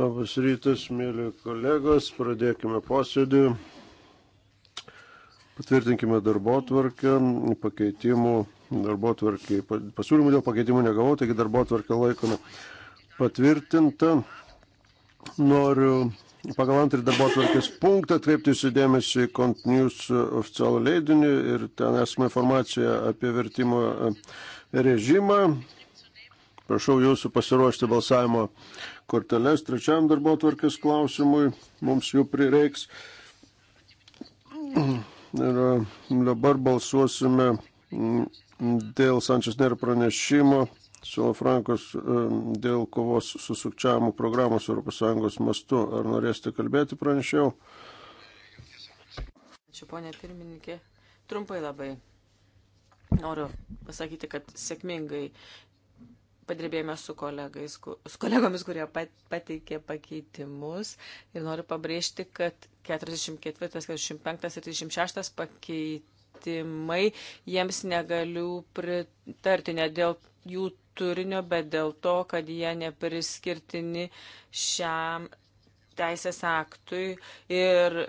Labas rytas, mėly kolegos, pradėkime posėdį. Patvirtinkime darbo tvarkę, pakeitimų, darbo tvarkį, pasiūlymų dėl pakeitimų negavau, taigi darbo tvarkę laikome patvirtintą. Noriu pagal antrį darbo atvarkės punktą atkreipti įsidėmėsi į Cont News oficialų leidinį ir ten esame informacija apie vertimo e, režimą. Prašau jūsų pasiruošti balsavimo korteles trečiam darbo tvarkės klausimui, mums jų prireiks. Ir mm, dabar balsuosime mm, dėl Sančias Nėra pranešimo, Silo Frankos mm, dėl kovos su sukčiavimu programos ES mastu. Ar norėsite kalbėti pranešiau? Ačiū, ponė pirmininkė. Trumpai labai noriu pasakyti, kad sėkmingai padirbėjome su, kolegais, su kolegomis, kurie pateikė pakeitimus ir noriu pabrėžti, kad 44, 45 ir 36 pakeitimai jiems negaliu pritarti ne dėl jų turinio, bet dėl to, kad jie nepriskirtini šiam teisės aktui ir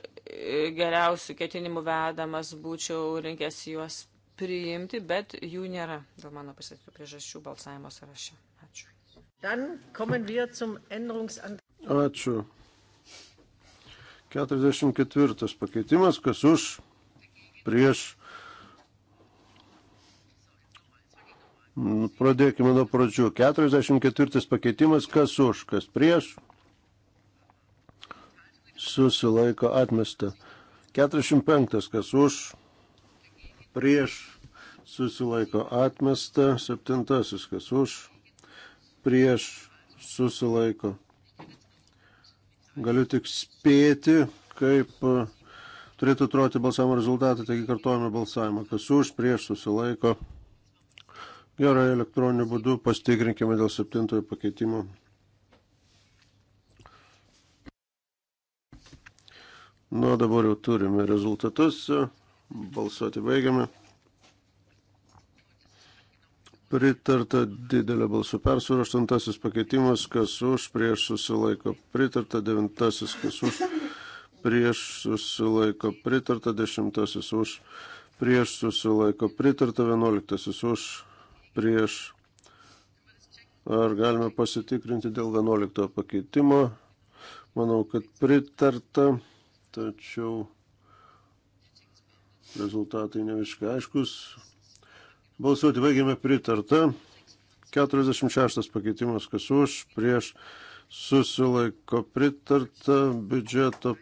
geriausių ketinimų vedamas būčiau rinkęs juos priimti, bet jų nėra dėl mano pasakytų priežasčių balsavimo sąraše. Ačiū. Ačiū. 44 pakeitimas, kas už, prieš. Pradėkime nuo pradžių. 44 pakeitimas, kas už, kas prieš. Susilaiko atmesta. 45 kas už prieš susilaiko atmesta, septintasis kas už, prieš susilaiko. Galiu tik spėti, kaip e, turėtų atrodyti balsavimo rezultatai, taigi kartuojame balsavimą, kas už, prieš susilaiko. Gerai, elektroniniu būdu pastikrinkime dėl septintojo pakeitimo. Nu, dabar jau turime rezultatus. Balsuoti baigiame. Pritarta didelė balsų persvara. Aštuntasis pakeitimas, kas už, prieš susilaiko. Pritarta devintasis, kas už, prieš susilaiko. Pritarta dešimtasis už, prieš susilaiko. Pritarta vienuoliktasis už, prieš. Ar galime pasitikrinti dėl vienuoliktojo pakeitimo? Manau, kad pritarta, tačiau Rezultatai ne viskai aiškus. Balsuoti baigėme pritarta. 46 pakeitimas, kas už, prieš susilaiko pritarta. Biudžeto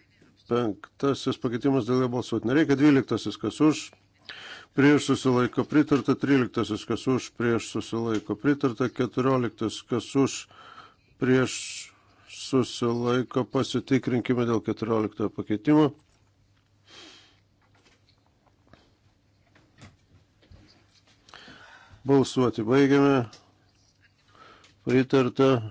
penktasis pakeitimas dėl jo balsuoti nereikia. 12 kas už, prieš susilaiko pritarta. 13 kas už, prieš susilaiko pritarta. 14 kas už, prieš susilaiko pasitikrinkime dėl 14 pakeitimo. Balsuoti baigiame. Pritarta.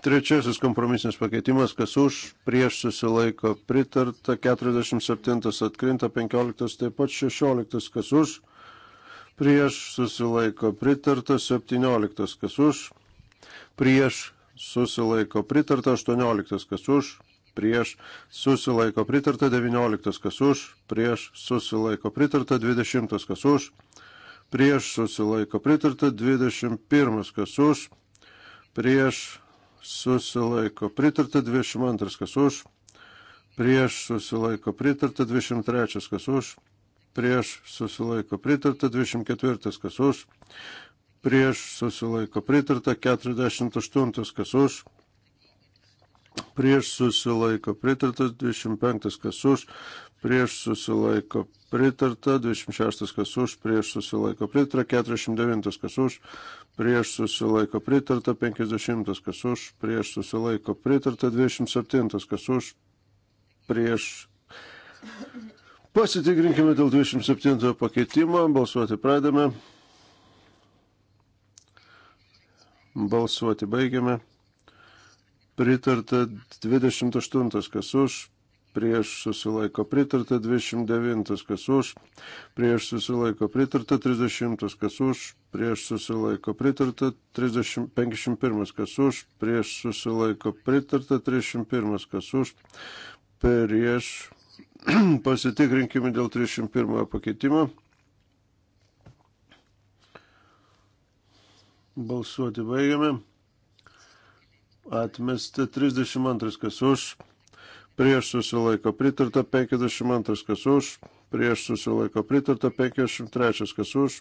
Trečiasis kompromisinis pakeitimas, kas už, prieš susilaiko pritarta, 47 atkrinta, 15 taip pat 16, kas už, prieš susilaiko pritarta, 17 kas už, prieš susilaiko pritarta, 18 kas už, prieš susilaiko pritarta 19, kas už, prieš susilaiko pritarta 20, kas už, prieš susilaiko pritarta 21, kas už, prieš susilaiko pritarta 22, kas už, prieš susilaiko pritarta 23, kas už, prieš susilaiko pritarta 24, kas už, prieš susilaiko pritarta 48, kas už, prieš susilaiko pritarta, 25 kas už, prieš susilaiko pritarta, 26 kas už, prieš susilaiko pritarta, 49 kas už, prieš susilaiko pritarta, 50 kas už, prieš susilaiko pritarta, 27 kas už, prieš. Pasitikrinkime dėl 27 pakeitimo, balsuoti pradame. Balsuoti baigiame pritarta 28, kas už, prieš susilaiko pritarta 29, kas už, prieš susilaiko pritarta 30, kas už, prieš susilaiko pritarta 30, 51, kas už, prieš susilaiko pritarta 31, kas už, prieš pasitikrinkime dėl 31 pakeitimo. Balsuoti baigiame atmesta 32 kas už, prieš susilaiko pritarta 52 kas už, prieš susilaiko pritarta 53 kas už,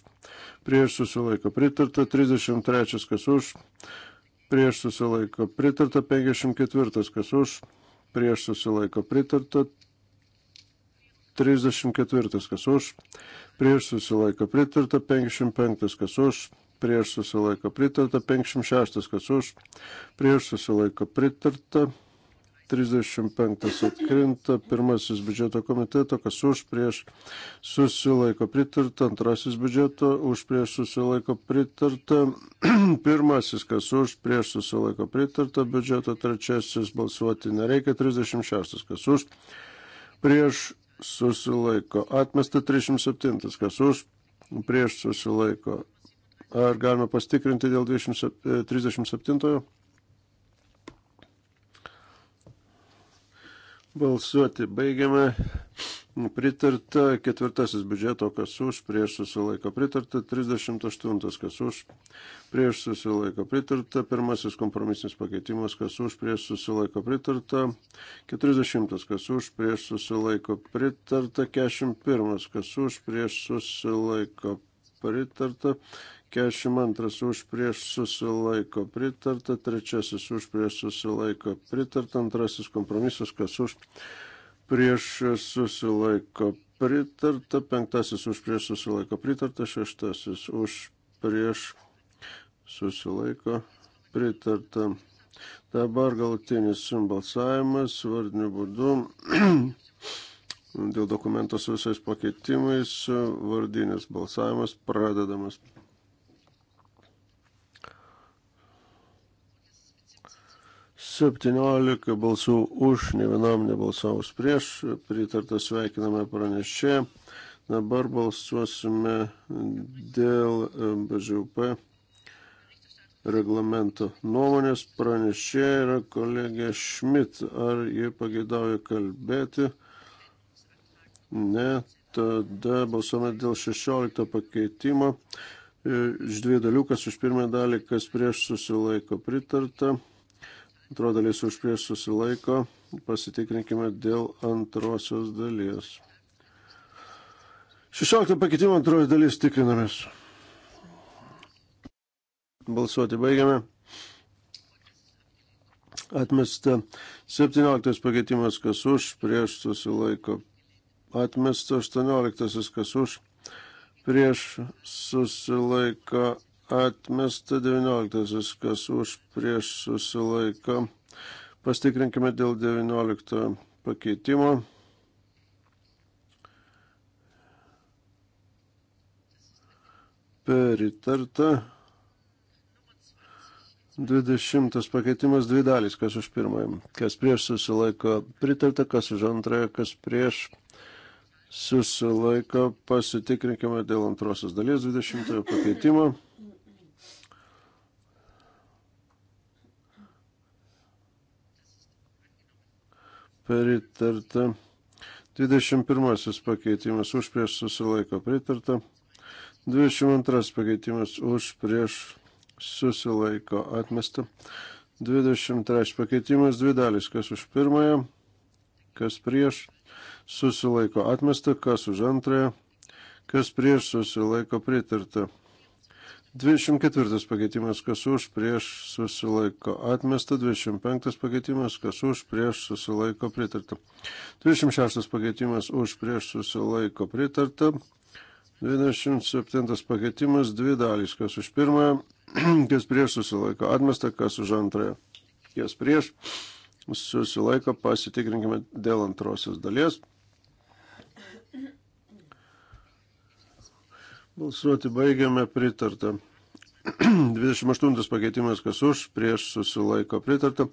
prieš susilaiko pritarta 33 kas už, prieš susilaiko pritarta 54 kas už, prieš susilaiko pritarta 34 kas už, prieš susilaiko pritarta 55 kas už prieš susilaiko pritarta, 56 kas už, prieš susilaiko pritarta, 35 atkrinta, pirmasis biudžeto komiteto, kas už, prieš susilaiko pritarta, antrasis biudžeto, už, prieš susilaiko pritarta, pirmasis, kas už, prieš susilaiko pritarta, biudžeto trečiasis balsuoti nereikia, 36 kas už, prieš susilaiko atmesta, 37 kas už, prieš susilaiko Ar galime pastikrinti dėl 20, 37? E, Balsuoti baigiame. Pritarta ketvirtasis biudžeto, kas už, prieš susilaiko pritarta, 38, kas už, prieš susilaiko pritarta, pirmasis kompromisinis pakeitimas, kas už, prieš susilaiko pritarta, 40, kas už, prieš susilaiko pritarta, 41, kas už, prieš susilaiko pritarta, 42 už prieš susilaiko pritarta, trečiasis už prieš susilaiko pritarta, antrasis kompromisas, kas už prieš susilaiko pritarta, penktasis už prieš susilaiko pritarta, šeštasis už prieš susilaiko pritarta. Dabar galtinis balsavimas vardiniu būdu dėl dokumento su visais pakeitimais, vardinis balsavimas pradedamas. 17 balsų už, ne vienam nebalsavus prieš, pritarta sveikiname pranešė. Dabar balsuosime dėl e, BŽUP reglamento nuomonės. Pranešė yra kolegė Šmit. Ar ji pageidauja kalbėti? Ne. Tada balsuome dėl 16 pakeitimo. E, iš dviejų dalių, kas už pirmąją dalį, kas prieš susilaiko pritarta Antroji dalis už prieš susilaiko. Pasitikrinkime dėl antrosios dalies. 16 pakeitimo antroji dalis tikrinamės. Balsuoti baigiame. Atmesta 17 pakeitimas kas už, prieš susilaiko. Atmesta 18 kas už, prieš susilaiko atmesta 19, kas už prieš susilaiko. Pastikrinkime dėl 19 pakeitimo. Peritarta. 20 pakeitimas dvi dalys, kas už pirmąjį, kas prieš susilaiko pritarta, kas už antrąją, kas prieš susilaiko pasitikrinkime dėl antrosios dalies 20 pakeitimo. pritarta. 21 pakeitimas už prieš susilaiko pritarta. 22 pakeitimas už prieš susilaiko atmesta. 23 pakeitimas dvi dalis, kas už pirmąją, kas prieš susilaiko atmesta, kas už antrąją, kas prieš susilaiko pritarta. 24 pakeitimas, kas už, prieš susilaiko atmesta. 25 pakeitimas, kas už, prieš susilaiko pritarta. 26 pakeitimas, už, prieš susilaiko pritarta. 27 pakeitimas, dvi dalys, kas už pirmąją, kas prieš susilaiko atmesta, kas už antrąją, kas prieš susilaiko pasitikrinkime dėl antrosios dalies. Balsuoti baigiame pritartą. 28 pakeitimas kas už, prieš susilaiko pritarta.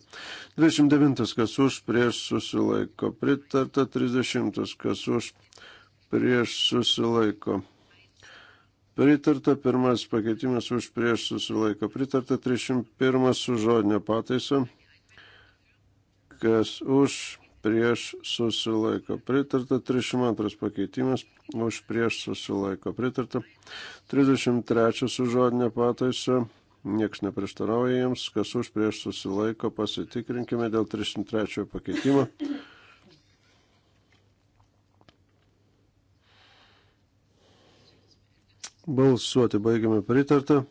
29 kas už, prieš susilaiko pritarta. 30 kas už, prieš susilaiko. Pritarta pirmas pakeitimas už prieš susilaiko. Pritarta 31 su žodinė pataisa. Kas už prieš susilaiko pritarta, 302 pakeitimas už prieš susilaiko pritarta, 33 su žodinė pataisa, nieks neprieštarauja jiems, kas už prieš susilaiko, pasitikrinkime dėl 303 pakeitimo. Balsuoti baigiame pritartą.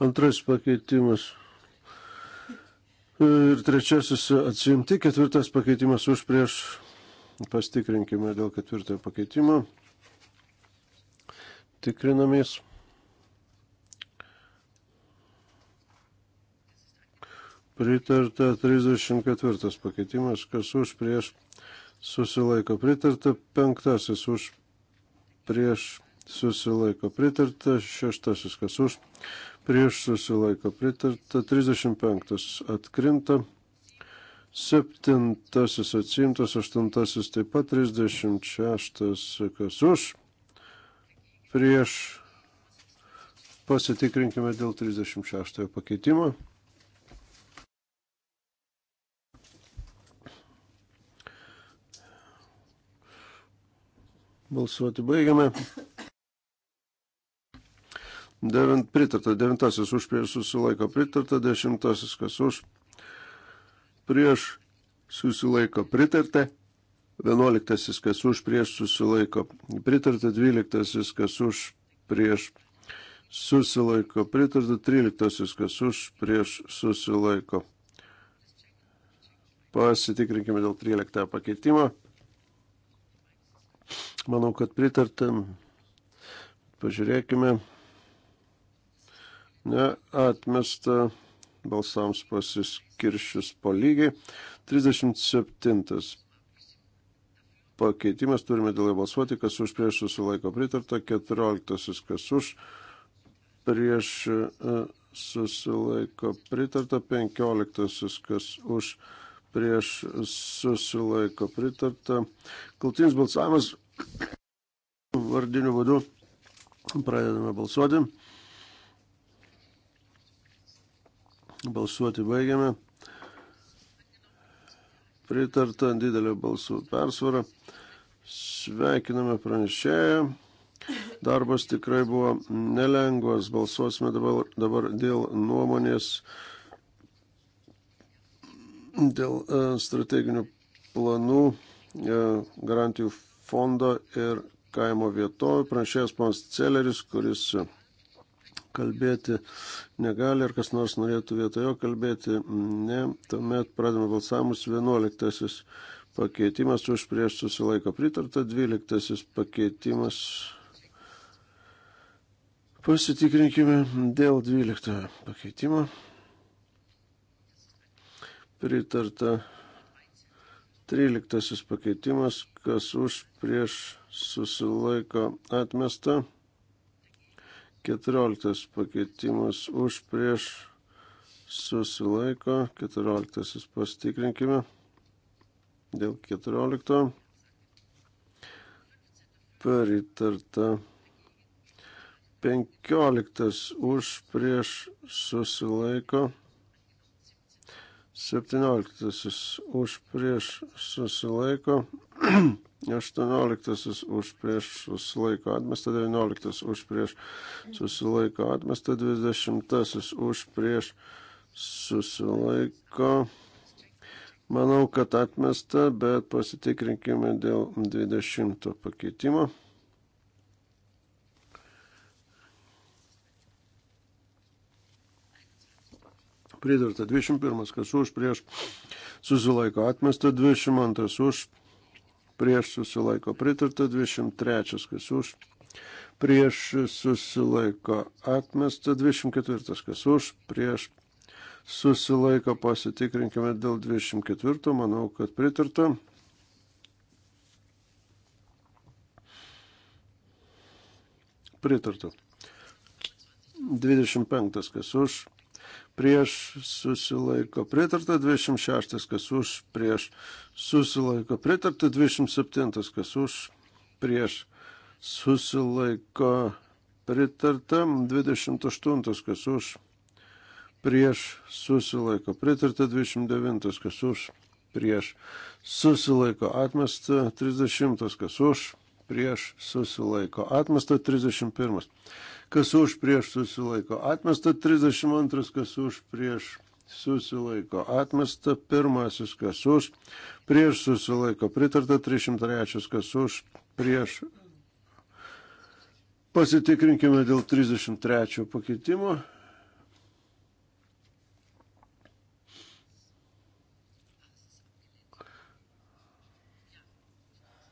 Antras pakeitimas. Ir trečiasis atsimti, ketvirtas pakeitimas už prieš. Pastikrinkime dėl ketvirtojo pakeitimo. Tikrinamės. Pritarta 34 pakeitimas, kas už prieš susilaiko. Pritarta penktasis už prieš susilaiko. Pritarta šeštasis, kas už prieš susilaiko pritarta, 35 atkrinta, 7 atsimtas, 8 taip pat, 36 kas už, prieš pasitikrinkime dėl 36 pakeitimo. Balsuoti baigiame. Devint, pritarta devintasis už prieš susilaiko pritarta, dešimtasis kas už prieš susilaiko pritarta, vienuoliktasis kas už prieš susilaiko pritarta, dvyliktasis kas už prieš susilaiko pritarta, tryliktasis kas už prieš susilaiko. Pasitikrinkime dėl 13 pakeitimo. Manau, kad pritartam. Pažiūrėkime. Atmesta balsams pasiskiršius po lygiai. 37 pakeitimas, turime dėl jo balsuoti, kas už prieš susilaiko pritarta, 14 e, kas už prieš susilaiko pritarta, 15 kas už prieš susilaiko pritarta. Kultinis balsavimas vardiniu vadu pradedame balsuoti. Balsuoti baigiame. Pritarta didelė balsų persvara. Sveikiname pranešėją. Darbas tikrai buvo nelengvas. Balsuosime dabar, dabar dėl nuomonės, dėl e, strateginių planų, e, garantijų fondo ir kaimo vietovių. Pranešėjas ponas Celeris, kuris kalbėti negali, ar kas nors norėtų vietojo kalbėti, ne, tuomet pradame balsavimus 11 pakeitimas už prieš susilaiko pritarta, 12 pakeitimas. Pasitikrinkime dėl 12 pakeitimo. Pritarta 13 pakeitimas, kas už prieš susilaiko atmesta. 14 pakeitimas už prieš susilaiko. 14 pastikrinkime. Dėl 14 pritarta. 15 už prieš susilaiko. 17 už prieš susilaiko. 18 už prieš susilaiko atmesta, 19 už prieš susilaiko atmesta, 20 už prieš susilaiko. Manau, kad atmesta, bet pasitikrinkime dėl 20 pakeitimo. Pridarta 21, kas už prieš susilaiko atmesta, 22 už prieš susilaiko pritarta, 23 kas už, prieš susilaiko atmesta, 24 kas už, prieš susilaiko pasitikrinkime dėl 24, manau, kad pritarta. Pritarta. 25 kas už, prieš susilaiko pritarta, 26 kas už, prieš susilaiko pritarta, 27 kas už, prieš susilaiko pritarta, 28 kas už, prieš susilaiko pritarta, 29 kas už, prieš susilaiko atmesta, 30 kas už, prieš susilaiko. Atmesta 31. Kas už prieš susilaiko. Atmesta 32. Kas už prieš susilaiko. Atmesta pirmasis. Kas už prieš susilaiko. Pritarta 303. Kas už prieš. Pasitikrinkime dėl 33 pakeitimo.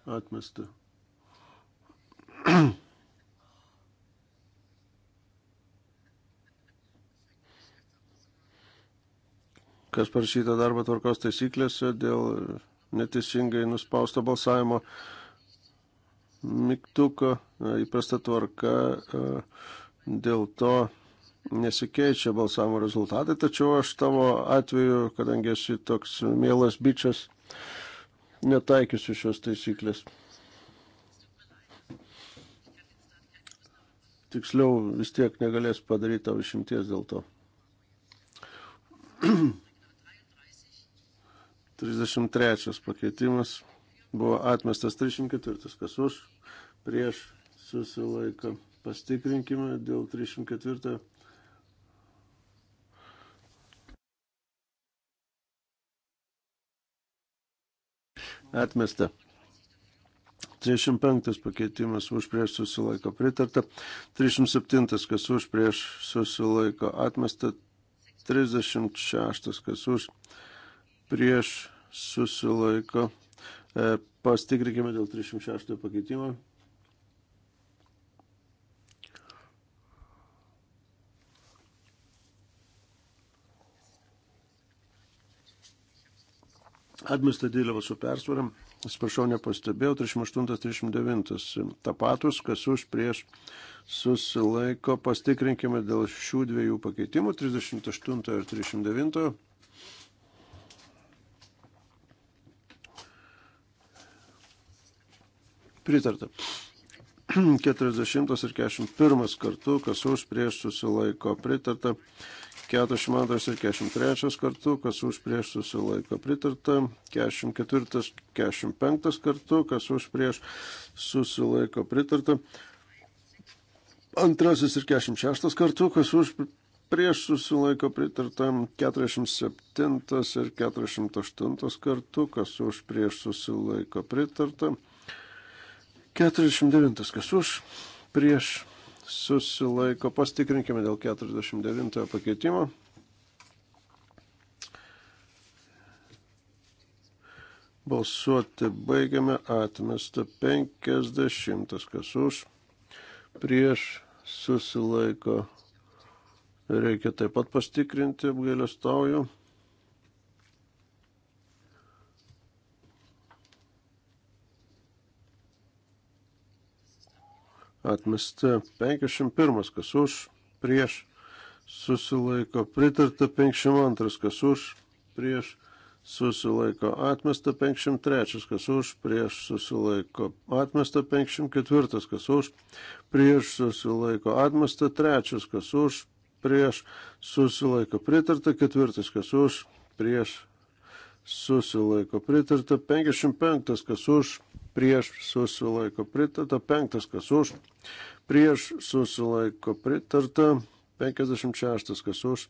atmesta. kas parašyta darbo tvarkos taisyklėse dėl neteisingai nuspausto balsavimo mygtuko e, įprasta tvarka e, dėl to nesikeičia balsavimo rezultatai, tačiau aš tavo atveju, kadangi esi toks mielas bičias, netaikysiu šios taisyklės. tiksliau vis tiek negalės padaryti tavo išimties dėl to. 33 pakeitimas buvo atmestas 304, kas už, prieš susilaiką. Pastikrinkime dėl 304. Atmesta. 35 pakeitimas už prieš susilaiko pritarta, 37 kas už prieš susilaiko atmesta, 36 kas už prieš susilaiko. E, pastikrinkime dėl 36 pakeitimo. Atmesta dėliava su persvaram. Atsiprašau, nepastebėjau, 38-39 tapatus, kas už prieš susilaiko. Pastikrinkime dėl šių dviejų pakeitimų, 38 ir 39. Pritarta. 40 ir 41 kartu, kas už prieš susilaiko pritarta. 42 ir 43 kartu, kas už prieš susilaiko pritarta, 44, 45 kartu, kas už prieš susilaiko pritarta, antrasis ir 46 kartu, kas už prieš susilaiko pritarta 47 ir 48 kartu, kas už prieš susilaiko pritarta. 49 kas už prieš susilaiko. Pastikrinkime dėl 49 pakeitimo. Balsuoti baigiame atmestą 50, kas už, prieš susilaiko. Reikia taip pat pastikrinti, apgailestauju. atmesta 51, kas už, prieš, susilaiko pritarta 52, kas už, prieš, susilaiko atmesta 53, kas už, prieš, susilaiko atmesta 54, kas už, prieš, susilaiko atmesta 3, kas už, prieš, susilaiko pritarta 4, kas už, prieš, susilaiko pritarta 55, kas už, prieš susilaiko pritarta, penktas kas už, prieš susilaiko pritarta, penkiasdešimt šeštas kas už,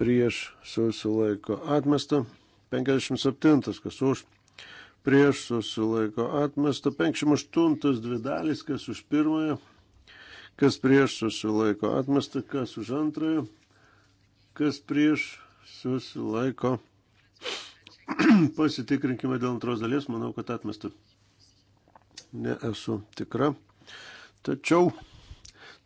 prieš susilaiko atmesta, penkiasdešimt septintas kas už, prieš susilaiko atmesta, penkiasdešimt aštuntas dvi dalys kas už pirmąją, kas prieš susilaiko atmesta, kas už antrąją, kas prieš susilaiko. Pasitikrinkime dėl antros dalies, manau, kad atmestų neesu tikra. Tačiau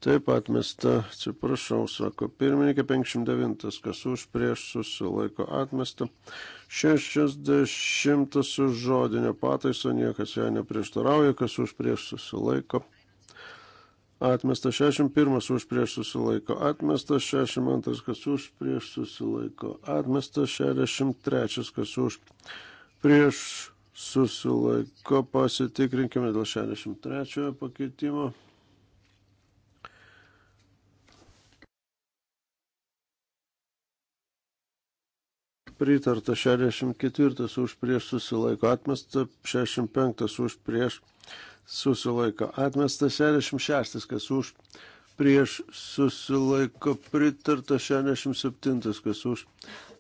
taip atmesta, atsiprašau, sako pirmininkė 59, kas už prieš susilaiko atmesta. 60 su žodinio pataiso, niekas ją neprieštarauja, kas už prieš susilaiko atmesta 61 už prieš susilaiko, atmesta 62 kas už prieš susilaiko, atmesta 63 kas už prieš susilaiko, pasitikrinkime dėl 63 pakeitimo. Pritarta 64 už prieš susilaiko atmesta, 65 už prieš susilaiko atmesta, 66 kas už prieš susilaiko pritarta, 67 kas už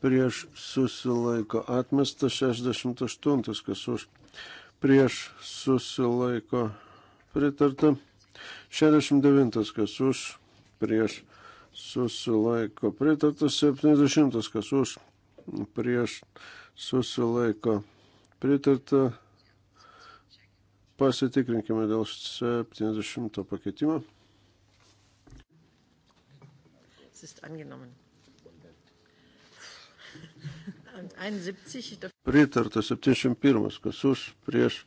prieš susilaiko atmesta, 68 kas už prieš susilaiko pritarta, 69 kas už prieš susilaiko pritarta, 70 kas už prieš susilaiko pritarta. Pasitikrinkime dėl 70 pakeitimo. Es ist angenommen. Pritarta 71, kas už, prieš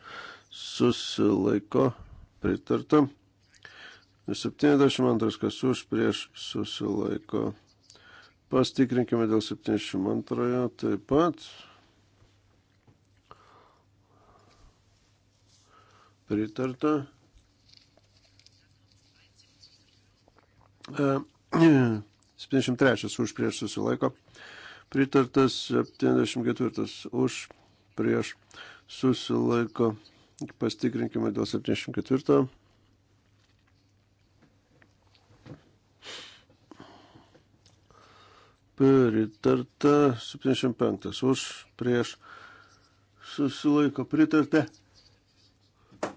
susilaiko, pritarta. 72, kas už, prieš susilaiko. Pastikrinkime dėl 72 taip pat. Pritarta. E, 73 už prieš susilaiko pritartas 74 už prieš susilaiko. Pastikrinkime dėl 74. Pritarta 75 už prieš susilaiko pritarta.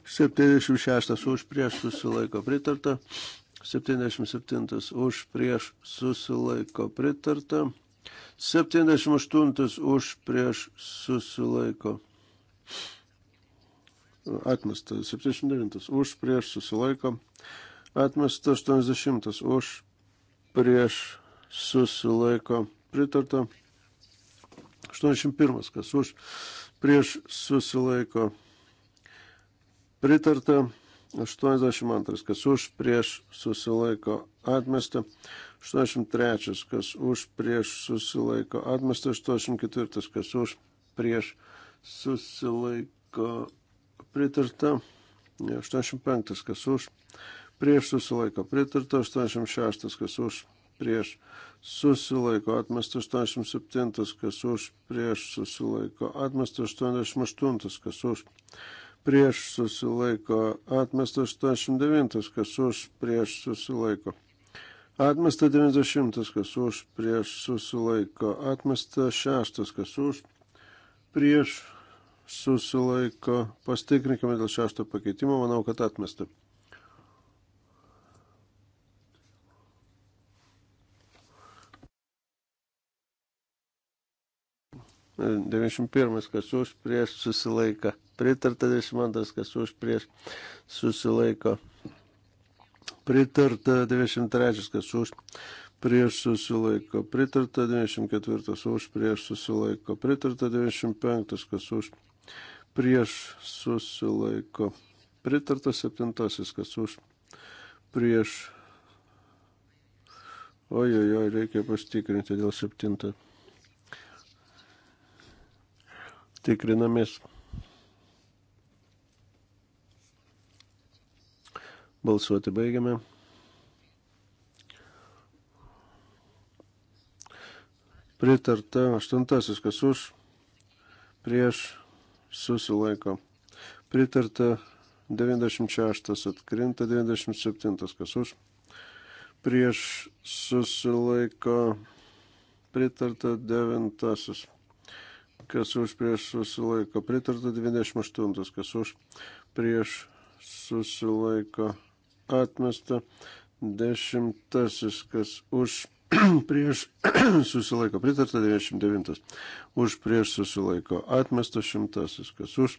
76 už prieš susilaiko pritarta. 77 už prieš susilaiko pritarta. 78 už prieš susilaiko. Atmesta 79 už prieš susilaiko. Atmesta 80 už prieš susilaiko. Pritarta 81 kas už prieš susilaiko. Pritarta 82 kas už prieš susilaiko. Atmesta 83, kas už prieš susilaiko atmesta, 84, kas už prieš susilaiko pritarta, 85, kas už prieš susilaiko pritarta, 86, kas už prieš susilaiko atmesta, 87, kas už prieš susilaiko atmesta, 88, kas už prieš susilaiko atmesta, 89, kas už prieš susilaiko Atmesta 90, kas už, prieš susilaiko. Atmesta 6, kas už, prieš susilaiko. Pastikrinkime dėl šešto pakeitimo, manau, kad atmesta. E, 91, kas už, prieš susilaiko. Pritarta 22, kas už, prieš susilaiko pritarta 93, kas už, prieš susilaiko, pritarta 94, už, prieš susilaiko, pritarta 95, kas už, prieš susilaiko, pritarta 7, kas už, prieš. Ojojoj, reikia pastikrinti dėl septinto. Tikrinamės. Balsuoti baigiame. Pritarta aštuntasis, kas už, prieš, susilaiko. Pritarta 96, atkrinta 97, kas už, prieš, susilaiko. Pritarta devintasis, kas už, prieš, susilaiko. Pritarta 28, kas už, prieš, susilaiko atmesta. Dešimtasis, kas už prieš susilaiko, pritarta 99. Už prieš susilaiko, atmestas šimtasis, kas už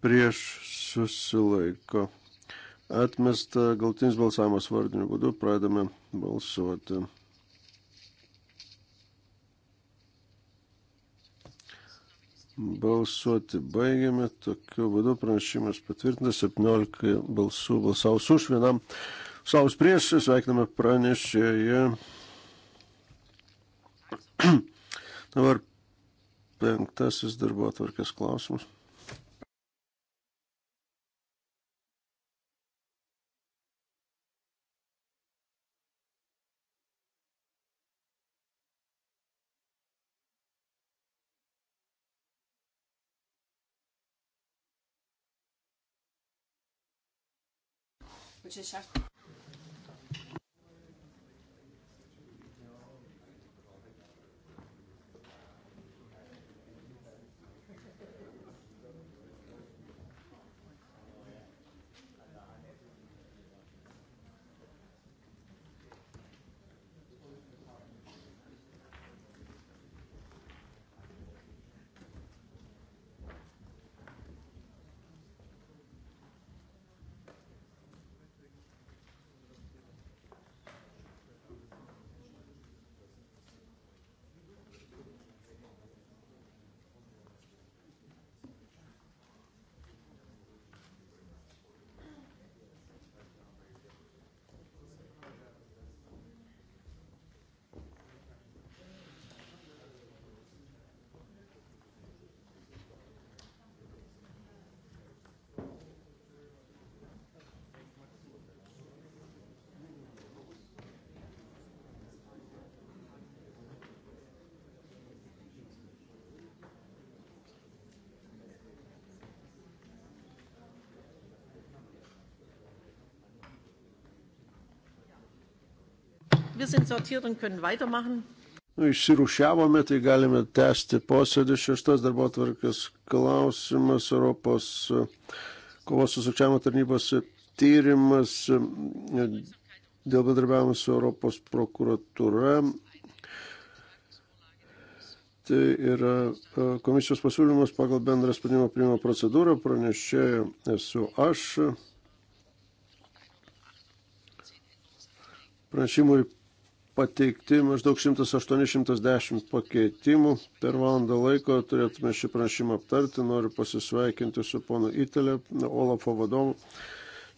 prieš susilaiko. Atmesta galtinis balsavimas vardiniu būdu, pradame balsuoti. Balsuoti baigiame. Tokiu būdu pranešimas patvirtintas. 17 balsų balsaus už vienam. Saus prieš. Sveikiname pranešėją. Dabar penktasis darbo atvarkės klausimas. 2006. Nu, Išsirušiavome, tai galime tęsti posėdį. Šeštas darbo tvarkės klausimas Europos e, kovos su sukčiavimo tarnybos tyrimas e, dėl bendrabiavimo su Europos prokuratūra. Tai yra e, komisijos pasiūlymas pagal bendrą sprendimo priimo procedūrą. Pranešėja esu aš. Pranešimui pateikti maždaug 180 pakeitimų. Per valandą laiko turėtume šį prašymą aptarti. Noriu pasisveikinti su ponu Itelė, Olafo vadovu.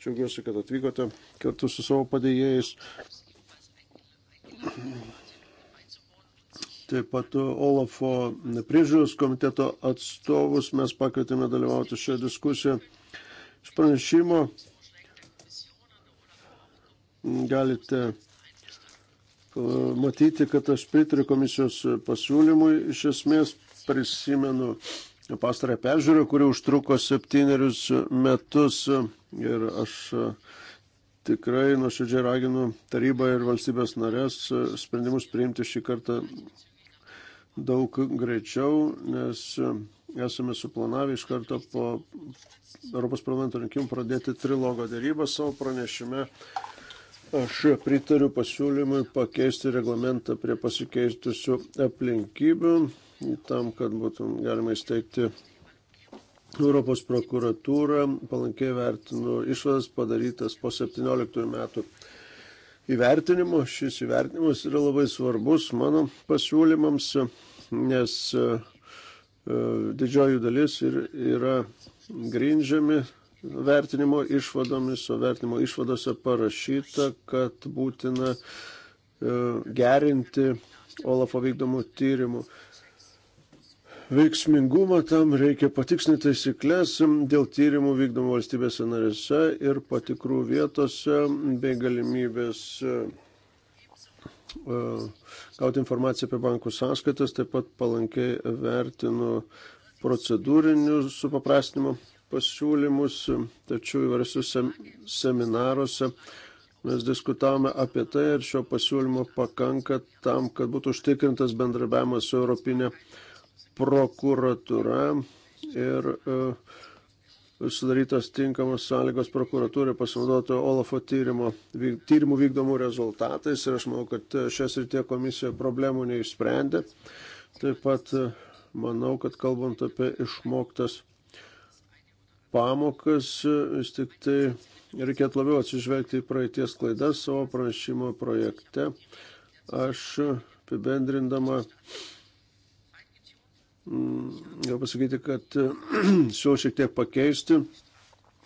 Džiaugiuosi, kad atvykote kartu su savo padėjėjais. Taip pat Olafo priežiūros komiteto atstovus mes pakvietėme dalyvauti šią diskusiją. Iš pranešimo galite matyti, kad aš pritariu komisijos pasiūlymui. Iš esmės prisimenu pastarąją peržiūrą, kuri užtruko septynerius metus ir aš e, tikrai nuoširdžiai raginu tarybą ir valstybės narės e, sprendimus priimti šį kartą daug greičiau, nes e, esame suplanavę iš karto po Europos parlamento rinkimų pradėti trilogo dėrybą savo pranešime Aš pritariu pasiūlymui pakeisti reglamentą prie pasikeitusių aplinkybių, tam, kad būtų galima įsteigti Europos prokuratūrą. Palankiai vertinu išvadas padarytas po 17 metų įvertinimo. Šis įvertinimas yra labai svarbus mano pasiūlymams, nes e, didžioji dalis ir yra grindžiami vertinimo išvadomis, o vertinimo išvadose parašyta, kad būtina e, gerinti Olafo vykdomų tyrimų veiksmingumą, tam reikia patikslinti taisyklės dėl tyrimų vykdomų valstybėse narėse ir patikrų vietose bei galimybės e, e, gauti informaciją apie bankų sąskaitas, taip pat palankiai vertinu procedūrinių supaprastinimų pasiūlymus, tačiau įvairiuose seminaruose mes diskutavome apie tai ir šio pasiūlymo pakanka tam, kad būtų užtikrintas bendrabiavimas su Europinė prokuratūra ir uh, sudarytos tinkamos sąlygos prokuratūrai pasinaudoti Olafo tyrimo, vyk, tyrimų vykdomų rezultatais ir aš manau, kad šias ir tie komisija problemų neišsprendė. Taip pat e, manau, kad kalbant apie išmoktas pamokas, e, vis tik tai reikėtų labiau atsižvelgti į praeities klaidas savo pranešimo projekte. Aš apibendrindama mm, Gal pasakyti, kad e, siūlau šiek tiek pakeisti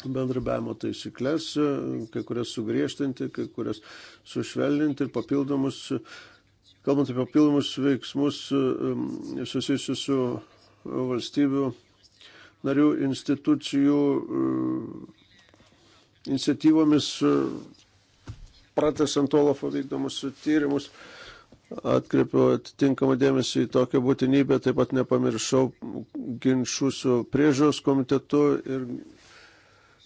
bendrabiavimo taisyklės, e, kai kurias sugriežtinti, kai kurias sušvelninti ir papildomus, kalbant apie papildomus veiksmus susijusius su valstybių narių institucijų e, iniciatyvomis e, pratesant Olafo vykdomus tyrimus. Atkreipiau atitinkamą dėmesį į tokią būtinybę, taip pat nepamiršau ginčių su priežiūros komitetu ir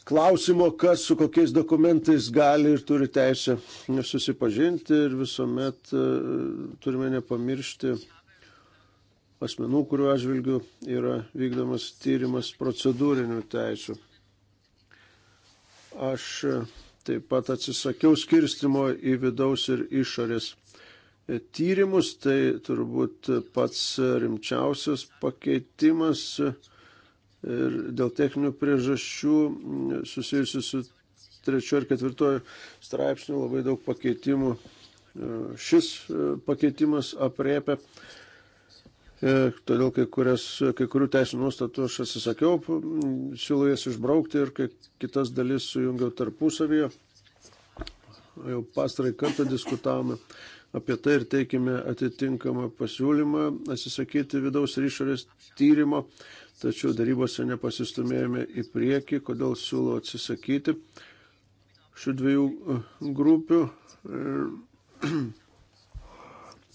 klausimo, kas su kokiais dokumentais gali ir turi teisę susipažinti ir visuomet e, turime nepamiršti asmenų, kurių atžvilgių yra vykdomas tyrimas procedūrinių teisų. Aš taip pat atsisakiau skirstimo į vidaus ir išorės tyrimus, tai turbūt pats rimčiausias pakeitimas ir dėl techninių priežasčių susijusių su trečiojo ir ketvirtojo straipsniu labai daug pakeitimų. Šis pakeitimas apriepia E, todėl kai, kurias, kai kurių teisų nuostatų aš atsisakiau, siūlau jas išbraukti ir kai kitas dalis sujungiau tarpusavyje. Jau pastarai kartą diskutavome apie tai ir teikime atitinkamą pasiūlymą atsisakyti vidaus ir išorės tyrimo, tačiau darybose nepasistumėjome į priekį, kodėl siūlau atsisakyti šių dviejų e, grupių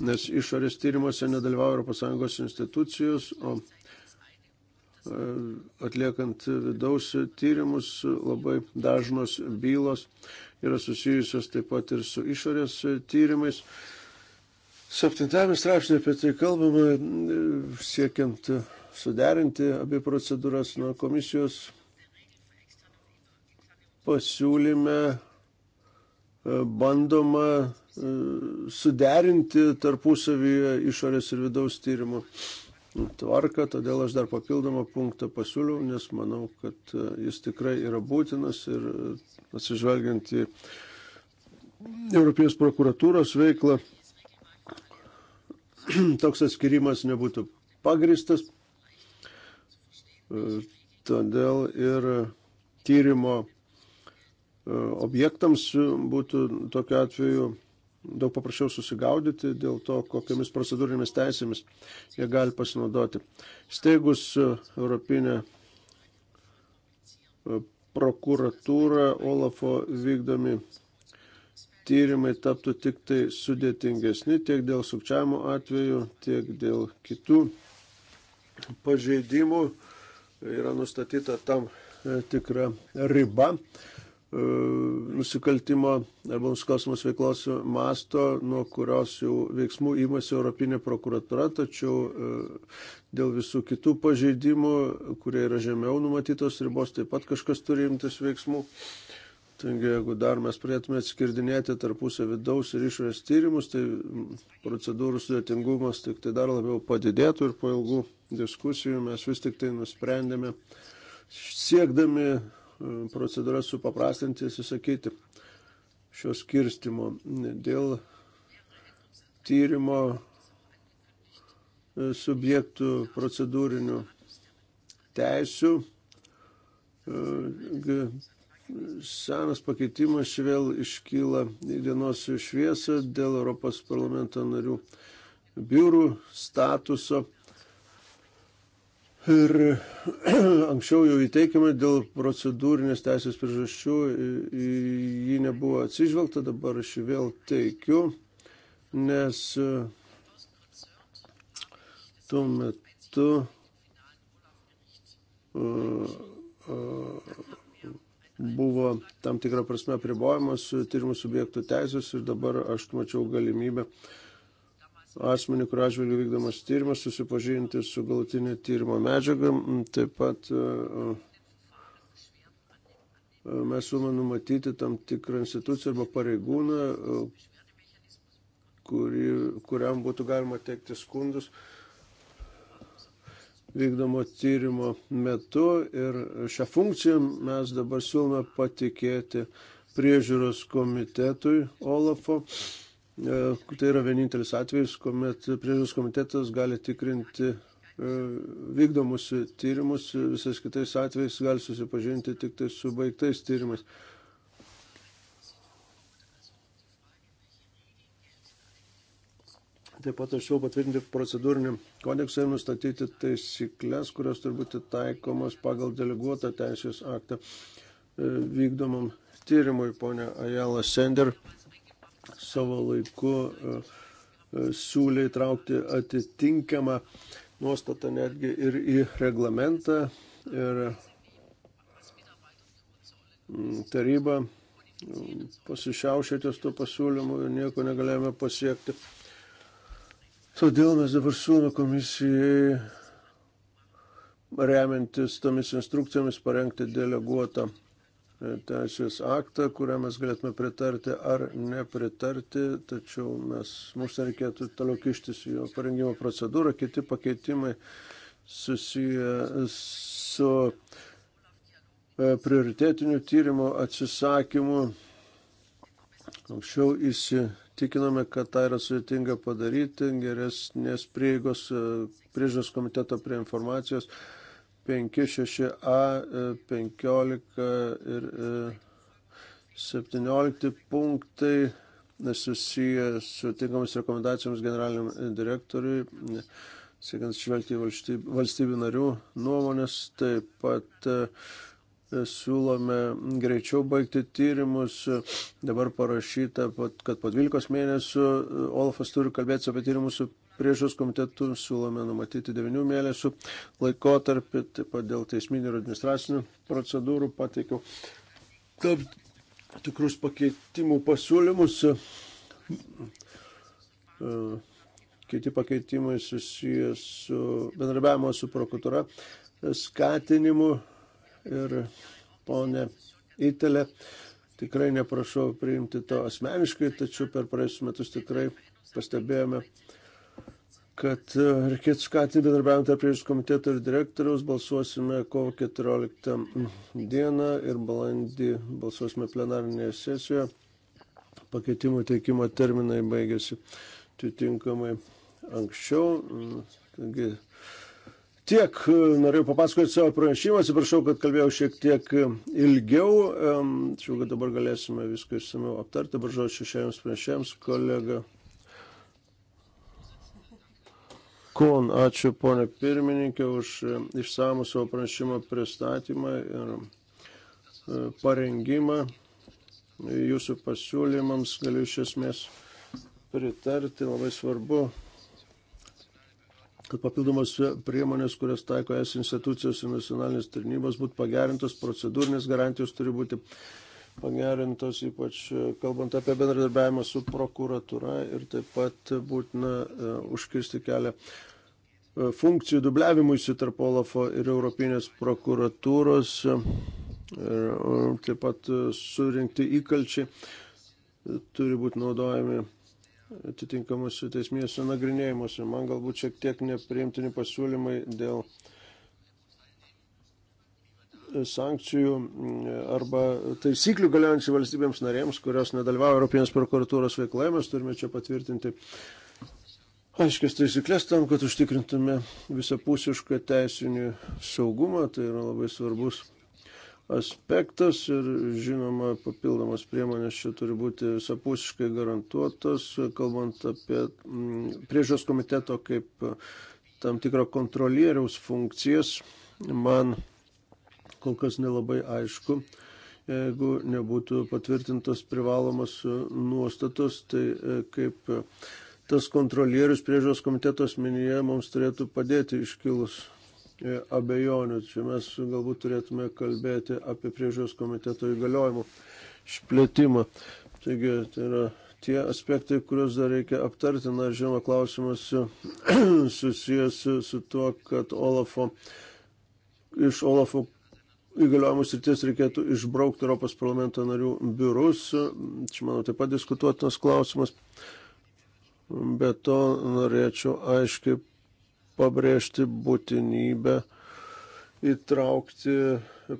nes išorės tyrimuose nedalyvauja ES institucijos, o e, atliekant vidaus tyrimus labai dažnos bylos yra susijusios taip pat ir su išorės tyrimais. Septintame straipsnė apie tai kalbama, siekiant suderinti abi procedūras nuo komisijos pasiūlyme e, bandoma E, suderinti tarpusavyje išorės ir vidaus tyrimų tvarką, todėl aš dar papildomą punktą pasiūliau, nes manau, kad e, jis tikrai yra būtinas ir e, atsižvelgiant į Europijos prokuratūros veiklą, toks atskirimas nebūtų pagristas, todėl ir tyrimo objektams būtų tokiu atveju daug paprasčiau susigaudyti dėl to, kokiamis procedūrinėmis teisėmis jie gali pasinaudoti. Steigus e, Europinę e, prokuratūrą Olafo vykdomi tyrimai taptų tik tai sudėtingesni tiek dėl sukčiavimo atveju, tiek dėl kitų pažeidimų. Yra nustatyta tam e, tikra riba, E, nusikaltimo arba nusikalstamos veiklos masto, nuo kurios jau veiksmų įmasi Europinė prokuratura, tačiau e, dėl visų kitų pažeidimų, kurie yra žemiau numatytos ribos, taip pat kažkas turi imtis veiksmų. Taigi, jeigu dar mes pradėtume atskirdinėti tarpusio vidaus ir išorės tyrimus, tai mm, procedūrų sudėtingumas tik tai dar labiau padidėtų ir po ilgų diskusijų mes vis tik tai nusprendėme, siekdami E, procedūras supaprastinti, susakyti šio skirstimo. Dėl tyrimo e, subjektų procedūrinių teisių e, senas pakeitimas vėl iškyla į dienos šviesą dėl Europos parlamento narių biurų statuso. Ir anksčiau jau įteikiama dėl procedūrinės teisės priežasčių, ji nebuvo atsižvelgta, dabar aš jį vėl teikiu, nes e, tuo metu e, e, buvo tam tikrą prasme pribojamas tyrimų subjektų teisės ir dabar aš mačiau galimybę uh, asmenį, kurio atžvilgiu vykdomas tyrimas, susipažinti su galutinė tyrimo medžiaga. Mm, taip pat e, e, e, mes sume numatyti tam tikrą instituciją arba pareigūną, kuri, kuriam būtų galima teikti skundus vykdomo tyrimo metu ir šią funkciją mes dabar siūlome patikėti priežiūros komitetui Olafo. Uh, E, tai yra vienintelis atvejis, kuomet priežiūros komitetas gali tikrinti e, vykdomus tyrimus, visais kitais atvejais gali susipažinti tik tai su baigtais tyrimais. Taip pat aš jau patvirtinti procedūrinį kodeksą ir nustatyti taisyklės, kurios turi būti taikomos pagal deleguotą teisės aktą e, vykdomam tyrimui, ponia Ajala Sender savo laiku e, e, siūlė įtraukti atitinkamą nuostatą netgi ir į reglamentą ir mm, taryba mm, pasišiaušė ties to pasiūlymu ir nieko negalėjome pasiekti. Todėl mes dabar siūlome komisijai remiantis tomis instrukcijomis parengti deleguotą teisės aktą, kurią mes galėtume pritarti ar nepritarti, tačiau mes, mums reikėtų toliau kištis į jo parengimo procedūrą. Kiti pakeitimai susiję su e, prioritetiniu tyrimo atsisakymu. Anksčiau įsitikinome, kad tą tai yra sudėtinga padaryti, geresnės prieigos e, priežiūros komiteto prie informacijos 5, 6a, 15 ir 17 e, punktai susiję su tinkamomis rekomendacijomis generaliniam direktoriui, siekiant žvelgti į valstybių narių nuomonės, taip pat e, siūlome greičiau baigti tyrimus. Dabar parašyta, kad po 12 mėnesių e, Olafas turi kalbėti apie tyrimus su priežos komitetų siūlome numatyti 9 mėnesių laikotarpį, taip pat dėl teisminių ir administracinių procedūrų pateikiau tam tikrus pakeitimų pasiūlymus. Kiti pakeitimai susijęs su bendrabiavimo su prokuratura skatinimu ir ponė Itelė. Tikrai neprašau priimti to asmeniškai, tačiau per praėjusius metus tikrai pastebėjome kad e, reikėtų skatinti bendradarbiavimą tarp priežiūros komiteto ir direktoriaus. Balsuosime kovo 14 dieną ir balandį balsuosime plenarinėje sesijoje. Pakeitimų teikimo terminai baigėsi atitinkamai anksčiau. Mm, taigi, tiek e, norėjau papasakoti savo pranešimą, atsiprašau, kad kalbėjau šiek tiek e, ilgiau, tačiau kad dabar galėsime viską išsamiau aptarti. Dabar žodžiu šešėjams pranešėjams, kolega Kun. Ačiū ponė pirmininkė už e, išsamų savo pranešimo pristatymą ir e, parengimą. Jūsų pasiūlymams galiu iš esmės pritarti. Labai svarbu, kad papildomos priemonės, kurias taiko es institucijos ir nacionalinės tarnybos, būtų pagerintos, procedūrinės garantijos turi būti pagerintos, ypač e, kalbant apie bendradarbiavimą su prokuratūra ir taip pat būtina e, užkirsti kelią e, funkcijų dubliavimui tarp Olafo ir Europinės prokuratūros ir taip pat surinkti įkalčiai turi būti naudojami atitinkamuose teismėse nagrinėjimuose. Man galbūt šiek tiek nepriimtini pasiūlymai dėl uh, sankcijų mm, arba taisyklių galiojančių valstybėms narėms, kurios nedalyvauja Europinės prokuratūros veikloje, mes turime čia patvirtinti aiškias taisyklės tam, kad užtikrintume visapusišką teisinį saugumą. Tai yra labai svarbus aspektas ir žinoma papildomas priemonės čia turi būti visapusiškai garantuotas, kalbant apie mm, priežios komiteto kaip tam tikro kontrolieriaus funkcijas. Man kol kas nelabai aišku. Jeigu nebūtų patvirtintos privalomas nuostatos, tai e, kaip e, tas kontrolierius priežiūros komiteto asmenyje mums turėtų padėti iškilus e, abejonių. Čia mes galbūt turėtume kalbėti apie priežiūros komiteto įgaliojimų išplėtimą. Taigi tai yra tie aspektai, kuriuos dar reikia aptarti. Na, žinoma, klausimas susijęs su tuo, kad Olafo, iš Olafo įgaliojimų srities reikėtų išbraukti Europos parlamento narių biurus. Čia, manau, taip pat diskutuotinas klausimas. Be to norėčiau aiškiai pabrėžti būtinybę įtraukti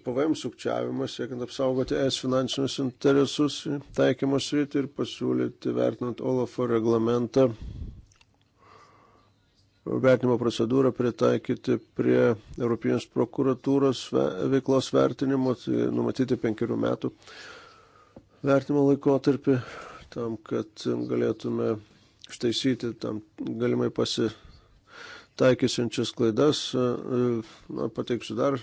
PVM sukčiavimą, siekiant apsaugoti es finansinius interesus, taikymo sritį ir pasiūlyti, vertinant Olafo reglamentą, vertinimo procedūrą pritaikyti prie Europinės prokuratūros veiklos vertinimo, tai numatyti penkerių metų vertinimo laikotarpį, tam, kad galėtume ištaisyti tam galimai pasirinkti taikysiančias klaidas. E, e, na, pateiksiu dar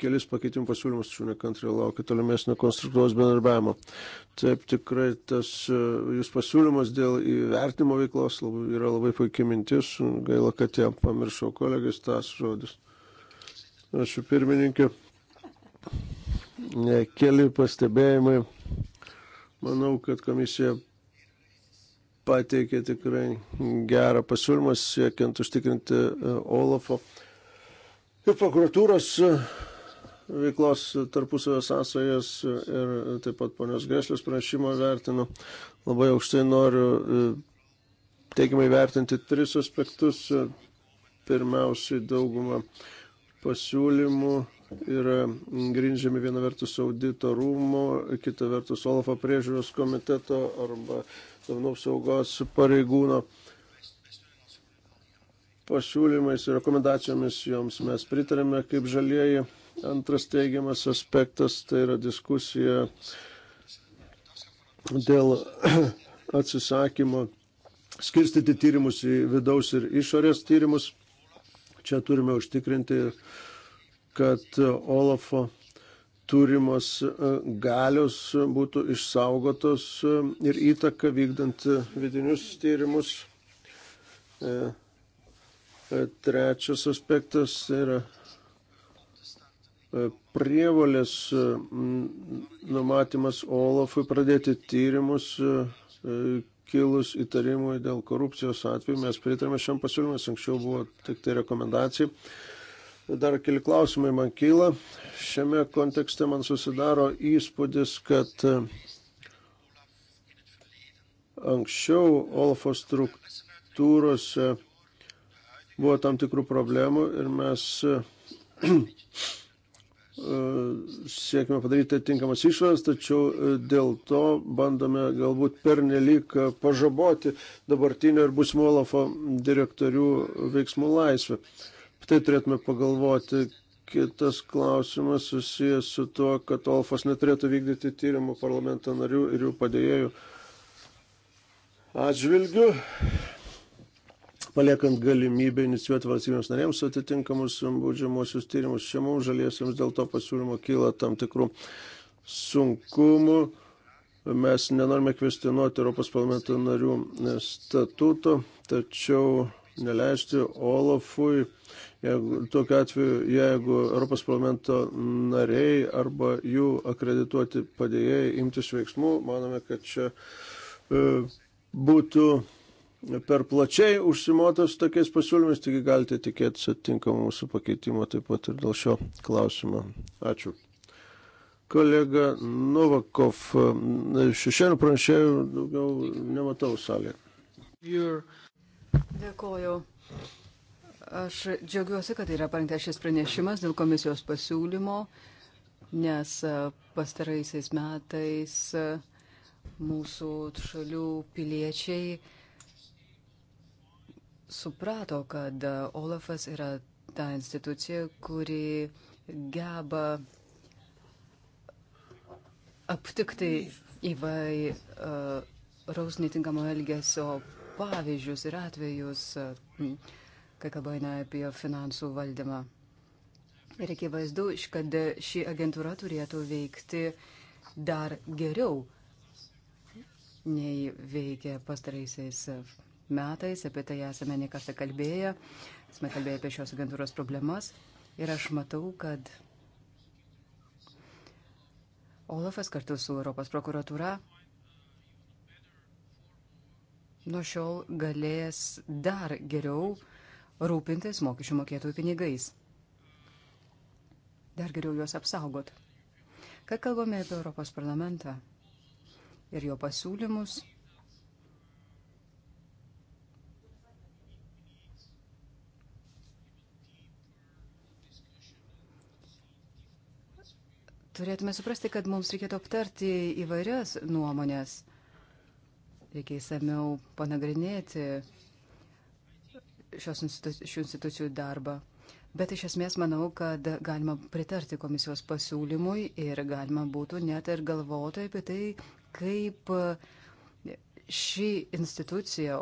kelis pakeitimų pasiūlymus, tačiau nekantriai laukia tolimesnio konstruktyvos bendarbiavimo. Taip tikrai tas e, jūs pasiūlymas dėl įvertimo veiklos labai, yra labai puikia mintis. Gaila, kad ją pamiršau kolegais tas žodis. Ačiū pirmininkė. Keli pastebėjimai. Manau, kad komisija pateikė tikrai gerą pasiūlymą siekiant užtikrinti e, Olafo ir prokuratūros e, veiklos tarpusavio sąsajas ir taip pat ponios Greslės pranešimą vertinu. Labai aukštai noriu e, teigiamai vertinti tris aspektus. Pirmiausiai daugumą pasiūlymų yra grindžiami viena vertus audito rūmų, kita vertus Olafo priežiūros komiteto arba uh, duomenų apsaugos pareigūno pasiūlymais ir rekomendacijomis joms mes pritarėme kaip žalieji. Antras teigiamas aspektas tai yra diskusija dėl atsisakymo skirstyti tyrimus į vidaus ir išorės tyrimus. Čia turime užtikrinti, kad Olafo turimos e, galios būtų išsaugotos e, ir įtaka vykdant e, vidinius tyrimus. Trečias aspektas yra prievalės numatymas Olafui pradėti tyrimus kilus įtarimui dėl korupcijos atveju. Mes pritarėme šiam pasiūlymui, anksčiau buvo tik tai rekomendacijai. Dar keli klausimai man kyla. Šiame kontekste man susidaro įspūdis, kad e, anksčiau Olafo struktūrose buvo tam tikrų problemų ir mes e, e, siekime padaryti atinkamas išvadas, tačiau dėl to bandome galbūt pernelyg pažaboti dabartinio ir būsimo Olafo direktorių veiksmų laisvę tai turėtume pagalvoti. Kitas klausimas susijęs su tuo, kad Olfas neturėtų vykdyti tyrimų parlamento narių ir jų padėjėjų atžvilgių, paliekant galimybę inicijuoti valstybėms narėms atitinkamus baudžiamosius tyrimus. Čia mums žaliesiams dėl to pasiūlymo kyla tam tikrų sunkumų mes nenorime kvestionuoti Europos parlamento narių statuto, tačiau neleisti Olafui Jeigu, tokiu atveju, jeigu Europos parlamento nariai arba jų akredituoti padėjėjai imtis veiksmų, manome, kad čia e, būtų per plačiai užsimotas tokiais pasiūlymais, taigi galite tikėtis atitinkamų mūsų pakeitimo taip pat ir dėl šio klausimo. Ačiū kolega Novakov. E, šešėlių pranešėjų daugiau nematau salėje. Dėkoju. Aš džiaugiuosi, kad yra parengtas šis pranešimas dėl komisijos pasiūlymo, nes e, pastaraisiais metais e, mūsų šalių piliečiai suprato, kad e, Olafas yra ta institucija, kuri geba aptikti įvairaus netinkamo elgesio pavyzdžius ir atvejus. Uh, kai kalba eina apie finansų valdymą. Ir akivaizdu, kad ši agentūra turėtų veikti dar geriau, nei veikia pastaraisiais metais. Apie tai esame nekasą kalbėję. Esame kalbėję apie šios agentūros problemas. Ir aš matau, kad Olafas kartu su Europos prokuratūra nuo šiol galės dar geriau rūpintis mokesčių mokėtojų pinigais. Dar geriau juos apsaugot. Kai kalbame apie Europos parlamentą ir jo pasiūlymus, Turėtume suprasti, kad mums reikėtų aptarti įvairias nuomonės. Reikia įsamiau panagrinėti šios institucijų, šių institucijų darbą. Bet iš esmės manau, kad galima pritarti komisijos pasiūlymui ir galima būtų net ir galvoti apie tai, kaip ši institucija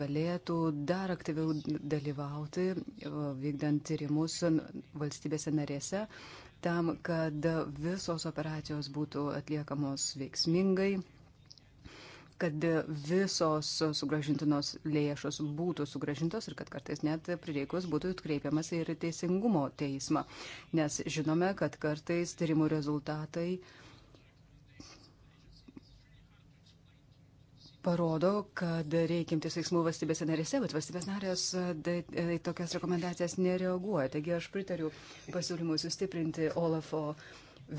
galėtų dar aktyviau dalyvauti, vykdant tyrimus valstybėse narėse, tam, kad visos operacijos būtų atliekamos veiksmingai kad visos sugražintinos lėšos būtų sugražintos ir kad kartais net prireikus būtų atkreipiamas ir teisingumo teismą. Nes žinome, kad kartais tyrimų rezultatai parodo, kad reikimtis veiksmų valstybėse narėse, bet valstybės narės į tokias rekomendacijas nereaguoja. Taigi aš pritariu pasiūlymui sustiprinti Olafo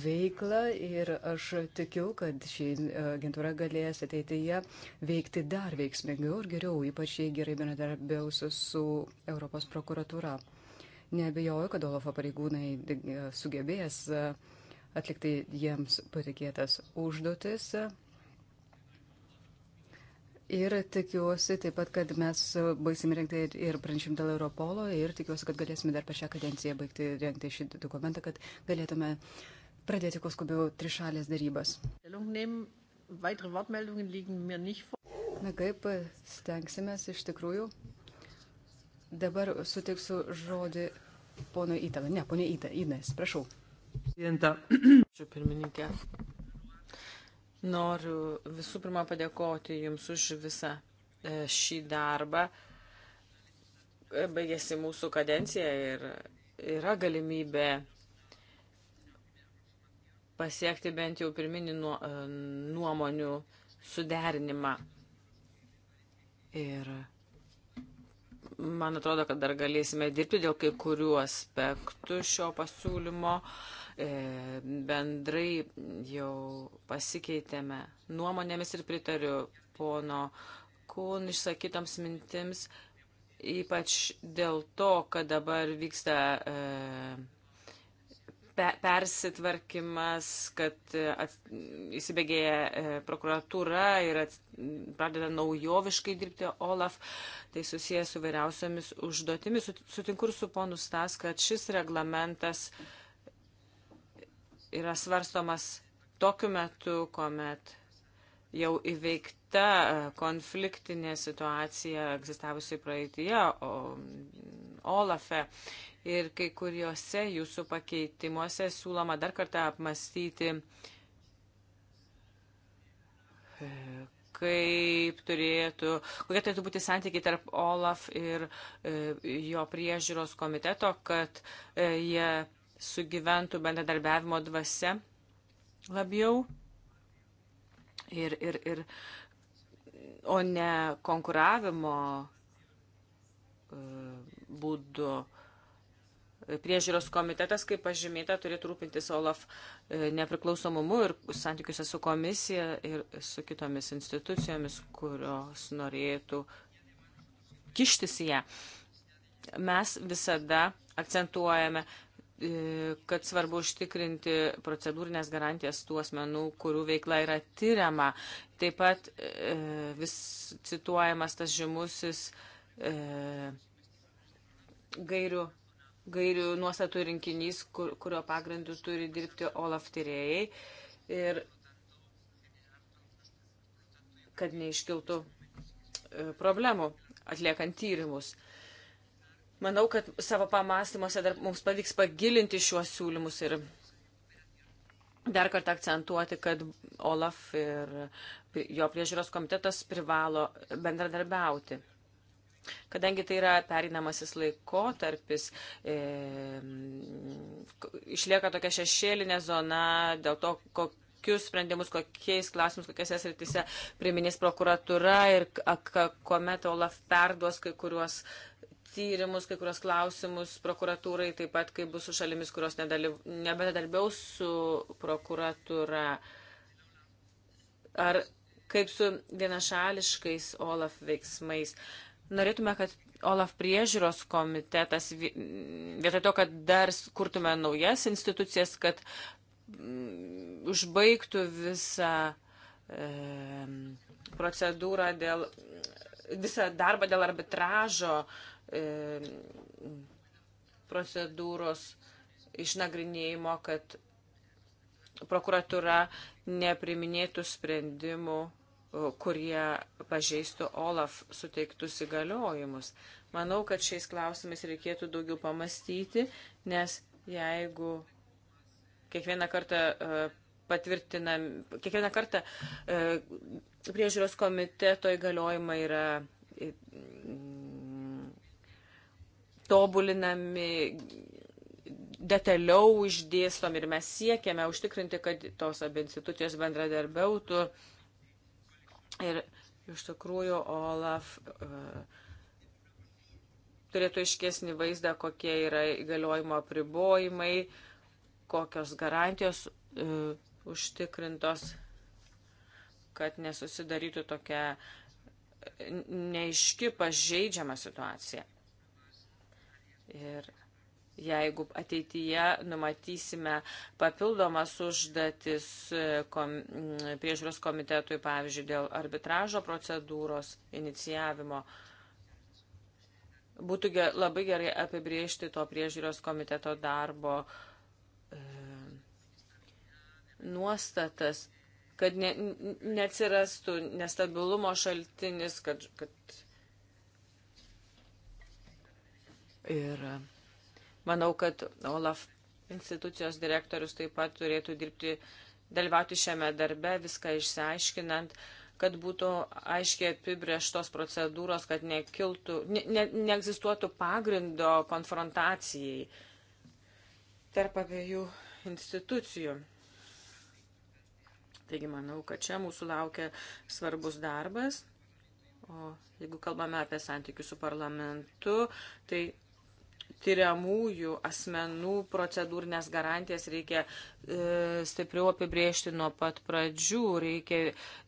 veiklą ir aš tikiu, kad ši e, agentūra galės ateityje veikti dar veiksmingiau ir geriau, ypač jei gerai bendradarbiaus su Europos prokuratūra. Nebejoju, kad Olofo pareigūnai e, sugebės e, atlikti jiems patikėtas užduotis. Ir tikiuosi taip pat, kad mes baigsim rengti ir pranešim dėl Europolo ir tikiuosi, kad galėsime dar per šią kadenciją baigti rengti šį dokumentą, kad galėtume uh, pradėti kuo skubiau trišalės darybas. Na kaip stengsime iš tikrųjų. Dabar sutiksiu žodį ponui Italą. Ne, ponė Ita, Ines, prašau. Ačiū pirmininkė. Noriu visų pirma padėkoti Jums už visą e, šį darbą. E, baigėsi mūsų kadencija ir yra galimybė pasiekti bent jau pirminį e, nuomonių suderinimą. Ir man atrodo, kad dar galėsime dirbti dėl kai kurių aspektų šio pasiūlymo. E, bendrai jau pasikeitėme nuomonėmis ir pritariu pono Kun išsakytoms mintims, ypač dėl to, kad dabar vyksta e, pe persitvarkimas, kad e, at, įsibėgėja e, prokuratūra ir at, pradeda naujoviškai dirbti OLAF, tai susijęs su vairiausiamis užduotimis. Sutinku ir su ponu Stas, kad šis reglamentas yra svarstomas tokiu metu, kuomet jau įveikta e, konfliktinė situacija egzistavusi praeitie, o Olafe ir kai kuriuose jūsų pakeitimuose siūloma dar kartą apmastyti, e, kaip turėtų, kokie turėtų būti santykiai tarp Olaf ir e, jo priežiūros komiteto, kad e, jie sugyventų bendradarbiavimo dvasia labiau ir, ir, ir, o ne konkuravimo būdu priežiūros komitetas, kaip pažymėta, turėtų rūpintis OLAF e, nepriklausomumu ir santykiuose su komisija ir su kitomis institucijomis, kurios norėtų kištis į ją. Mes visada akcentuojame, e, kad svarbu užtikrinti procedūrinės garantijas tų asmenų, kurių veikla yra tyriama. Taip pat e, vis cituojamas tas žymusis gairių gairių nuostatų rinkinys, kur, kurio pagrindų turi dirbti OLAF tyrėjai. Ir kad neiškiltų e, problemų atliekant tyrimus. Manau, kad savo pamastymuose dar mums pavyks pagilinti šiuos siūlymus ir dar kartą akcentuoti, kad OLAF ir jo priežiūros komitetas privalo bendradarbiauti. Kadangi tai yra perinamasis laikotarpis, e, išlieka tokia šešėlinė zona dėl to, kokius sprendimus, kokiais klausimus, kokiuose sritise priminės prokuratura ir kuomet Olaf perduos kai kuriuos tyrimus, kai kurios klausimus prokuratūrai, taip pat kaip bus su šalimis, kurios nebedarbiaus su prokuratūra. Ar kaip su vienašališkais Olaf veiksmais. Uh, norėtume, kad OLAF priežiūros komitetas, vietoj to, kad dar kurtume naujas institucijas, kad mm, užbaigtų visą e, procedūrą dėl, visą darbą dėl arbitražo e, procedūros išnagrinėjimo, kad prokuratura nepriminėtų sprendimų kurie pažeistų Olaf suteiktus įgaliojimus. Manau, kad šiais klausimais reikėtų daugiau pamastyti, nes jeigu kiekvieną kartą e, patvirtinam, kiekvieną kartą e, priežiūros komiteto įgaliojimai yra mm, tobulinami, detaliau išdėstomi ir mes siekiame užtikrinti, kad tos abi institucijos bendradarbiautų. To Ir iš tikrųjų Olaf uh, turėtų iškesnį vaizdą, kokie yra įgaliojimo pribojimai, kokios garantijos uh, užtikrintos, kad nesusidarytų tokia neiški pažeidžiama situacija. Ir Jeigu ateityje numatysime papildomas užduotis e, kom, priežiūros komitetui, pavyzdžiui, dėl arbitražo procedūros inicijavimo, būtų ger, labai gerai apibriežti to priežiūros komiteto darbo e, nuostatas, kad ne, neatsirastų nestabilumo šaltinis, kad. kad... Ir Manau, kad Olaf institucijos direktorius taip pat turėtų dirbti, dalyvauti šiame darbe, viską išsiaiškinant, kad būtų aiškiai apibrieštos procedūros, kad nekiltų, ne, ne, neegzistuotų pagrindo konfrontacijai tarp abiejų institucijų. Taigi manau, kad čia mūsų laukia svarbus darbas. O jeigu kalbame apie santykius su parlamentu, tai tyriamųjų asmenų procedūrinės garantijas reikia e, stipriau apibriežti nuo pat pradžių, reikia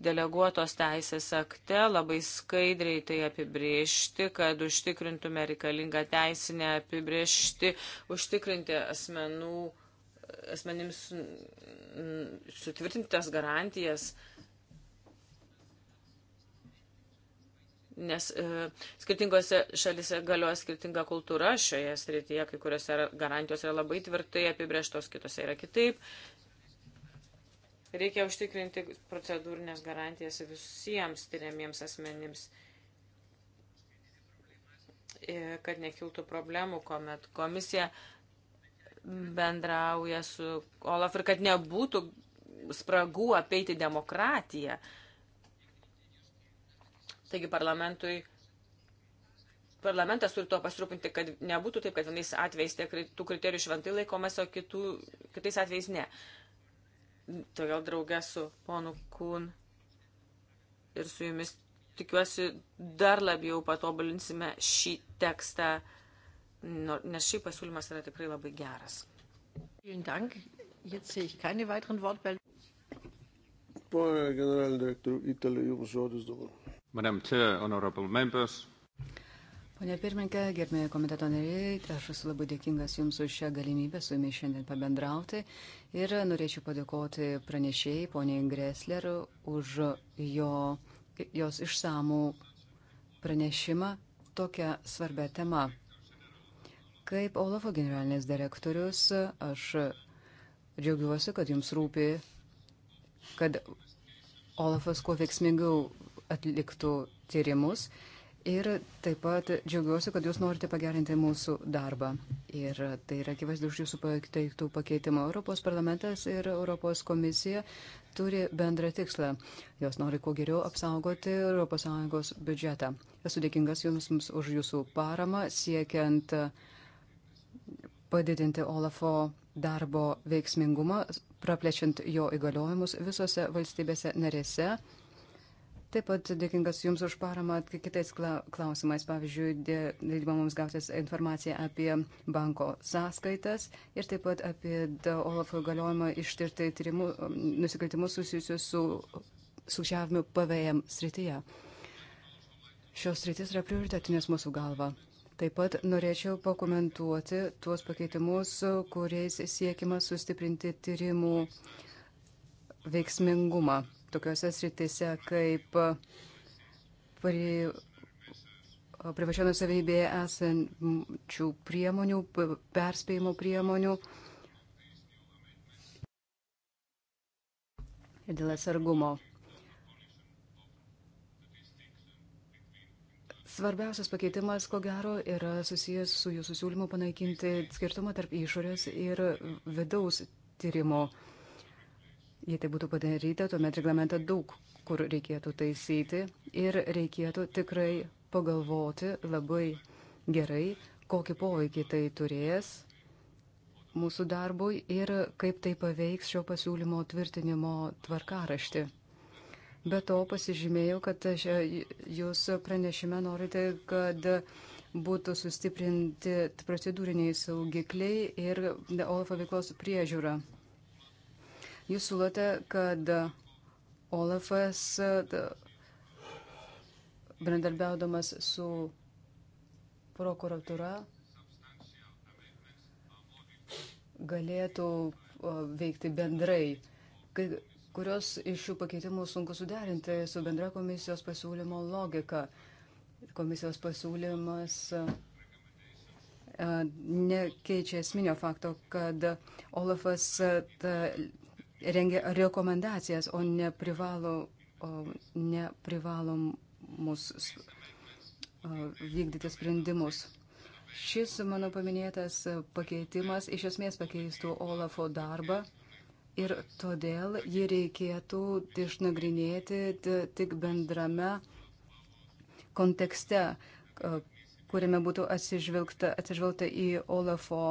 deleguotos teisės akte labai skaidriai tai apibriežti, kad užtikrintume reikalingą teisinę apibriežti, užtikrinti asmenų, asmenims sutvirtintas garantijas. E, nes e, skirtingose šalise galioja skirtinga kultūra šioje srityje, kai kuriuose garantijos yra labai tvirtai apibrieštos, kitose yra kitaip. Reikia užtikrinti procedūrinės garantijas visiems tyriamiems asmenims, e, kad nekiltų problemų, kuomet komisija bendrauja su Olaf ir kad nebūtų spragų apeiti demokratiją. E, Taigi parlamentui parlamentas turi tuo pasirūpinti, kad nebūtų taip, kad vienais atvejais tiek tų kriterijų šventai laikomas, o kitų, kitais atvejais ne. Todėl draugė su ponu Kūn ir su jumis tikiuosi dar labiau patobulinsime šį tekstą, nu, nes šį pasiūlymas yra tikrai labai geras. Pone generalinė direktorių, įtelė jums žodis dabar. Madam Chair, honorable members. Pone pirmininkė, gerbėjai komiteto nariai, tai aš esu labai dėkingas Jums už šią galimybę su Jumis šiandien pabendrauti ir norėčiau padėkoti pranešėjai, poniai Gressler, už jo, jos išsamų pranešimą tokią svarbę temą. Kaip Olafo generalinis direktorius, aš džiaugiuosi, kad Jums rūpi, kad Olafas kuo veiksmingiau atliktų tyrimus. Ir taip pat džiaugiuosi, kad jūs norite pagerinti mūsų darbą. Ir tai yra akivaizdu už jūsų pateiktų pakeitimų. Europos parlamentas ir Europos komisija turi bendrą tikslą. Jos nori kuo geriau apsaugoti ES biudžetą. Esu dėkingas jums už jūsų paramą siekiant padidinti Olafo darbo veiksmingumą, praplečiant jo įgaliojimus visose valstybėse narėse Taip pat dėkingas Jums už paramą kitais klausimais, pavyzdžiui, leidimą mums gautis informaciją apie banko sąskaitas ir taip pat apie Olafo galiojimą ištirti tyrimų, nusikaltimus susijusius su sukčiavimu PVM srityje. Šios sritis yra prioritetinės mūsų galva. Taip pat norėčiau pakomentuoti tuos pakeitimus, kuriais siekima sustiprinti tyrimų veiksmingumą tokiuose sritise kaip e, pri, e, privačiono savybėje esančių priemonių, perspėjimo priemonių ir dėl atsargumo. Svarbiausias pakeitimas, ko gero, yra susijęs su jūsų siūlymu panaikinti skirtumą tarp išorės ir vidaus tyrimo. Uh, Jei tai būtų padaryta, tuomet reglamentą daug kur reikėtų taisyti ir reikėtų tikrai pagalvoti labai gerai, kokį poveikį tai turės mūsų darbui ir kaip tai paveiks šio pasiūlymo tvirtinimo tvarkaraštį. Be to pasižymėjau, kad jūs pranešime norite, kad būtų sustiprinti procedūriniai saugikliai ir OLAFO veiklos priežiūra. Jūs siūlote, kad Olafas, bendarbiaudamas su prokuratūra, galėtų veikti bendrai. Kai kurios iš šių pakeitimų sunku suderinti su bendra komisijos pasiūlymo logika. Komisijos pasiūlymas e, nekeičia esminio fakto, kad Olafas rengia rekomendacijas, o ne, privalo, o ne privalomus vykdyti sprendimus. Šis mano paminėtas pakeitimas iš esmės pakeistų Olafo darbą ir todėl jį reikėtų išnagrinėti tik bendrame kontekste, kuriame būtų atsižvelgta, atsižvelgta į Olafo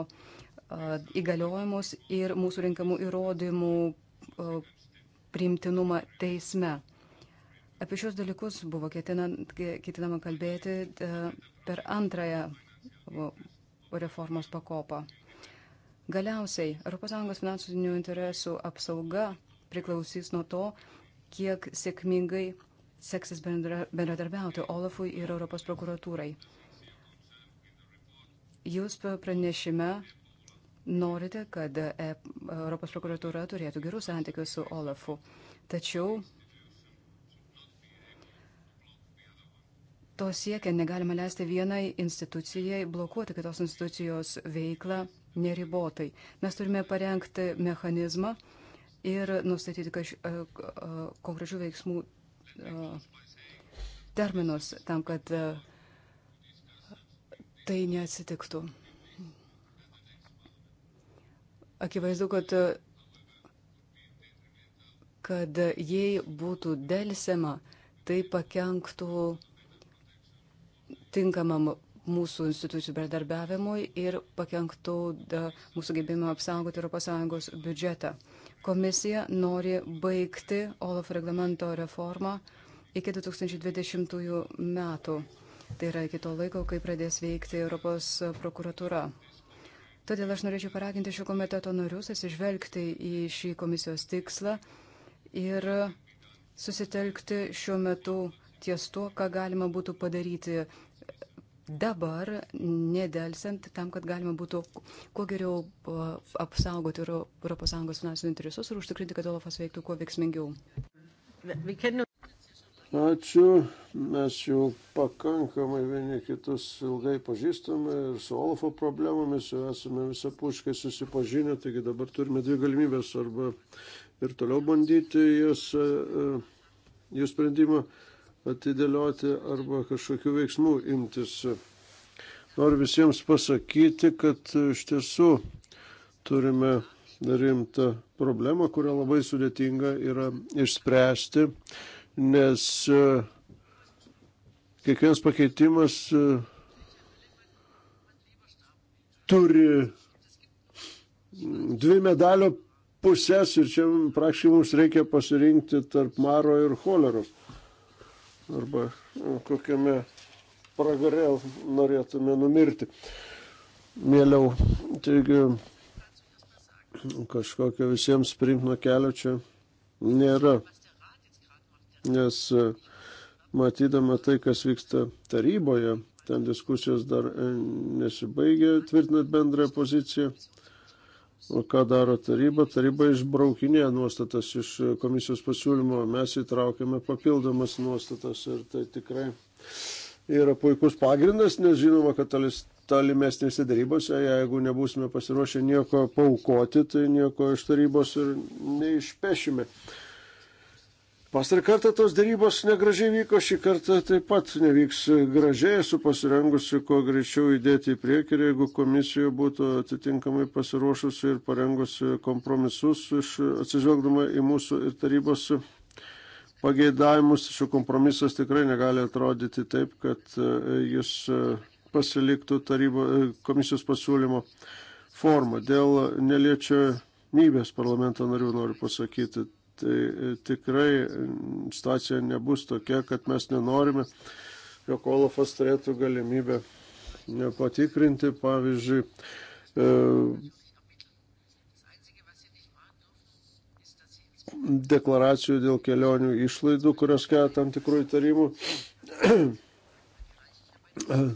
įgaliojimus ir mūsų rinkamų įrodymų priimtinumą teisme. Apie šios dalykus buvo ketinama kalbėti e, per antrąją reformos pakopą. Galiausiai ES finansinių interesų apsauga priklausys nuo to, kiek sėkmingai seksis bendradarbiauti Olafui ir Europos prokuratūrai. Jūs pranešime norite, kad e, Europos prokuratūra turėtų gerus santykius su Olafu. Tačiau to siekiant negalima leisti vienai institucijai blokuoti kitos institucijos veiklą neribotai. Mes turime parengti mechanizmą ir nustatyti kaž, e, e, konkrečių veiksmų terminus tam, kad tai neatsitiktų akivaizdu, kad, kad jei būtų dėlsiama, tai pakenktų tinkamam mūsų institucijų bendarbiavimui ir pakenktų da, mūsų gebėjimą apsaugoti ES biudžetą. Komisija nori baigti OLAF reglamento reformą iki 2020 metų. Tai yra iki to laiko, kai pradės veikti Europos prokuratūra. Todėl aš norėčiau paraginti šio komiteto narius atsižvelgti į šį komisijos tikslą ir susitelkti šiuo metu ties tuo, ką galima būtų padaryti dabar, nedelsiant, tam, kad galima būtų kuo geriau apsaugoti ES finansinius interesus ir užtikrinti, kad Olafas veiktų kuo veiksmingiau. Ačiū. Mes jau pakankamai vieni kitus ilgai pažįstame ir su Olafo problemomis jau esame visapuškai susipažinę, taigi dabar turime dvi galimybės arba ir toliau bandyti jas, e, jų sprendimą atidėlioti arba kažkokių veiksmų imtis. Noriu visiems pasakyti, kad iš tiesų turime rimtą problemą, kurią labai sudėtinga yra išspręsti nes e, kiekvienas pakeitimas e, turi dvi medalio pusės ir čia praktiškai mums reikia pasirinkti tarp maro ir choleros. Arba kokiame pragarė norėtume numirti. Mėliau, taigi kažkokio visiems priimtino kelio čia nėra nes e, matydama tai, kas vyksta taryboje, ten diskusijos dar e, nesibaigė, tvirtinant bendrąją poziciją. O ką daro taryba? Taryba išbraukinėja nuostatas iš e, komisijos pasiūlymo, mes įtraukėme papildomas nuostatas ir tai tikrai yra puikus pagrindas, nes žinoma, kad tolimesnėse darybose, jeigu nebūsime pasiruošę nieko paukoti, tai nieko iš tarybos ir neišpešime. Pastarį kartą tos darybos negražiai vyko, šį kartą taip pat nevyks gražiai, esu pasirengusi kuo greičiau įdėti į priekį, jeigu komisija būtų atitinkamai pasiruošusi ir parengusi kompromisus, iš, atsižvelgdama į mūsų ir tarybos pageidavimus, šių kompromisas tikrai negali atrodyti taip, kad e, jis e, pasiliktų tarybo, e, komisijos pasiūlymo formą. Dėl neliečia nybės parlamento narių noriu pasakyti tai e, tikrai situacija nebus tokia, kad mes nenorime, jog Olafas turėtų galimybę patikrinti, pavyzdžiui, e, deklaracijų dėl kelionių išlaidų, kurios kelia tam tikrų įtarimų.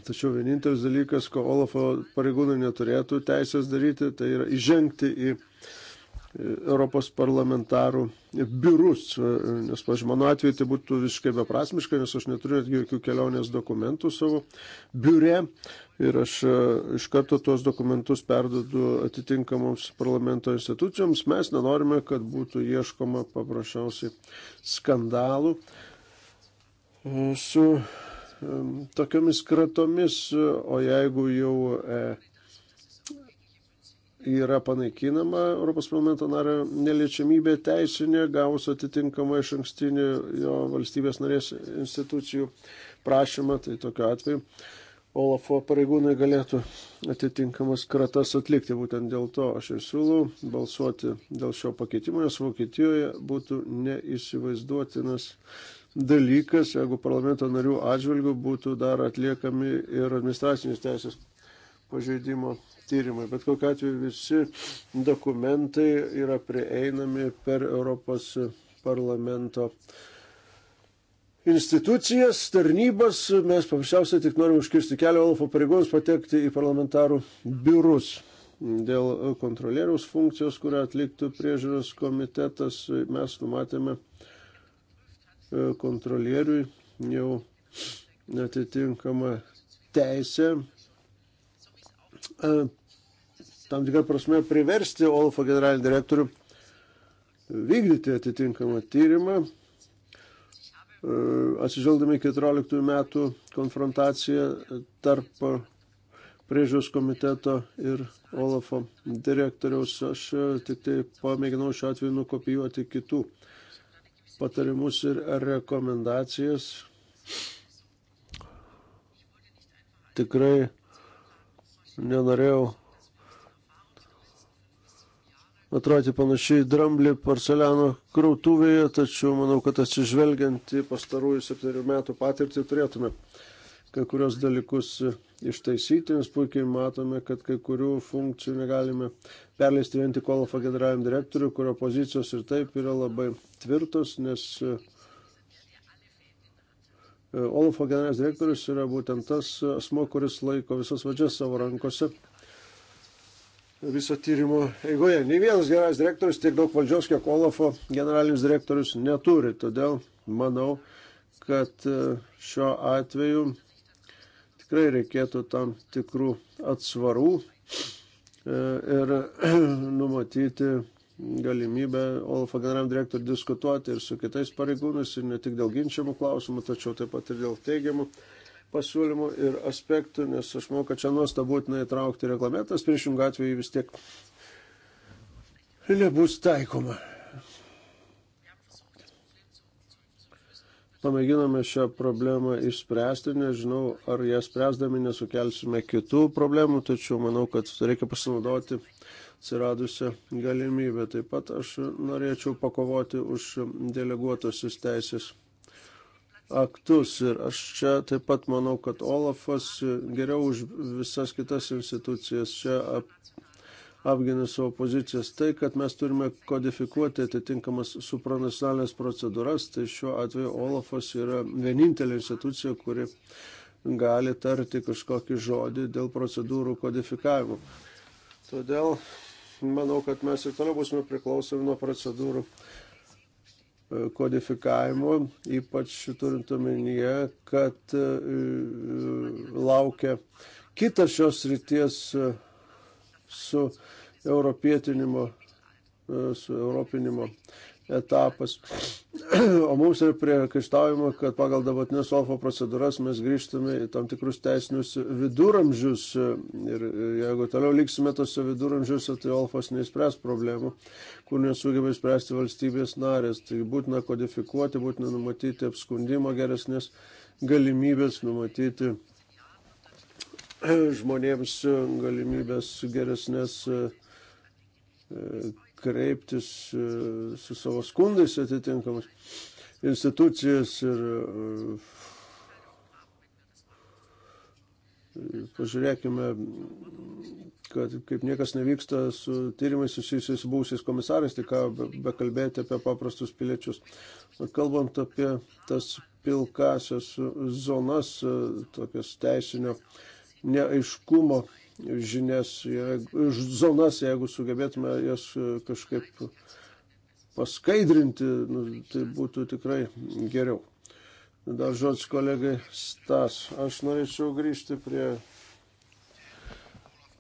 Tačiau vienintelis dalykas, ko Olafo pareigūnai neturėtų teisės daryti, tai yra įžengti į uh, Europos parlamentarų biurus, nes, pažiūrėjau, mano atveju tai būtų visiškai beprasmiška, nes aš neturiu netgi jokių kelionės dokumentų savo biure ir aš e, iš karto tuos dokumentus perdodu atitinkamoms parlamento institucijoms. Mes nenorime, kad būtų ieškoma paprasčiausiai skandalų e, su e, tokiamis kratomis, o jeigu jau yra panaikinama Europos parlamento nario neliečiamybė teisinė, gavus atitinkamą iš ankstinį jo valstybės narės institucijų prašymą, tai tokiu atveju Olafo pareigūnai galėtų atitinkamas kratas atlikti. Būtent dėl to aš ir siūlau balsuoti dėl šio pakeitimo, nes Vokietijoje būtų neįsivaizduotinas dalykas, jeigu parlamento narių atžvilgių būtų dar atliekami ir administracinės teisės pažeidimo tyrimai. Bet kokiu atveju visi dokumentai yra prieinami per Europos parlamento institucijas, tarnybas. Mes paprasčiausiai tik norime užkirsti kelią Olafo pareigoms patekti į parlamentarų biurus. Dėl kontrolieriaus funkcijos, kurią atliktų priežiūros komitetas, mes numatėme e, kontrolieriui jau netitinkamą teisę e, tam tikrą prasme priversti Olafo generalinį direktorių vykdyti atitinkamą tyrimą, e, atsižvelgdami 14 metų konfrontaciją tarp priežiūros komiteto ir Olafo direktoriaus. Aš e, tik tai pamėginau šiuo atveju nukopijuoti kitų patarimus ir rekomendacijas. Tikrai nenorėjau atrodyti panašiai dramblį porceliano krautuvėje, tačiau manau, kad atsižvelgiant į pastarųjų septynių metų patirtį turėtume kai kurios dalykus ištaisyti, nes puikiai matome, kad kai kurių funkcijų negalime perleisti vien tik Olafą generaliniam direktoriui, kurio pozicijos ir taip yra labai tvirtos, nes e, Olafo generalinis direktorius yra būtent tas asmo, kuris laiko visas vadžias savo rankose viso tyrimo eigoje. Nei vienas geras direktorius tiek daug valdžios, kiek Olafo generalinis direktorius neturi. Todėl manau, kad e, šiuo atveju tikrai reikėtų tam tikrų atsvarų e, ir numatyti galimybę Olafo generaliniam direktoriui diskutuoti ir su kitais pareigūnais, ir ne tik dėl ginčiamų klausimų, tačiau taip pat ir dėl teigiamų klausimų pasiūlymų ir aspektų, nes aš manau, kad čia nuostą būtina įtraukti reglamentas, priešingų atveju vis tiek nebus taikoma. Pamėginame šią problemą išspręsti, nežinau, ar ją spręsdami nesukelsime kitų problemų, tačiau manau, kad reikia pasinaudoti atsiradusią galimybę. Taip pat aš norėčiau pakovoti už deleguotosius teisės aktus. Ir aš čia taip pat manau, kad Olafas geriau už visas kitas institucijas čia ap, apgina savo pozicijas. Tai, kad mes turime kodifikuoti atitinkamas supranacionalinės procedūras, tai šiuo atveju Olafas yra vienintelė institucija, kuri gali tarti kažkokį žodį dėl procedūrų kodifikavimo. Todėl manau, kad mes ir toliau būsime priklausomi nuo procedūrų kodifikavimo, ypač turint omenyje, kad e, e, laukia kitas šios ryties e, su europietinimo, su europinimo etapas. O mums yra priekaištaujama, kad pagal dabartinės OFO procedūras mes grįžtume į tam tikrus teisinius viduramžius. Ir jeigu toliau liksime tose viduramžiuose, tai OFOS neįspręs problemų, kur nesugeba įspręsti valstybės narės. Tai būtina kodifikuoti, būtina numatyti apskundimo geresnės galimybės, numatyti žmonėms galimybės geresnės e, kreiptis e, su savo skundais atitinkamus institucijas ir e, pažiūrėkime, kad kaip niekas nevyksta su tyrimais susijusiais būsiais komisarais, tai ką bekalbėti be apie paprastus piliečius. Kalbant apie tas pilkasias zonas, e, tokias teisinio neaiškumo žinias, jeigu, zonas, jeigu sugebėtume jas e, kažkaip paskaidrinti, nu, tai būtų tikrai geriau. Dar žodis kolegai Stas. Aš norėčiau grįžti prie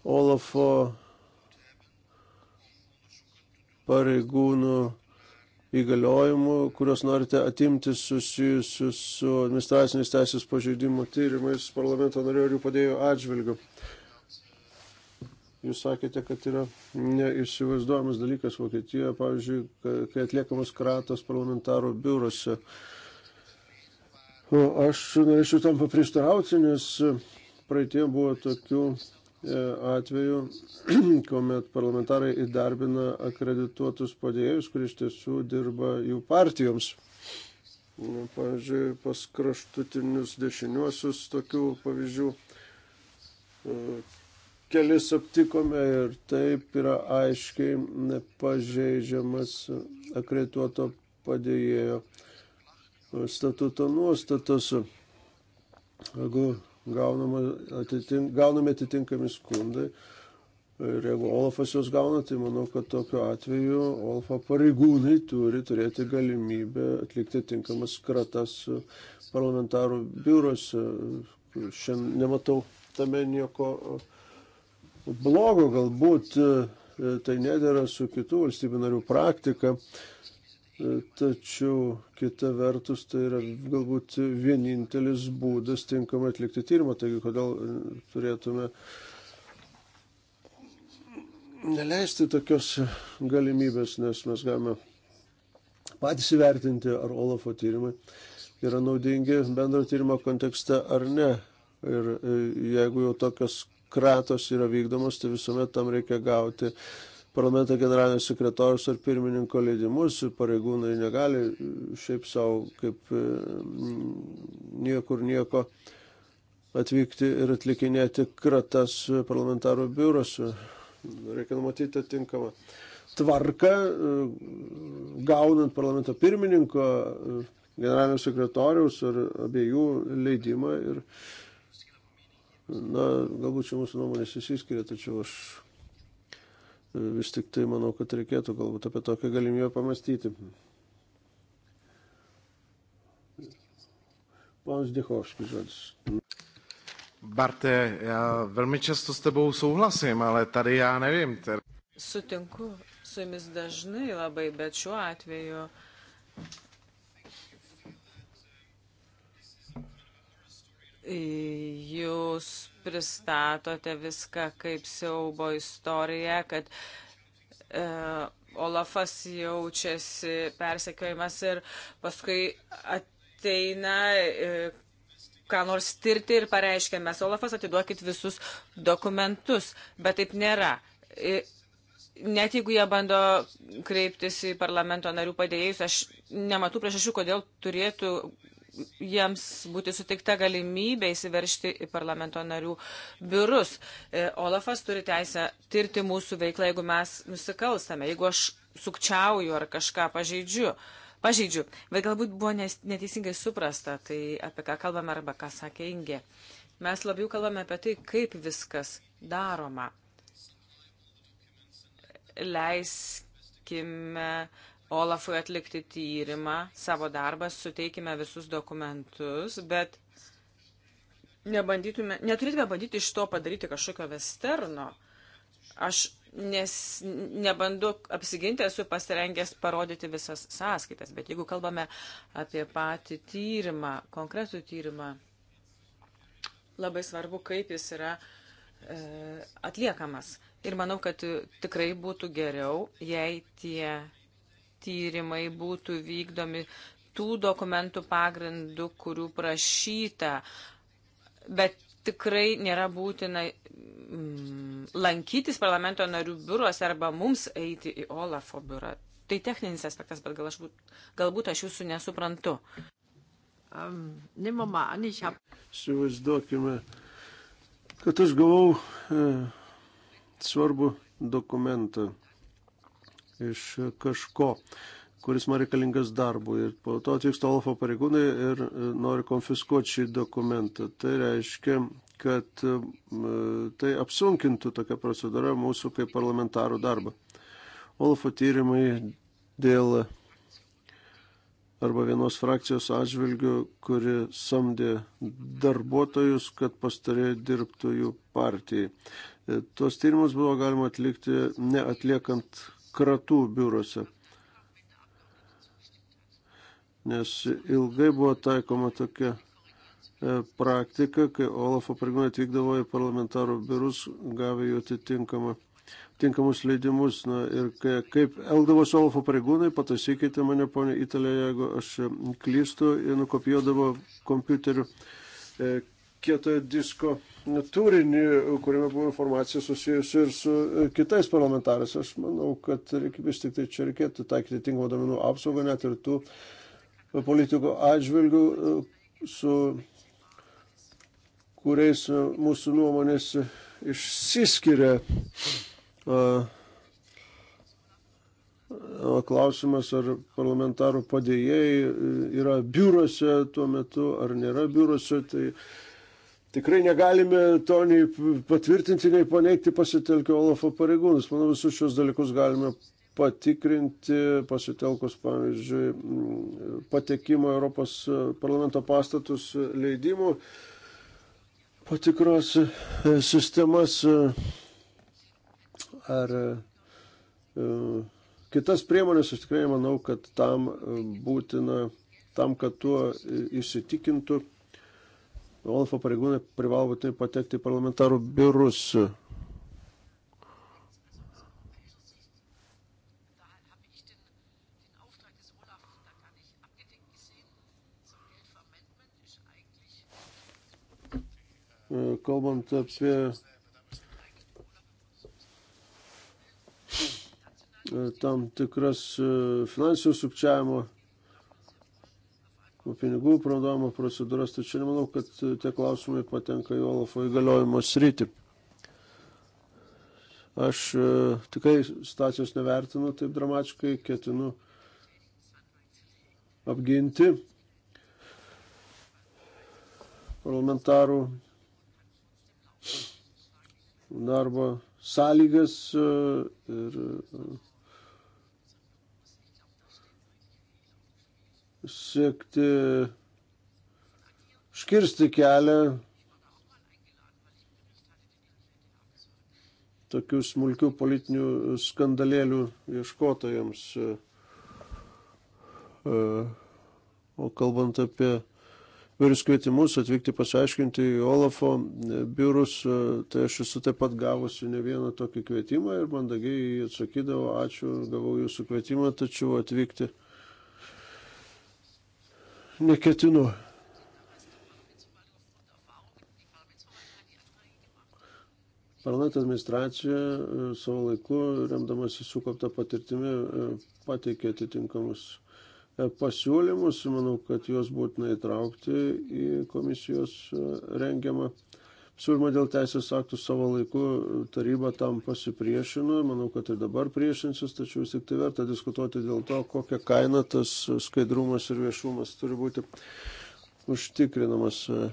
Olafo pareigūnų įgaliojimų, kuriuos norite atimti susijusius su administracinės teisės pažeidimo tyrimais parlamento narių ir jų padėjų atžvilgiu. Jūs sakėte, kad yra neįsivaizduojamas dalykas Vokietijoje, pavyzdžiui, kai atliekamas kratos parlamentarų biurose. O aš norėčiau tam paprieštarauti, nes praeitie buvo tokių e, atveju, kuomet parlamentarai įdarbina akredituotus padėjėjus, kurie iš tiesų dirba jų partijoms. Pavyzdžiui, pas kraštutinius dešiniuosius tokių pavyzdžių e, kelis aptikome ir taip yra aiškiai pažeidžiamas akredituoto padėjėjo statuto nuostatos. Jeigu atitink, gauname atitinkami skundai ir jeigu Olafas juos gauna, tai manau, kad tokiu atveju Olafo pareigūnai turi turėti galimybę atlikti tinkamas kratas parlamentarų biurose. Šiandien nematau tame nieko uh, blogo, galbūt e, e, tai nedėra su kitų valstybių narių praktika, e, tačiau kita vertus tai yra galbūt vienintelis būdas tinkamai atlikti tyrimą, taigi kodėl turėtume neleisti tokios galimybės, nes mes galime patys įvertinti, ar Olafo tyrimai yra naudingi bendro tyrimo kontekste ar ne. Ir jeigu jau tokios kratos yra vykdomos, tai visuomet tam reikia gauti parlamento generalinio sekretorius ar pirmininko leidimus, pareigūnai negali šiaip savo kaip e, niekur nieko atvykti ir atlikinėti kratas parlamentarų biurose. Reikia numatyti atinkamą tvarką, e, gaunant parlamento pirmininko, e, generalinio sekretoriaus ar abiejų leidimą ir Na, galbūt čia mūsų nuomonės įsiskiria, tačiau aš e, vis tik tai manau, kad reikėtų galbūt apie tokią galimybę pamastyti. Pan Zdechovský žodis. Barte, já velmi často s tebou souhlasím, ale tady já nevím. Ter... Sutinku su jumis dažnai labai, bet šiuo atveju Jūs pristatote viską kaip siaubo istoriją, kad e, Olafas jaučiasi persekiojimas ir paskui ateina. E, ką nors tirti ir pareiškia, mes Olafas atiduokit visus dokumentus, bet taip nėra. E, net jeigu jie bando kreiptis į parlamento narių padėjėjus, aš nematau priežasčių, kodėl turėtų jiems būti sutikta galimybė įsiveršti į parlamento narių biurus. E, Olafas turi teisę tirti mūsų veiklą, jeigu mes nusikalstame, jeigu aš sukčiauju ar kažką pažeidžiu. Pažeidžiu, bet galbūt buvo neteisingai suprasta, tai apie ką kalbame arba ką sakė Ingė. Mes labiau kalbame apie tai, kaip viskas daroma. Leiskime uh, Olafui atlikti tyrimą, savo darbą, suteikime visus dokumentus, bet nebandytume, neturėtume bandyti iš to padaryti kažkokio vesterno. Aš nes nebandu apsiginti, esu pasirengęs parodyti visas sąskaitas, bet jeigu kalbame apie patį tyrimą, konkretų tyrimą, labai svarbu, kaip jis yra e, atliekamas. Ir manau, kad tikrai būtų geriau, jei tie tyrimai būtų vykdomi tų dokumentų pagrindų, kurių prašyta. Bet tikrai nėra būtina mm, lankytis parlamento narių biuruose arba mums eiti į Olafo biurą. Tai techninis aspektas, bet gal aš, galbūt aš jūsų nesuprantu. Um, Įsivaizduokime, kad aš gavau e, svarbų dokumentą iš kažko, kuris man reikalingas darbui. Ir po to atvyksta Olafo pareigūnai ir e, nori konfiskuoti šį dokumentą. Tai reiškia, kad e, tai apsunkintų tokia procedūra mūsų kaip parlamentarų darbą. Olafo tyrimai dėl arba vienos frakcijos atžvilgių, kuri samdė darbuotojus, kad pastarėjai dirbtų jų partijai. E, tuos tyrimus buvo galima atlikti neatliekant kratų biurose. Nes ilgai buvo taikoma tokia e, praktika, kai Olafo pareigūnai atvykdavo į parlamentarų biurus, gavę jų atitinkamą tinkamus leidimus. Na, ir kai, kaip elgdavosi Olafo pareigūnai, pataisykite mane, ponė Italija, jeigu aš e, klystu ir nukopijuodavo kompiuteriu e, kietojo disko turinį, kuriame buvo informacija susijusi ir su e, kitais parlamentarais. Aš manau, kad reikia vis tik tai čia reikėtų taikyti tinkamą domenų apsaugą net ir tų politikų atžvilgių, e, su kuriais e, mūsų nuomonės išsiskiria. O klausimas, ar parlamentarų padėjėjai yra biurose tuo metu, ar nėra biurose, tai uh, Tikrai negalime to nei patvirtinti, nei paneigti pasitelkę Olafo pareigūnus. Manau, visus šios dalykus galime patikrinti, pasitelkus, pavyzdžiui, patekimo Europos parlamento pastatus leidimų patikros e, sistemas e, ar e, kitas priemonės. Aš tikrai manau, kad tam būtina, tam, kad tuo įsitikintų Olafo pareigūnai privalo būtinai patekti į parlamentarų biurus. Kalbant apie tam tikras e, finansinio sukčiavimo pinigų panaudojimo procedūras, tačiau nemanau, kad tie klausimai patenka į Olafo įgaliojimo sritį. Aš e, tikrai stacijos nevertinu taip dramatiškai, ketinu apginti parlamentarų darbo sąlygas e, ir e, siekti škirsti kelią tokių smulkių politinių skandalėlių ieškotojams. E, o kalbant apie vyrus kvietimus atvykti pasiaiškinti į Olafo biurus, e, tai aš esu taip pat gavusi ne vieną tokį kvietimą ir mandagiai atsakydavau, ačiū, gavau jūsų kvietimą, tačiau atvykti neketinu. Parlamento administracija e, savo laiku, remdamasi sukauptą patirtimį, e, pateikė atitinkamus e, pasiūlymus. Manau, kad juos būtina įtraukti į komisijos rengiamą siūlymą dėl teisės aktų savo laiku e, taryba tam pasipriešino, manau, kad ir dabar priešinsis, tačiau vis tik tai verta diskutuoti dėl to, kokią kainą tas skaidrumas ir viešumas turi būti užtikrinamas. E.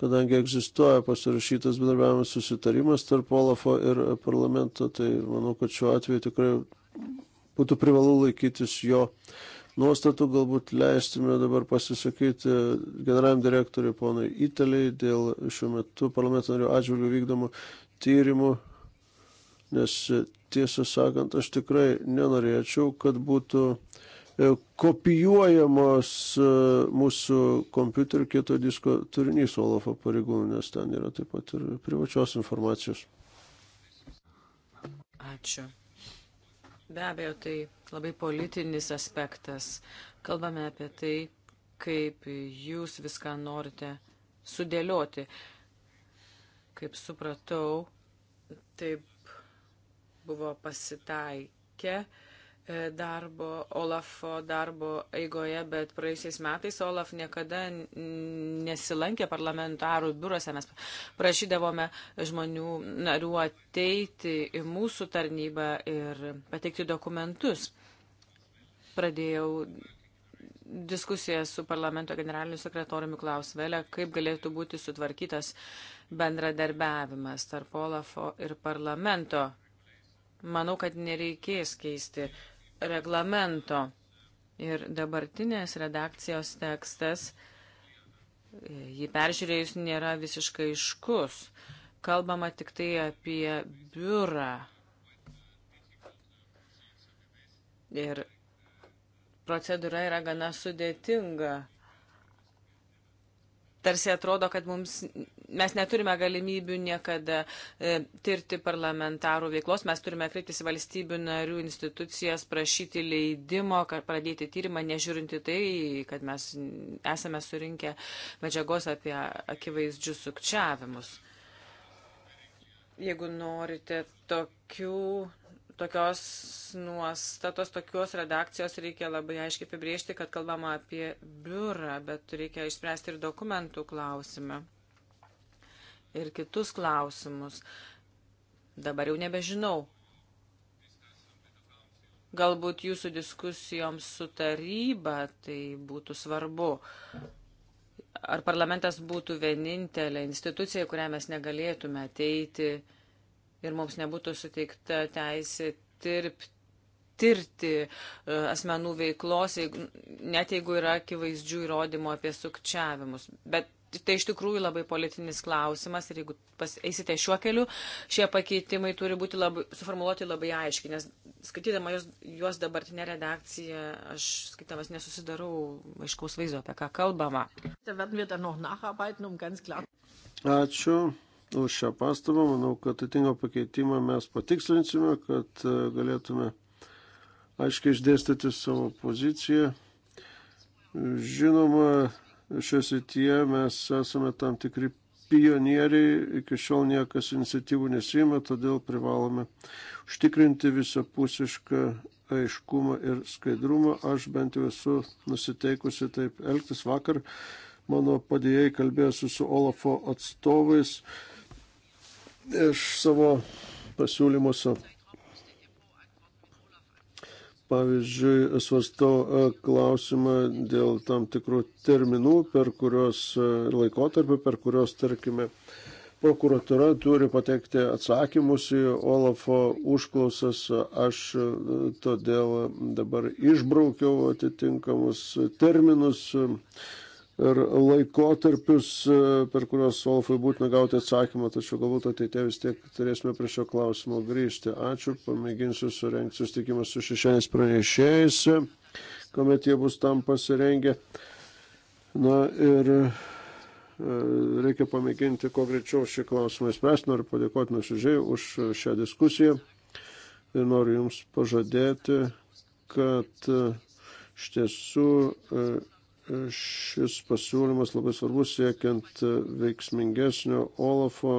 Kadangi egzistuoja pasirašytas bendravimas susitarimas tarp Olafo ir parlamento, tai manau, kad šiuo atveju tikrai būtų privalu laikytis jo uh, nuostatų galbūt leistume dabar pasisakyti generaliniam direktoriui ponui Italiai dėl šiuo metu parlamento narių atžvilgių vykdomų tyrimų, nes tiesą sakant, aš tikrai nenorėčiau, kad būtų e, kopijuojamos e, mūsų kompiuterio kieto disko turinys Olafo pareigūnų, nes ten yra taip pat ir privačios informacijos. Ačiū. Be abejo, tai labai politinis aspektas. Kalbame apie tai, kaip jūs viską norite sudėlioti. Kaip supratau, taip buvo pasitaikę E, darbo, Olafo darbo eigoje, bet praėjusiais metais Olaf niekada nesilankė parlamentarų biurose. Mes prašydavome žmonių narių ateiti į mūsų tarnybą ir pateikti dokumentus. Pradėjau diskusiją su parlamento generaliniu sekretoriumi Klaus Velė, kaip galėtų būti sutvarkytas bendradarbiavimas tarp Olafo ir parlamento manau, kad nereikės keisti reglamento. Ir dabartinės redakcijos tekstas, e, jį peržiūrėjus, nėra visiškai iškus. Kalbama tik tai apie biurą. Ir procedūra yra gana sudėtinga tarsi atrodo, kad mums, mes neturime galimybių niekada e, tirti parlamentarų veiklos, mes turime kreiptis valstybių narių institucijas, prašyti leidimo, kad pradėti tyrimą, nežiūrinti tai, kad mes esame surinkę medžiagos apie akivaizdžius sukčiavimus. Jeigu norite tokių tokios nuostatos, tokios redakcijos reikia labai aiškiai apibriežti, kad kalbama apie biurą, bet reikia išspręsti ir dokumentų klausimą ir kitus klausimus. Dabar jau nebežinau. Galbūt jūsų diskusijoms su taryba tai būtų svarbu. Ar parlamentas būtų vienintelė institucija, kurią mes negalėtume ateiti ir mums nebūtų suteikta teisė tirpti tirti e, asmenų veiklos, net jeigu yra akivaizdžių įrodymų apie sukčiavimus. Bet tai iš tikrųjų labai politinis klausimas ir jeigu pas, eisite šiuo keliu, šie pakeitimai turi būti labai, suformuoluoti labai aiškiai, nes skaitydama juos, juos dabartinę redakciją, aš skaitydamas nesusidarau aiškaus vaizdo, apie ką kalbama. Um Ačiū už šią pastabą. Manau, kad atitinkamą pakeitimą mes patikslinsime, kad e, galėtume aiškiai išdėstyti savo poziciją. Žinoma, šioje srityje mes esame tam tikri pionieriai, iki šiol niekas iniciatyvų nesima, todėl privalome užtikrinti visapusišką aiškumą ir skaidrumą. Aš bent jau esu nusiteikusi taip elgtis vakar. Mano padėjėjai kalbėsiu su Olafo atstovais iš savo pasiūlymuose. Pavyzdžiui, svarstau e, klausimą dėl tam tikrų terminų, per kurios e, laikotarpį, per kurios, tarkime, prokuratura turi pateikti atsakymus į Olafo užklausas. Aš e, todėl dabar išbraukiau atitinkamus terminus ir laikotarpius, e, per kuriuos Olfui būtina gauti atsakymą, tačiau galbūt ateitie vis tiek turėsime prie šio klausimo grįžti. Ačiū, pamėginsiu surenkti susitikimą su šešiais pranešėjais, kuomet jie bus tam pasirengę. Na ir e, reikia pamėginti, kuo greičiau šį klausimą įspręsti. Noriu padėkoti nuoširdžiai už šią diskusiją ir noriu Jums pažadėti, kad e, iš tiesų šis pasiūlymas labai svarbus siekiant veiksmingesnio Olafo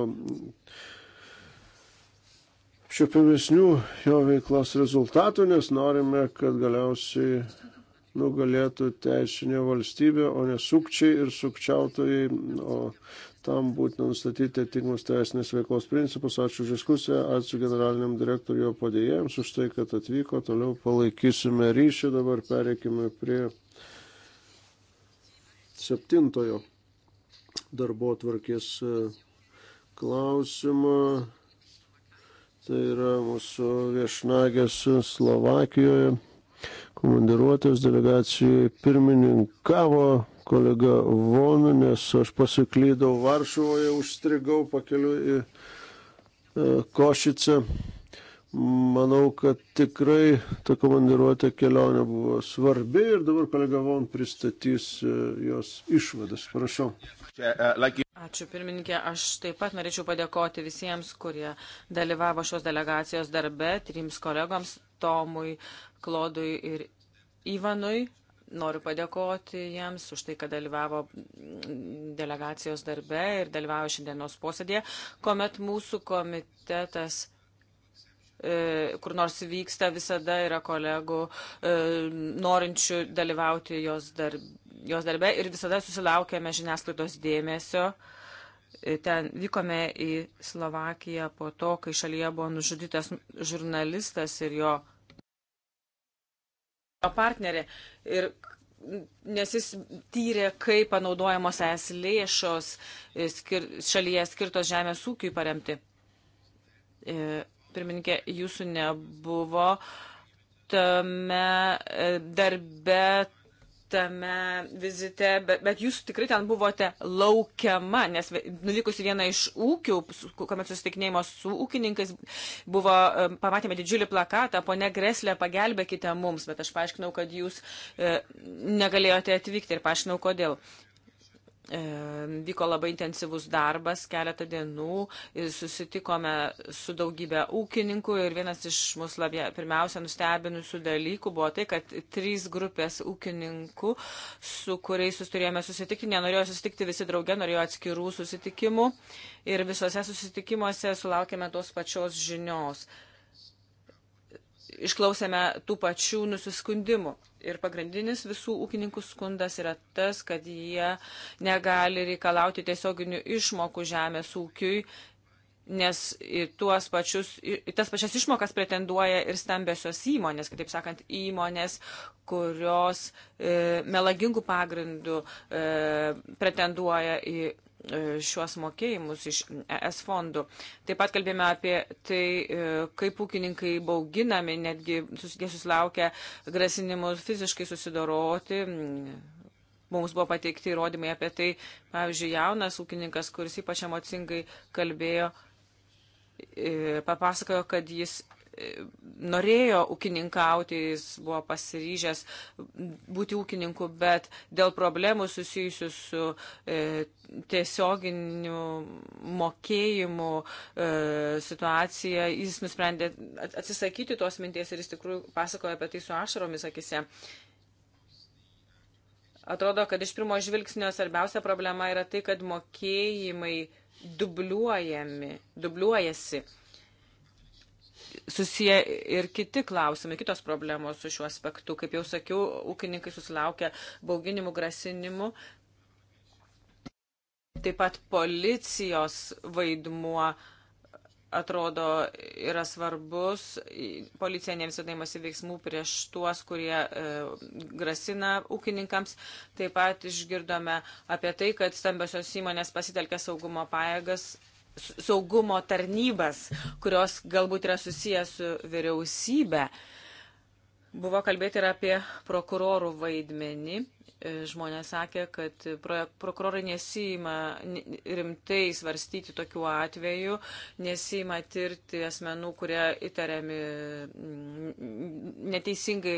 šiopiamesnių jo veiklos rezultatų, nes norime, kad galiausiai nugalėtų teisinė valstybė, o ne sukčiai ir sukčiautojai, o tam būtina nustatyti atitinkamus teisinės veiklos principus. Ačiū už diskusiją, ačiū generaliniam direktoriui jo padėjėjams už tai, kad atvyko, toliau palaikysime ryšį, dabar pereikime prie septintojo darbo tvarkės e, klausimą. Tai yra mūsų viešnagės Slovakijoje. Komandiruotės delegacijai pirmininkavo kolega Vonu, nes aš pasiklydau Varšuvoje, užstrigau pakeliu į e, Košicę. Manau, kad tikrai ta komandiruotė kelionė buvo svarbi ir dabar kolega Von pristatys e, jos išvadas. Prašau. Ačiū pirmininkė, aš taip pat norėčiau padėkoti visiems, kurie dalyvavo šios delegacijos darbe, trims kolegoms, Tomui, Klodui ir Ivanui. Noriu padėkoti jiems už tai, kad dalyvavo delegacijos darbe ir dalyvavo šiandienos posėdėje, kuomet mūsų komitetas E, kur nors vyksta, visada yra kolegų e, norinčių dalyvauti jos, darb, jos darbe ir visada susilaukėme žiniasklaidos dėmesio. E, ten vykome į Slovakiją po to, kai šalyje buvo nužudytas žurnalistas ir jo partnerė. Ir nes jis tyrė, kaip panaudojamos es lėšos skir, šalyje skirtos žemės ūkiui paremti. Ir pirmininkė, jūsų nebuvo tame e, darbe, tame vizite, bet, bet jūs tikrai ten buvote laukiama, nes nulikusi viena iš ūkių, kuomet susitikinėjimo su ūkininkais, buvo, e, pamatėme didžiulį plakatą, ponė Greslė, pagelbėkite mums, bet aš paaiškinau, kad jūs e, negalėjote atvykti ir paaiškinau, kodėl. E, vyko labai intensyvus darbas, keletą dienų susitikome su daugybė ūkininkų ir vienas iš mus labia, pirmiausia nustebinusių dalykų buvo tai, kad trys grupės ūkininkų, su kuriais turėjome susitikti, nenorėjo susitikti visi drauge, norėjo atskirų susitikimų ir visose susitikimuose sulaukėme tos pačios žinios išklausėme tų pačių nusiskundimų. Ir pagrindinis visų ūkininkų skundas yra tas, kad jie negali reikalauti tiesioginių išmokų žemės ūkiui, nes į, pačius, į tas pačias išmokas pretenduoja ir stambiosios įmonės, kitaip sakant, įmonės, kurios e, melagingų pagrindų e, pretenduoja į E, šiuos mokėjimus iš ES fondų. Taip pat kalbėjome apie tai, e, kaip ūkininkai bauginami, netgi jie susilaukia grasinimų fiziškai susidoroti. Mums buvo pateikti įrodymai apie tai, pavyzdžiui, jaunas ūkininkas, kuris ypač emocingai kalbėjo, e, papasakojo, kad jis norėjo ūkininkauti, jis buvo pasiryžęs būti ūkininku, bet dėl problemų susijusių su e, tiesioginiu mokėjimu e, situacija, jis nusprendė atsisakyti tos minties ir jis tikrųjų pasakoja apie tai su ašaromis akise. Atrodo, kad iš pirmo žvilgsnio svarbiausia problema yra tai, kad mokėjimai dubliuojami, dubliuojasi susiję ir kiti klausimai, kitos problemos su šiuo aspektu. Kaip jau sakiau, ūkininkai susilaukia bauginimų, grasinimų. Taip pat policijos vaidmuo atrodo yra svarbus. Policija ne visada imasi veiksmų prieš tuos, kurie e, grasina ūkininkams. Taip pat išgirdome apie tai, kad stambiosios įmonės pasitelkia saugumo pajėgas saugumo tarnybas, kurios galbūt yra susijęs su vyriausybė. Buvo kalbėti ir apie prokurorų vaidmenį. E, žmonės sakė, kad prokurorai nesima rimtai svarstyti tokių atvejų, nesima tirti asmenų, kurie įtariami mm, neteisingai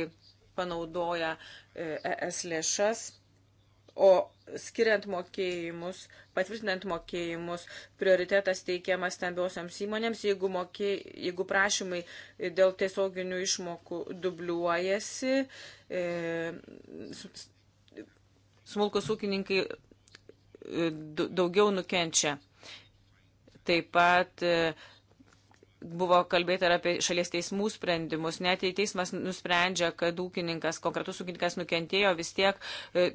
panaudoja e, ES lėšas o skiriant mokėjimus, patvirtinant mokėjimus, prioritetas teikiamas stambiosiams įmonėms, jeigu, mokė, jeigu prašymai dėl tiesioginių išmokų dubliuojasi, e, smulkus ūkininkai e, daugiau nukenčia. Taip pat e, buvo kalbėta ir apie šalies teismų sprendimus. Net jei teismas nusprendžia, kad ūkininkas, konkretus ūkininkas nukentėjo, vis tiek e,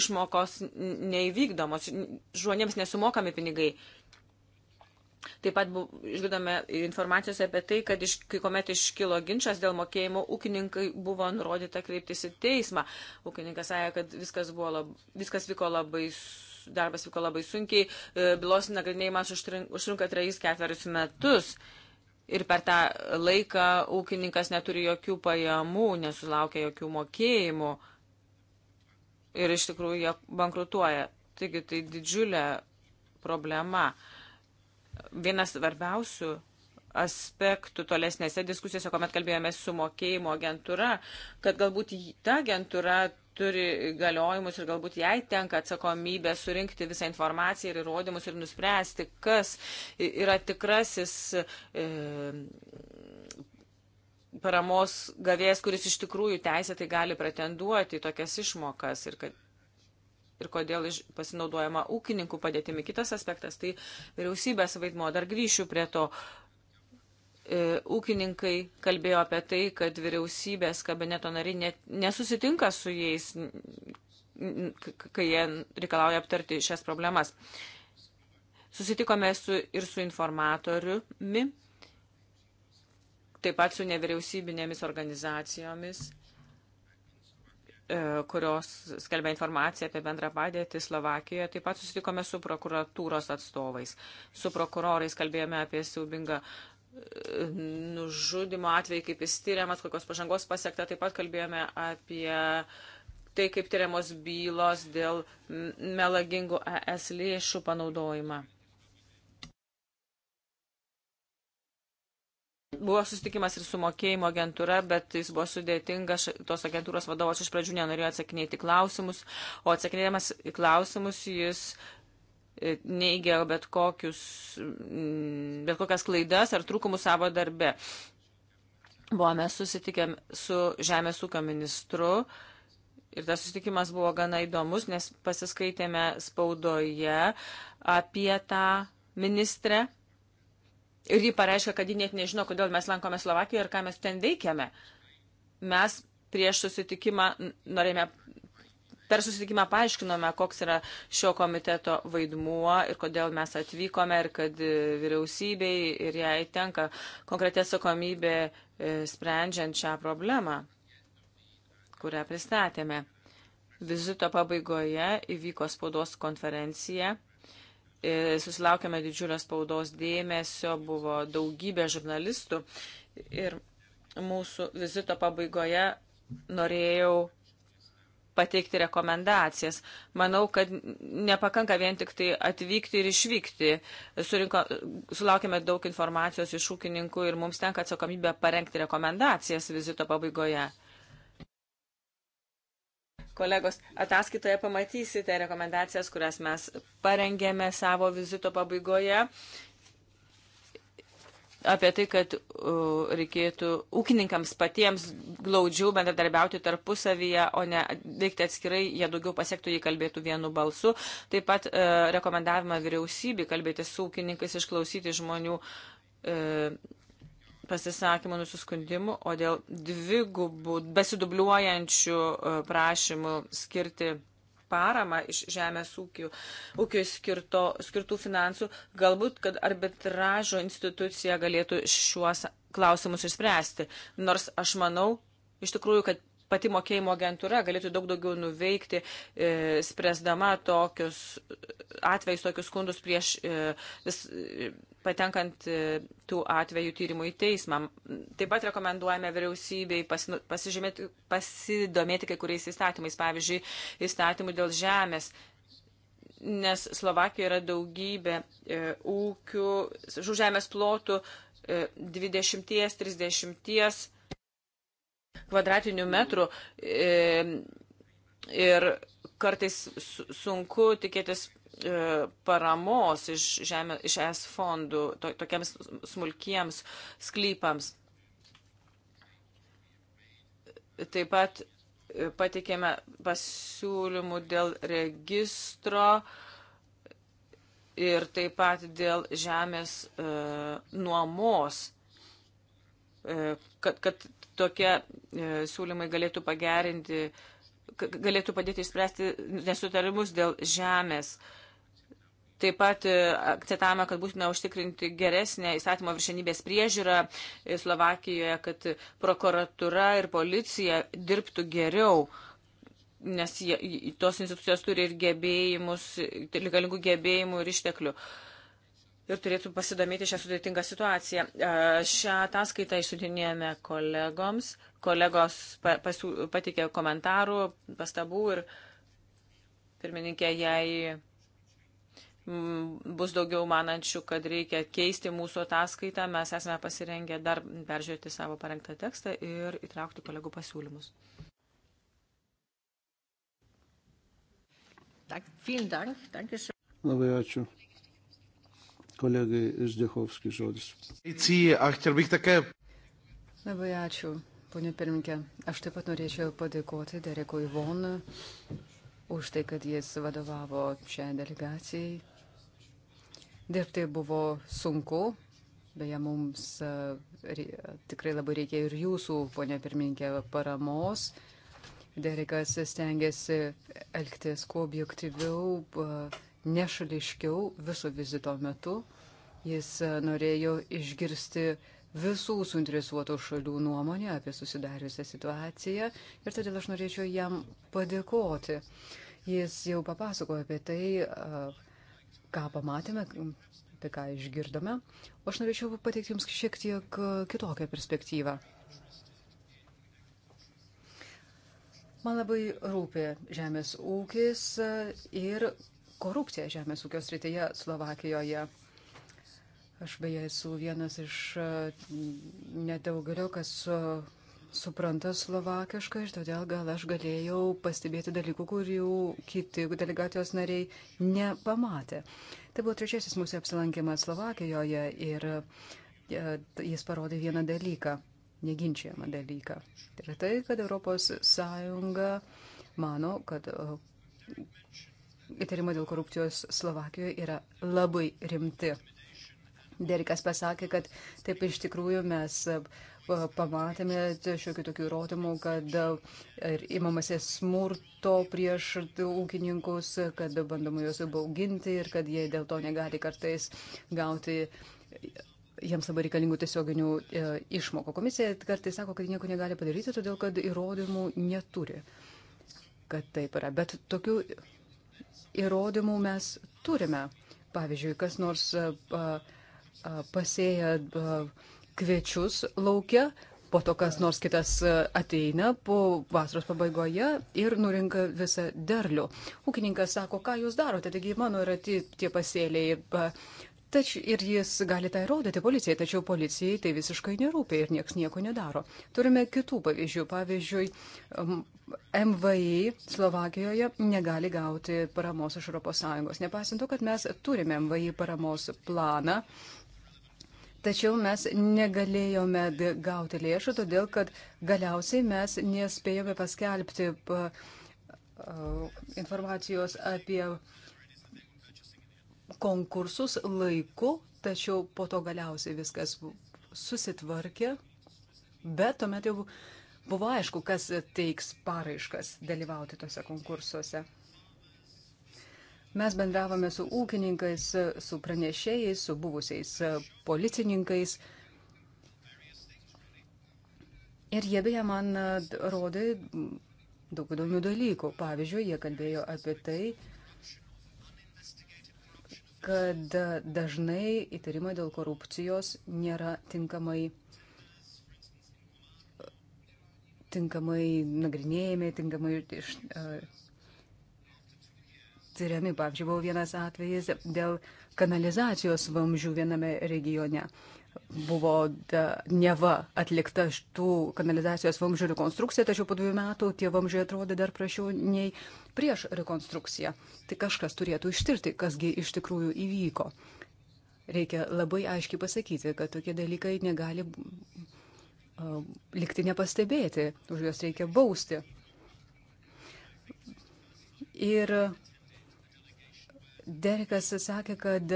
išmokos neįvykdomos, žmonėms nesumokami pinigai. Taip pat išgirdome informacijos apie tai, kad iš, kai kuomet iškilo ginčas dėl mokėjimo, ūkininkai buvo nurodyta kreiptis į teismą. Ūkininkas sąja, kad viskas, buvo, lab, viskas vyko labai darbas vyko labai sunkiai, e, bylos nagrinėjimas užtrunka 3-4 metus. Mm ir per tą laiką ūkininkas neturi jokių pajamų, nesulaukia jokių mokėjimų ir iš tikrųjų jie bankrutuoja. Taigi tai didžiulė problema. Vienas svarbiausių aspektų tolesnėse diskusijose, kuomet kalbėjome su mokėjimo agentūra, kad galbūt ta agentūra turi galiojimus ir galbūt jai tenka atsakomybė surinkti visą informaciją ir įrodymus ir nuspręsti, kas yra tikrasis e, paramos gavėjas, kuris iš tikrųjų teisėtai gali pretenduoti tokias išmokas ir, kad, ir kodėl iš, pasinaudojama ūkininkų padėtimi. Kitas aspektas - tai vyriausybės vaidmo. Dar grįšiu prie to. E, E, ūkininkai kalbėjo apie tai, kad vyriausybės kabineto nariai net, nesusitinka su jais, kai jie reikalauja aptarti šias problemas. Susitikome su, ir su informatoriumi, taip pat su nevyriausybinėmis organizacijomis, e, kurios skelbia informaciją apie bendrą padėtį Slovakijoje. Taip pat susitikome su prokuratūros atstovais. Su prokurorais kalbėjome apie siaubingą uh, nužudimo atvejai, kaip jis tyriamas, kokios pažangos pasiekta. Taip pat kalbėjome apie tai, kaip tyriamos bylos dėl melagingų ES lėšų panaudojimą. Buvo susitikimas ir su mokėjimo agentūra, bet jis buvo sudėtingas. Tos agentūros vadovas iš pradžių nenorėjo atsakinėti klausimus, o atsakinėdamas į klausimus jis uh, neigia bet, kokius, mm, bet kokias klaidas ar trūkumus savo darbe. Buvome susitikę su Žemės ūkio ministru ir tas susitikimas buvo gana įdomus, nes pasiskaitėme spaudoje apie tą ministrę ir ji pareiškia, kad ji net nežino, kodėl mes lankome Slovakiją ir ką mes ten veikiame. Mes prieš susitikimą norėjome Per susitikimą paaiškinome, koks yra šio komiteto vaidmuo ir kodėl mes atvykome ir kad e, vyriausybei ir jai tenka konkretė atsakomybė e, sprendžiant šią problemą, kurią pristatėme. Vizito pabaigoje įvyko spaudos konferencija e, susilaukėme didžiulio spaudos dėmesio, buvo daugybė žurnalistų ir mūsų vizito pabaigoje norėjau pateikti rekomendacijas. Manau, kad nepakanka vien tik tai atvykti ir išvykti. Surinko, sulaukime daug informacijos iš ūkininkų ir mums tenka atsakomybė parengti rekomendacijas vizito pabaigoje. Kolegos, ataskaitoje pamatysite rekomendacijas, kurias mes parengėme savo vizito pabaigoje apie tai, kad uh, reikėtų ūkininkams patiems glaudžiau bendradarbiauti tarpusavyje, o ne veikti atskirai, jie daugiau pasiektų, jei kalbėtų vienu balsu. Taip pat uh, rekomendavimą vyriausybį kalbėti su ūkininkais, išklausyti žmonių uh, pasisakymų, nusiskundimų, o dėl dvigubų besidubliuojančių e, prašymų skirti paramą iš žemės ūkių, ūkių skirto, skirtų finansų, galbūt, kad arbitražo institucija galėtų šiuos klausimus išspręsti. Nors aš manau, iš tikrųjų, kad pati mokėjimo agentūra galėtų daug daugiau nuveikti, e, spręsdama tokius e, atvejus, tokius skundus prieš e, vis, e, patenkant e, tų atvejų tyrimų į teismą. Taip pat rekomenduojame vyriausybei pasidomėti kai kuriais įstatymais, pavyzdžiui, įstatymų dėl žemės nes Slovakijoje yra daugybė e, ūkių, žemės plotų e, 20-30 kvadratinių metrų e, ir kartais sunku tikėtis e, paramos iš, žemė, iš es fondų to, tokiems smulkiems sklypams. Taip pat e, patikėme pasiūlymų dėl registro ir taip pat dėl žemės e, nuomos, e, kad, kad tokie e, siūlymai galėtų pagerinti, galėtų padėti išspręsti nesutarimus dėl žemės. Taip pat e, akcentavome, kad būtina užtikrinti geresnę įstatymo viršenybės priežiūrą e, Slovakijoje, kad prokuratura ir policija dirbtų geriau, nes jie, tos institucijos turi ir gebėjimus, reikalingų gebėjimų ir išteklių. Uh, ir turėtų pasidomėti šią sudėtingą situaciją. Šią ataskaitą išsiuntinėjome kolegoms, kolegos patikė komentarų, pastabų ir pirmininkė, jei mm, bus daugiau manančių, kad reikia keisti mūsų ataskaitą, mes esame pasirengę dar peržiūrėti savo parengtą tekstą ir įtraukti kolegų pasiūlymus. Labai ačiū. Kolegai Zdechovskis žodis. Labai ačiū, ponė pirminkė. Aš taip pat norėčiau padėkoti Derekui Vonui už tai, kad jis vadovavo šiai delegacijai. Dirbti buvo sunku, beje, mums tikrai labai reikėjo ir jūsų, ponė pirmininkė, paramos. Derekas stengiasi elgtis kuo objektyviau, nešališkiau viso vizito metu. Jis e, norėjo išgirsti visų suinteresuotų šalių nuomonę apie susidariusią situaciją ir todėl aš norėčiau jam padėkoti. Jis jau papasakojo apie tai, e, ką pamatėme, apie ką išgirdome. O aš norėčiau pateikti Jums šiek tiek e, kitokią perspektyvą. Man labai rūpi žemės ūkis ir korupciją žemės ūkio srityje Slovakijoje. Aš beje esu vienas iš mm, nedaugelio, kas su, supranta slovakiškai, todėl gal aš galėjau pastebėti dalykų, kurių kiti delegacijos nariai nepamatė. Tai buvo trečiasis mūsų apsilankimas Slovakijoje ir e, jis parodė vieną dalyką, neginčiamą dalyką. Tai yra tai, kad ES mano, kad įtarimai dėl korupcijos Slovakijoje yra labai rimti. Derikas pasakė, kad taip iš tikrųjų mes e, pamatėme šiokių tokių įrodymų, kad e, ir imamasi smurto prieš ūkininkus, kad bandoma juos bauginti ir kad jie dėl to negali kartais gauti jiems labai reikalingų tiesioginių e, išmokų. Komisija kartais sako, kad nieko negali padaryti, todėl kad įrodymų neturi, kad taip yra. Bet tokių įrodymų mes turime. Pavyzdžiui, kas nors pasėja kviečius laukia, po to kas nors kitas ateina po vasaros pabaigoje ir nurinka visą derlių. Ūkininkas sako, ką jūs darote, taigi mano yra tie pasėliai. Tačiau ir jis gali tai rodyti policijai, tačiau policijai tai visiškai nerūpia ir nieks nieko nedaro. Turime kitų pavyzdžių. Pavyzdžiui, MVI Slovakijoje negali gauti paramos iš ES. Nepaisant to, kad mes turime MVI paramos planą, tačiau mes negalėjome gauti lėšų, todėl kad galiausiai mes nespėjome paskelbti informacijos apie konkursus laiku, tačiau po to galiausiai viskas susitvarkė, bet tuomet jau buvo aišku, kas teiks paraiškas dalyvauti tose konkursuose. Mes bendravome su ūkininkais, su pranešėjais, su buvusiais policininkais. Ir jie beje man rodė daug įdomių dalykų. Pavyzdžiui, jie kalbėjo apie tai, kad dažnai įtarimai dėl korupcijos nėra tinkamai tinkamai nagrinėjami, tinkamai iš, tyriami. Pavyzdžiui, buvo vienas atvejis dėl kanalizacijos vamzdžių viename regione. Buvo da, neva atlikta šitų kanalizacijos vamzdžių rekonstrukcija, tačiau po dviejų metų tie vamzdžiai atrodė dar prašiau nei prieš rekonstrukciją. Tai kažkas turėtų ištirti, kasgi iš tikrųjų įvyko. Reikia labai aiškiai pasakyti, kad tokie dalykai negali likti nepastebėti, už juos reikia bausti. Ir Derekas sakė, kad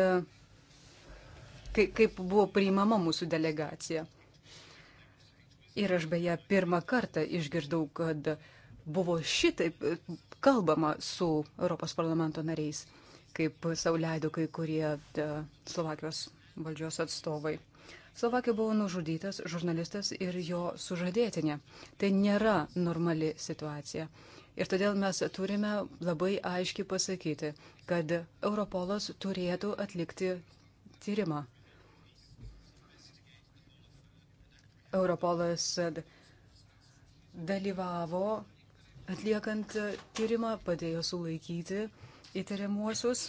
kaip buvo priimama mūsų delegacija. Ir aš beje pirmą kartą išgirdau, kad buvo šitaip e, kalbama su Europos parlamento nariais, kaip sauliaido kai kurie Slovakijos valdžios atstovai. Slovakija buvo nužudytas žurnalistas ir jo sužadėtinė. Tai nėra normali situacija. Ir todėl mes turime labai aiškiai pasakyti, kad Europolas turėtų atlikti tyrimą. Europolas dalyvavo atliekant tyrimą, padėjo sulaikyti įtariamuosius.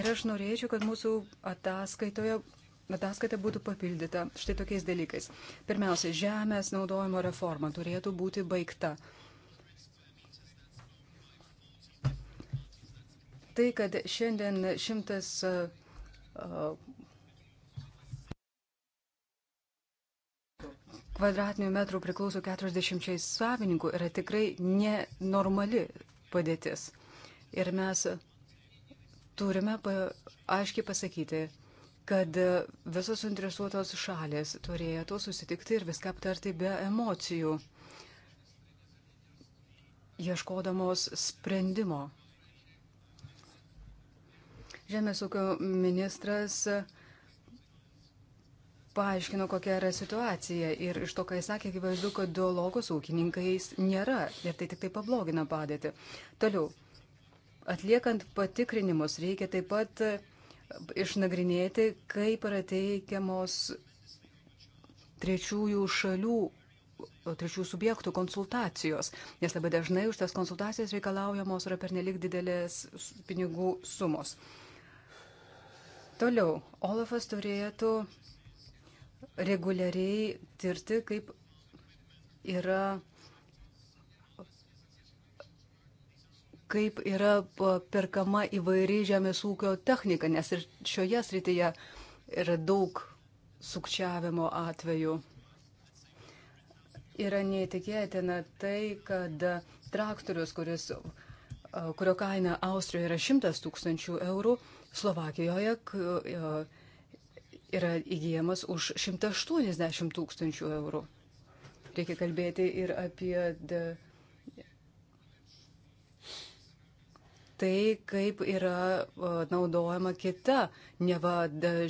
Ir aš norėčiau, kad mūsų ataskaitoje ataskaita būtų papildyta štai tokiais dalykais. Pirmiausia, žemės naudojimo reforma turėtų būti baigta. Tai, kad šiandien šimtas. Kvadratinių metrų priklauso 40 savininkų yra tikrai nenormali padėtis. Ir mes turime aiškiai pasakyti, kad visos suinteresuotos šalės turėtų susitikti ir viską aptarti be emocijų, ieškodamos sprendimo. Žemės ūkio ministras paaiškino, kokia yra situacija ir iš to, ką jis sakė, akivaizdu, kad dialogų su ūkininkais nėra ir tai tik tai pablogina padėtį. Toliau, atliekant patikrinimus reikia taip pat išnagrinėti, kaip yra teikiamos trečiųjų šalių, trečiųjų subjektų konsultacijos, nes labai dažnai už tas konsultacijas reikalaujamos yra pernelik didelės pinigų sumos. Toliau, Olafas turėtų reguliariai tirti, kaip yra kaip yra perkama įvairi žemės ūkio technika, nes ir šioje srityje yra daug sukčiavimo atvejų. Yra neįtikėtina tai, kad traktorius, kuris, kurio kaina Austrijoje yra 100 tūkstančių eurų, Slovakijoje yra įgyjamas už 180 tūkstančių eurų. Reikia kalbėti ir apie tai, kaip yra naudojama kita neva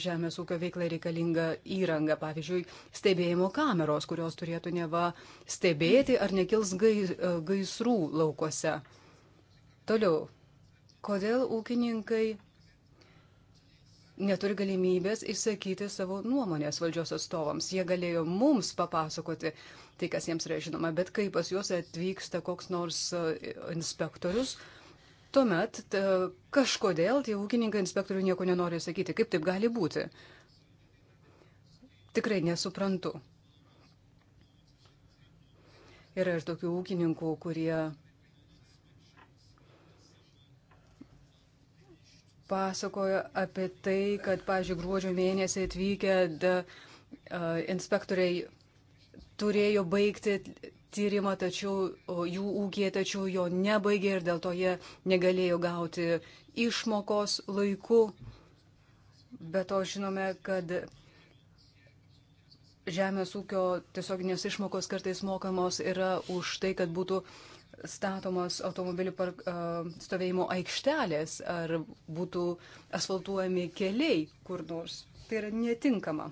žemės ūkio veiklai reikalinga įranga, pavyzdžiui, stebėjimo kameros, kurios turėtų neva stebėti, ar nekils e, gaisrų laukose. Toliau, kodėl ūkininkai neturi galimybės išsakyti savo nuomonės valdžios atstovams. Jie galėjo mums papasakoti tai, kas jiems yra žinoma, bet kai pas juos atvyksta koks nors e, inspektorius, uh, tuomet ta, kažkodėl tie ūkininkai inspektorių nieko nenori sakyti. Kaip taip gali būti? Tikrai nesuprantu. Yra ir tokių ūkininkų, kurie pasakojo apie tai, kad, pažiūrėjau, gruodžio mėnesį atvykę da, uh, inspektoriai turėjo baigti tyrimą, tačiau jų ūkija, tačiau jo nebaigė ir dėl to jie negalėjo gauti išmokos laiku. Be to žinome, kad žemės ūkio tiesioginės išmokos kartais mokamos yra už tai, kad būtų statomos automobilių park, uh, stovėjimo aikštelės ar būtų asfaltuojami keliai kur nors. Tai yra netinkama.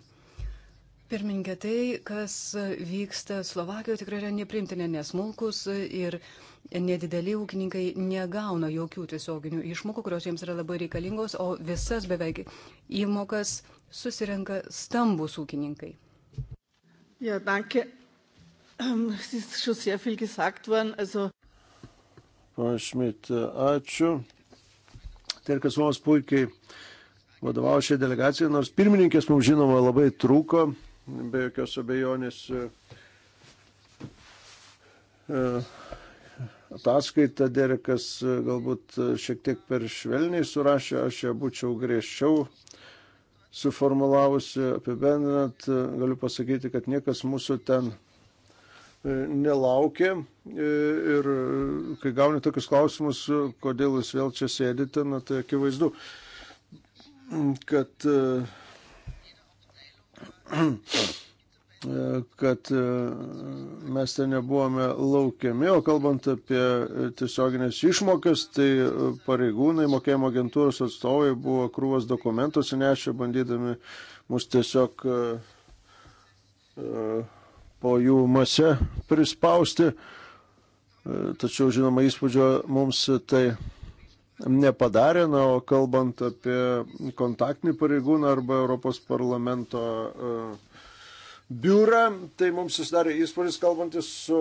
Pirmininkė, tai, kas vyksta Slovakijoje, tikrai yra neprimtinė, nes smulkus ir nedideli ūkininkai negauna jokių tiesioginių išmokų, kurios jiems yra labai reikalingos, o visas beveik įmokas susirenka stambus ūkininkai. Ja, danke. Es ist schon sehr viel gesagt worden. Also... Pašmit, ačiū. Terkas tai mums puikiai vadovavo šią delegaciją, nors pirmininkės mums žinoma labai trūko, be jokios abejonės e, e, ataskaitą Derekas e, galbūt šiek tiek per švelniai surašė, aš ją būčiau griežčiau suformulavusi, apibendrinant, galiu pasakyti, kad niekas mūsų ten nelaukė ir kai gauni tokius klausimus, kodėl jūs vėl čia sėdite, na tai akivaizdu, kad uh, kad e, mes ten nebuvome laukiami, o kalbant apie tiesioginės išmokas, tai e, pareigūnai, mokėjimo agentūros atstovai buvo krūvas dokumentų sinešę, bandydami mus tiesiog e, po jų mase prispausti, tačiau žinoma įspūdžio mums tai nepadarė. Na, o kalbant apie kontaktinį pareigūną arba Europos parlamento e, biurą, tai mums susidarė įspūdis, kalbantis su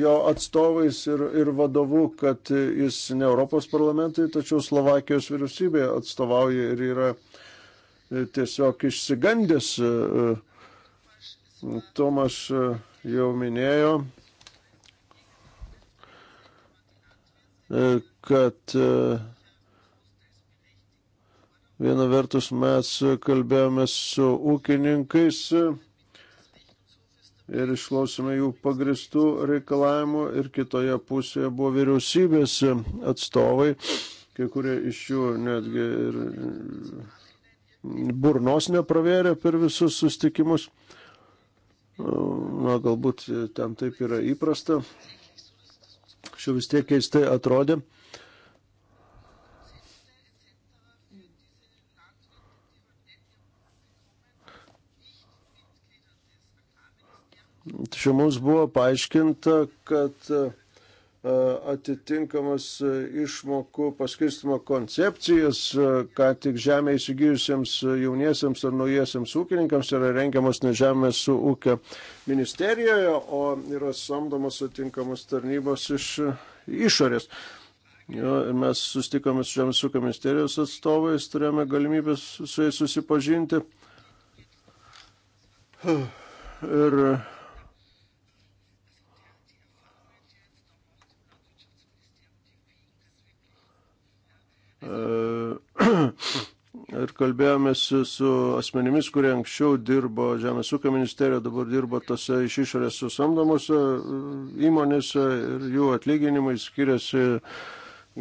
jo atstovais ir, ir vadovu, kad jis ne Europos parlamentui, tačiau Slovakijos vyriausybė atstovauja ir yra e, tiesiog išsigandęs. E, Tomas jau minėjo, E, kad e, viena vertus mes kalbėjome su ūkininkais e, ir išklausėme jų pagristų reikalavimų ir kitoje pusėje buvo vyriausybės atstovai, kai kurie iš jų netgi ir burnos nepravėrė per visus sustikimus. Na, galbūt ten taip yra įprasta. Šiuo vis tiek keistai atrodė. Tačiau mums buvo paaiškinta, kad E, atitinkamas e, išmokų paskirstimo koncepcijas, e, ką tik žemė įsigijusiems jauniesiams ar naujiesiams ūkininkams yra rengiamas ne žemės ūkio ministerijoje, o yra samdomas atitinkamos tarnybos iš išorės. Jo, ir mes sustikome su Žemės ūkio ministerijos atstovais, turėjome galimybę su jais susipažinti. Ir ir kalbėjomės su asmenimis, kurie anksčiau dirbo Žemės ūkio ministerijoje, dabar dirba tose iš išorės susamdomose e, įmonėse ir jų atlyginimai skiriasi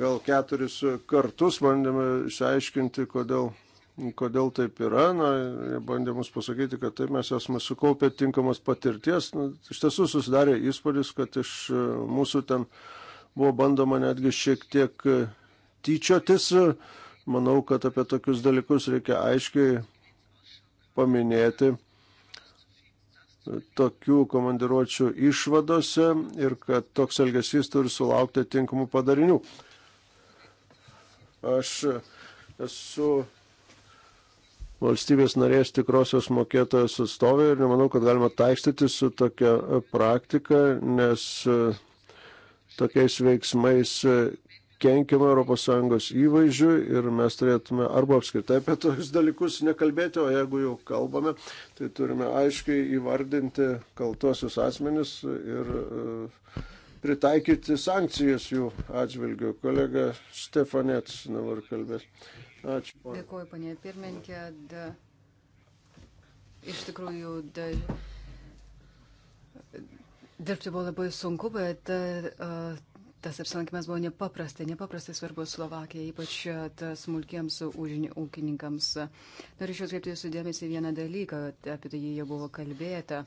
gal keturis kartus, bandėme išsiaiškinti, kodėl. Kodėl taip yra, na, bandė mums pasakyti, kad taip mes esame sukaupę tinkamos patirties. Na, iš tiesų susidarė įspūdis, kad iš e, mūsų ten buvo bandoma netgi šiek tiek tyčiotis. Manau, kad apie tokius dalykus reikia aiškiai paminėti tokių komandiruočių išvadose ir kad toks elgesys turi sulaukti tinkamų padarinių. Aš esu valstybės narės tikrosios mokėtojos atstovė ir nemanau, kad galima taikstyti su tokia praktika, nes tokiais veiksmais kenkiama ES įvaizdžiui ir mes turėtume arba apskritai apie tokius dalykus nekalbėti, o jeigu jau kalbame, tai turime aiškiai įvardinti kaltuosius asmenis ir e, pritaikyti sankcijas jų atžvilgių. Kolega Stefanets dabar kalbės. Ačiū. Dėkuoju, panė pirmininkė. Da... Iš tikrųjų, da... dirbti buvo labai sunku, bet. Uh, Tas apsilankimas buvo nepaprastai, nepaprastai svarbus Slovakijai, ypač e, smulkiems ūkininkams. Norėčiau atkreipti jūsų dėmesį vieną dalyką, apie tai jau buvo kalbėta.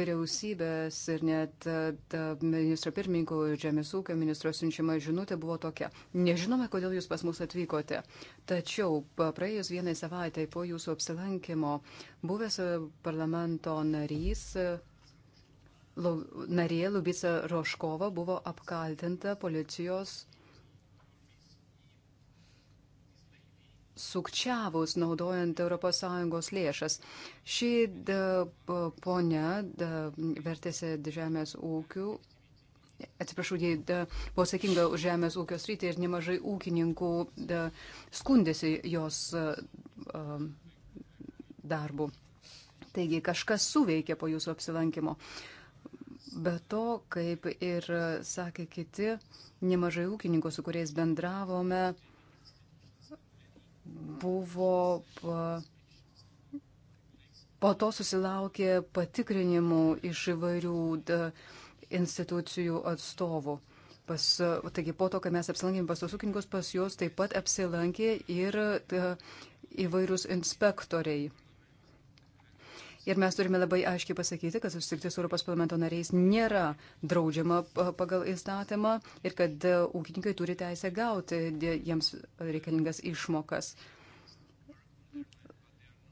Vyriausybės ir net e, ministro pirmininko ir žemės ūkio ministro siunčiama žinutė buvo tokia. Nežinome, kodėl jūs pas mus atvykote. Tačiau praėjus vienai savaitai po jūsų apsilankimo buvęs e, parlamento narys narė Lubica Roškova buvo apkaltinta policijos sukčiavus naudojant ES lėšas. Ši ponia vertėsi žemės ūkių. Atsiprašau, jie buvo sakinga už žemės ūkio sritį ir nemažai ūkininkų da, skundėsi jos da, darbu. Taigi kažkas suveikė po jūsų apsilankimo. Uh, Be to, kaip ir sakė kiti, nemažai ūkininkų, su kuriais bendravome, buvo po to susilaukė patikrinimų iš įvairių institucijų atstovų. Pas, taigi po to, kai mes apsilankėme pas tos ūkininkus, pas juos taip pat apsilankė ir ta, įvairūs inspektoriai. Ir mes turime labai aiškiai pasakyti, kad susitikti su Europos parlamento nariais nėra draudžiama pagal įstatymą ir kad e, ūkininkai turi teisę gauti jiems reikalingas išmokas.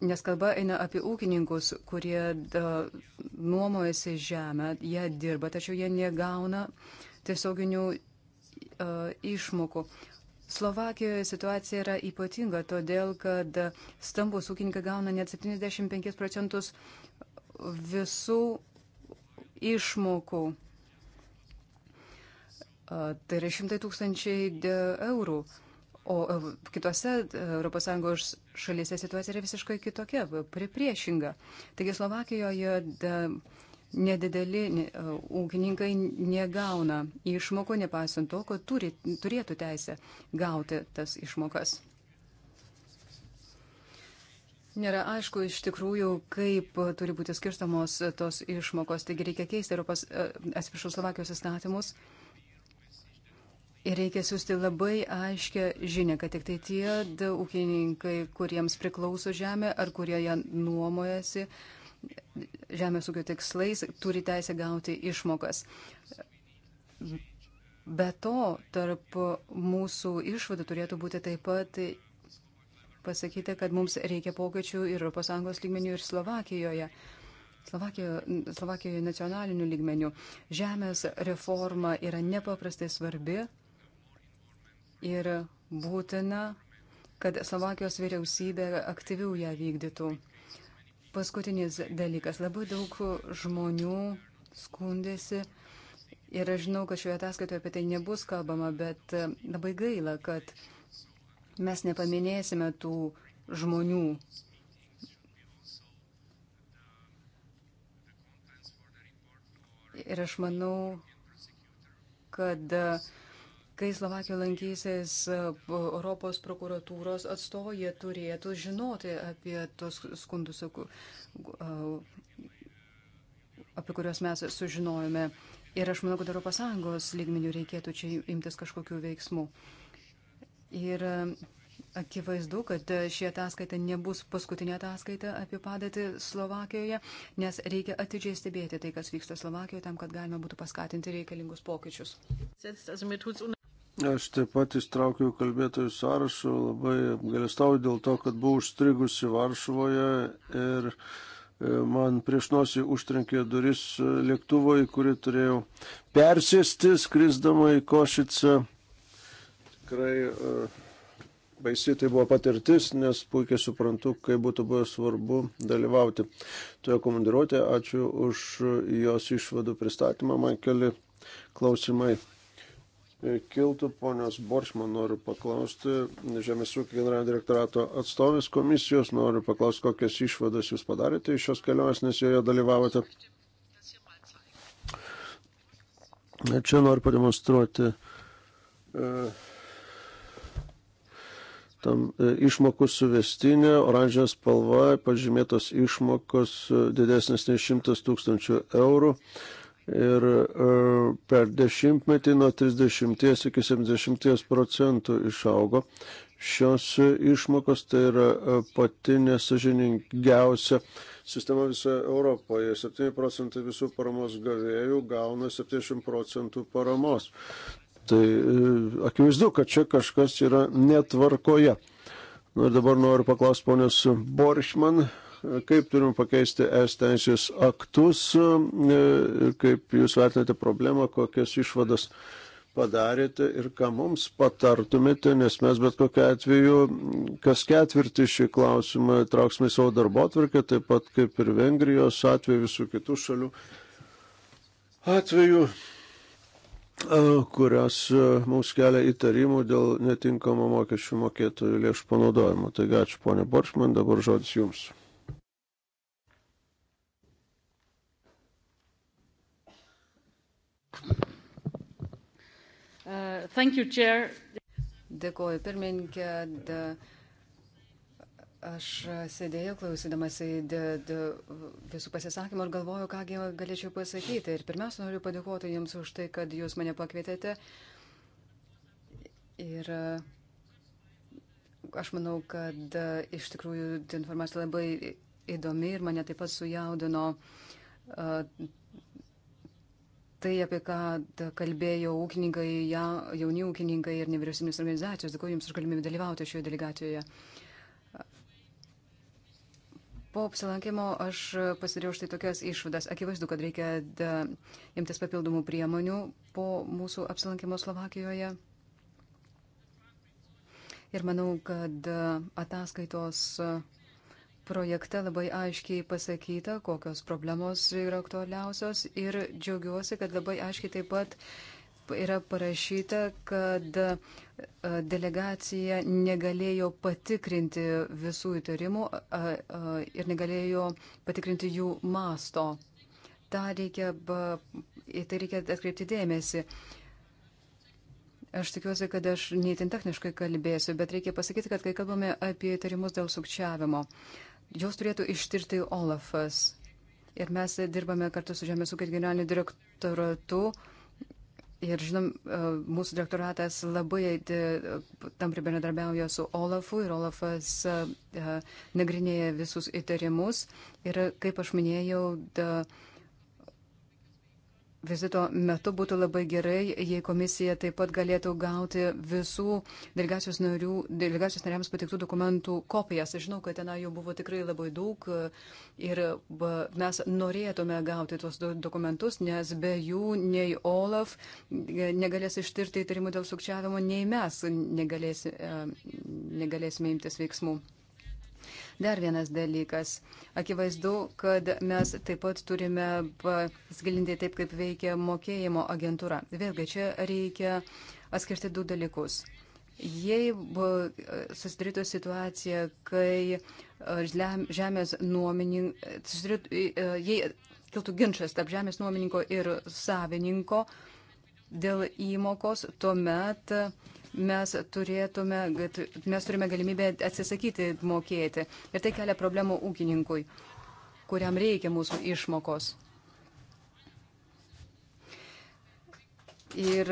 Nes kalba eina apie ūkininkus, kurie da, e, nuomojasi žemę, jie dirba, tačiau jie negauna tiesioginių uh, išmokų. Uh, Slovakijoje situacija yra ypatinga, todėl kad stambus ūkininkai gauna net 75 procentus visų išmokų. Tai yra šimtai tūkstančiai eurų. O e, kitose ES šalyse situacija yra visiškai kitokia, pripriešinga. Taigi Slovakijoje nedideli e, ūkininkai negauna išmokų, nepaisant to, kad turi, turėtų teisę gauti tas išmokas. Nėra aišku iš tikrųjų, kaip turi būti skirstamos tos išmokos. Taigi reikia keisti Europos, e, atsiprašau, Slovakijos įstatymus. Ir reikia siūsti labai aiškę žinę, kad tik tai tie ūkininkai, kuriems priklauso žemė ar kurie ją nuomojasi, uh, žemės ūkio tikslais turi teisę gauti išmokas. Be to, tarp mūsų išvadų turėtų būti taip pat pasakyti, kad mums reikia pokyčių ir ES lygmenių, ir Slovakijoje. Slovakijoje, Slovakijoje nacionaliniu lygmeniu. Žemės reforma yra nepaprastai svarbi ir būtina, kad Slovakijos vyriausybė aktyviau ją vykdytų. Paskutinis dalykas. Labai daug žmonių skundėsi. Ir aš žinau, kad šioje ataskaitoje apie tai nebus kalbama, bet e, labai gaila, kad mes nepaminėsime tų žmonių. Ir aš manau, kad uh, Kai Slovakijoje lankysis e, Europos prokuratūros atstovai, jie turėtų žinoti apie tos skundus, e, e, apie kuriuos mes sužinojome. Ir aš manau, kad Europos Sąjungos lygmenių reikėtų čia imtis kažkokių veiksmų. Ir Akivaizdu, kad ši ataskaita nebus paskutinė ataskaita apie padėtį Slovakijoje, nes reikia atidžiai stebėti tai, kas vyksta Slovakijoje, tam, kad galima būtų paskatinti reikalingus pokyčius. Aš taip pat įstraukiau kalbėtojų sąrašų, labai apgalėstauju dėl to, kad buvau užstrigusi Varšuvoje ir e, man prieš nosį užtrenkė duris lėktuvo, į kurį turėjau persėsti, skrisdama į Košicą. Tikrai e, baisiai tai buvo patirtis, nes puikiai suprantu, kaip būtų buvę svarbu dalyvauti toje komandiruotėje. Ačiū už jos išvadų pristatymą, man keli klausimai kiltų. Ponios Boršman noriu paklausti, Žemės ūkio generalinio direktorato atstovės komisijos, noriu paklausti, kokias išvadas jūs padarėte iš šios kelionės, nes joje dalyvavote. Čia noriu pademonstruoti e, tam e, išmokų suvestinė, oranžinė spalva, pažymėtos išmokos e, didesnės nei 100 tūkstančių eurų ir e, per dešimtmetį nuo 30 iki 70 procentų išaugo. Šios išmokos tai yra e, pati nesažiningiausia sistema visoje Europoje. 7 procentai visų paramos gavėjų gauna 70 procentų paramos. Tai e, akivaizdu, kad čia kažkas yra netvarkoje. Na ir dabar noriu paklausti ponios Boršman, kaip turim pakeisti es teisės aktus, e, kaip jūs vertinate problemą, kokias išvadas padarėte ir ką mums patartumėte, nes mes bet kokiu atveju kas ketvirtį šį klausimą trauksime į savo darbo atvarkę, taip pat kaip ir Vengrijos atveju, visų kitų šalių atveju e, kurios e, mums kelia įtarimų dėl netinkamo mokesčių mokėtojų lėšų panaudojimo. Taigi ačiū, ponė Boršman, dabar žodis jums. Uh, thank you, Chair. Dėkuoju, pirmininkė. De... Aš sėdėjau klausydamasi visų pasisakymų ir galvoju, ką galėčiau pasakyti. Ir pirmiausia, noriu padėkoti Jums už tai, kad Jūs mane pakvietėte. Ir uh, aš manau, kad uh, iš tikrųjų informacija labai įdomi ir mane taip pat sujaudino uh, tai, apie ką kalbėjo ūkininkai, ja, jauni ūkininkai ir nevyriausybinės organizacijos. Dėkuoju Jums už galimybę dalyvauti šioje delegacijoje. Po apsilankimo aš pasidariau štai tokias išvadas. Akivaizdu, kad reikia da, imtis papildomų priemonių po mūsų apsilankimo Slovakijoje. Ir manau, kad ataskaitos. Uh, projekte labai aiškiai pasakyta, kokios problemos yra aktualiausios ir džiaugiuosi, kad labai aiškiai taip pat yra parašyta, kad e, delegacija negalėjo patikrinti visų įtarimų ir negalėjo patikrinti jų masto. Ta reikia, į tai reikia atkreipti dėmesį. Aš tikiuosi, kad aš neįtin techniškai kalbėsiu, bet reikia pasakyti, kad kai kalbame apie įtarimus dėl sukčiavimo, uh, Jos turėtų ištirti Olafas. Ir mes dirbame kartu su Žemės ūkio generaliniu direktoratu. Ir žinom, e, mūsų direktoratas labai e, tampriai bendradarbiauja su Olafu ir Olafas e, nagrinėja visus įtarimus. Ir kaip aš minėjau, da, vizito metu būtų labai gerai, jei komisija taip pat galėtų gauti visų delegacijos, narių, delegacijos nariams patiktų dokumentų kopijas. Aš žinau, kad ten jų buvo tikrai labai daug ir mes norėtume gauti tuos dokumentus, nes be jų nei Olaf e, negalės ištirti įtarimų dėl sukčiavimo, nei mes negalės, e, negalėsime imtis veiksmų. Dar vienas dalykas. Akivaizdu, kad mes taip pat turime pasigilinti taip, kaip veikia mokėjimo agentūra. Vėlgi, čia reikia atskirti du dalykus. Jei susidarytų situacija, kai e, žemės nuomininkas, e, e, jei kiltų ginčas tarp žemės nuomininko ir savininko dėl įmokos, tuomet uh, mes, turėtume, mes turime galimybę atsisakyti mokėti. Ir tai kelia problemų ūkininkui, kuriam reikia mūsų išmokos. Ir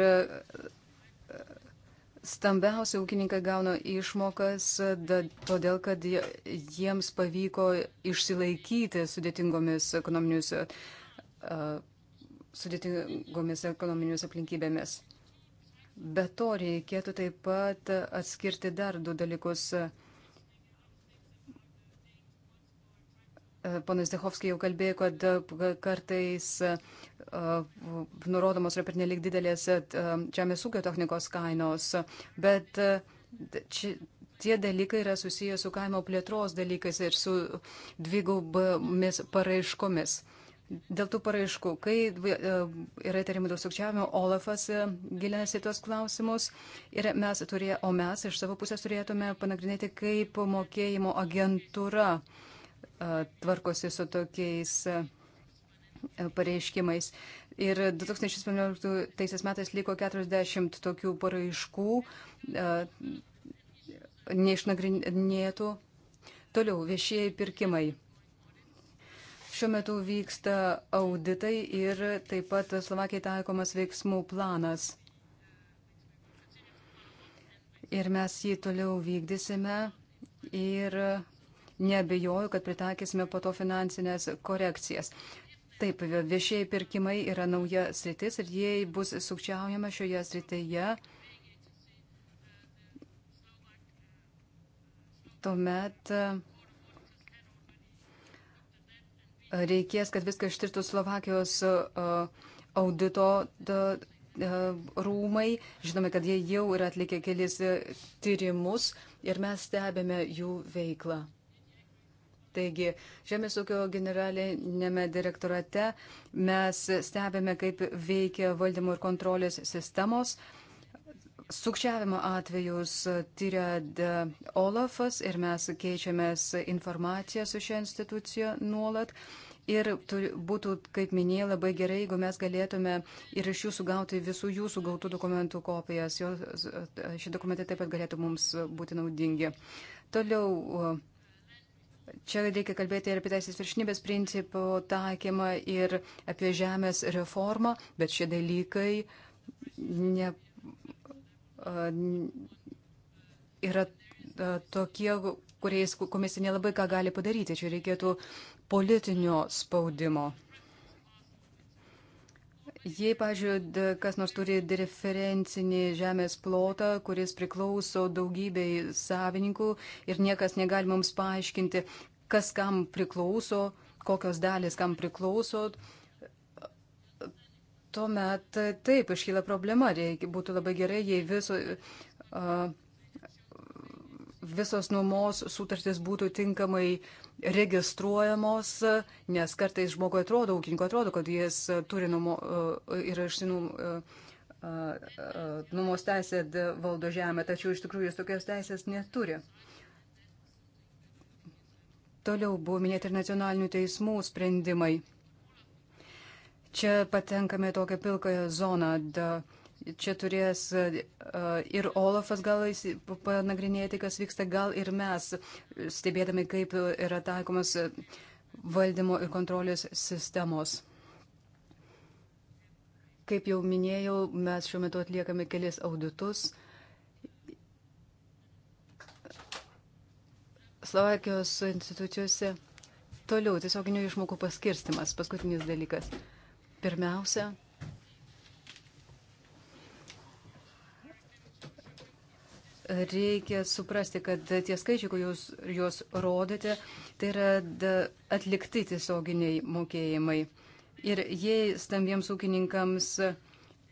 stambiausi ūkininkai gauna išmokas da, todėl, kad jiems pavyko išsilaikyti sudėtingomis ekonominius, uh, sudėtingomis ekonominėmis aplinkybėmis. Be to reikėtų taip pat atskirti dar du dalykus. Ponas Dehovskis jau kalbėjo, kad kartais nurodomos yra per nelik didelės žemės ūkio technikos kainos, bet čia, tie dalykai yra susiję su kaimo plėtros dalykais ir su dvigubomis paraiškomis. Dėl tų paraiškų, kai e, yra įtarimų dėl sukčiavimo, Olafas e, gilinasi tuos klausimus ir mes turė, o mes iš savo pusės turėtume panagrinėti, kaip mokėjimo agentūra e, tvarkosi su tokiais pareiškimais. Ir 2017 metais liko 40 tokių paraiškų neišnagrinėtų. Toliau viešieji pirkimai. Šiuo metu vyksta auditai ir taip pat Slovakijai taikomas veiksmų planas. Ir mes jį toliau vykdysime ir nebejoju, kad pritaikysime po to finansinės korekcijas. Taip, viešieji pirkimai yra nauja sritis ir jei bus sukčiaujama šioje srityje, tuomet. Uh, reikės, kad viską ištirtų Slovakijos audito rūmai. Žinome, kad jie jau yra atlikę kelis e, tyrimus ir mes stebime jų veiklą. Taigi, Žemės ūkio generalinėme direktorate mes stebime, kaip veikia valdymo ir kontrolės sistemos. Sukčiavimo atvejus tyria Olafas ir mes keičiamės informaciją su šia institucija nuolat. Ir būtų, kaip minėjau, labai gerai, jeigu mes galėtume ir iš jūsų gauti visų jūsų gautų dokumentų kopijas. Jo, šie dokumentai taip pat galėtų mums būti naudingi. Toliau. Čia reikia kalbėti ir apie teisės viršnybės principų taikymą ir apie žemės reformą, bet šie dalykai ne, yra tokie, kuriais komisija nelabai ką gali padaryti. Čia reikėtų uh, politinio spaudimo. Jei, pažiūrėjau, kas nors turi referencinį žemės plotą, kuris priklauso daugybei savininkų ir niekas negali mums paaiškinti, kas kam priklauso, kokios dalis kam priklauso, tuomet taip iškyla problema. Reikia, būtų labai gerai, jei viso, uh, visos nuomos sutartys būtų tinkamai uh, registruojamos, nes kartais žmogui atrodo, ūkininko atrodo, kad jis e, turi numo, ir e, išsinų e, nuomos teisę valdo žemę, tačiau iš tikrųjų jis tokios teisės neturi. Toliau buvo minėti ir nacionalinių teismų sprendimai. Čia patenkame tokią pilkąją zoną. Da, de čia turės ir Olafas gal panagrinėti, kas vyksta, gal ir mes, stebėdami, kaip yra taikomas valdymo ir kontrolės sistemos. Kaip jau minėjau, mes šiuo metu atliekame kelias auditus. Slovakijos institucijose. Toliau tiesioginių išmokų paskirstimas, paskutinis dalykas. Pirmiausia, Reikia suprasti, kad tie skaičiai, kur jūs juos rodote, tai yra atlikti tiesioginiai mokėjimai. Ir jei stambiems ūkininkams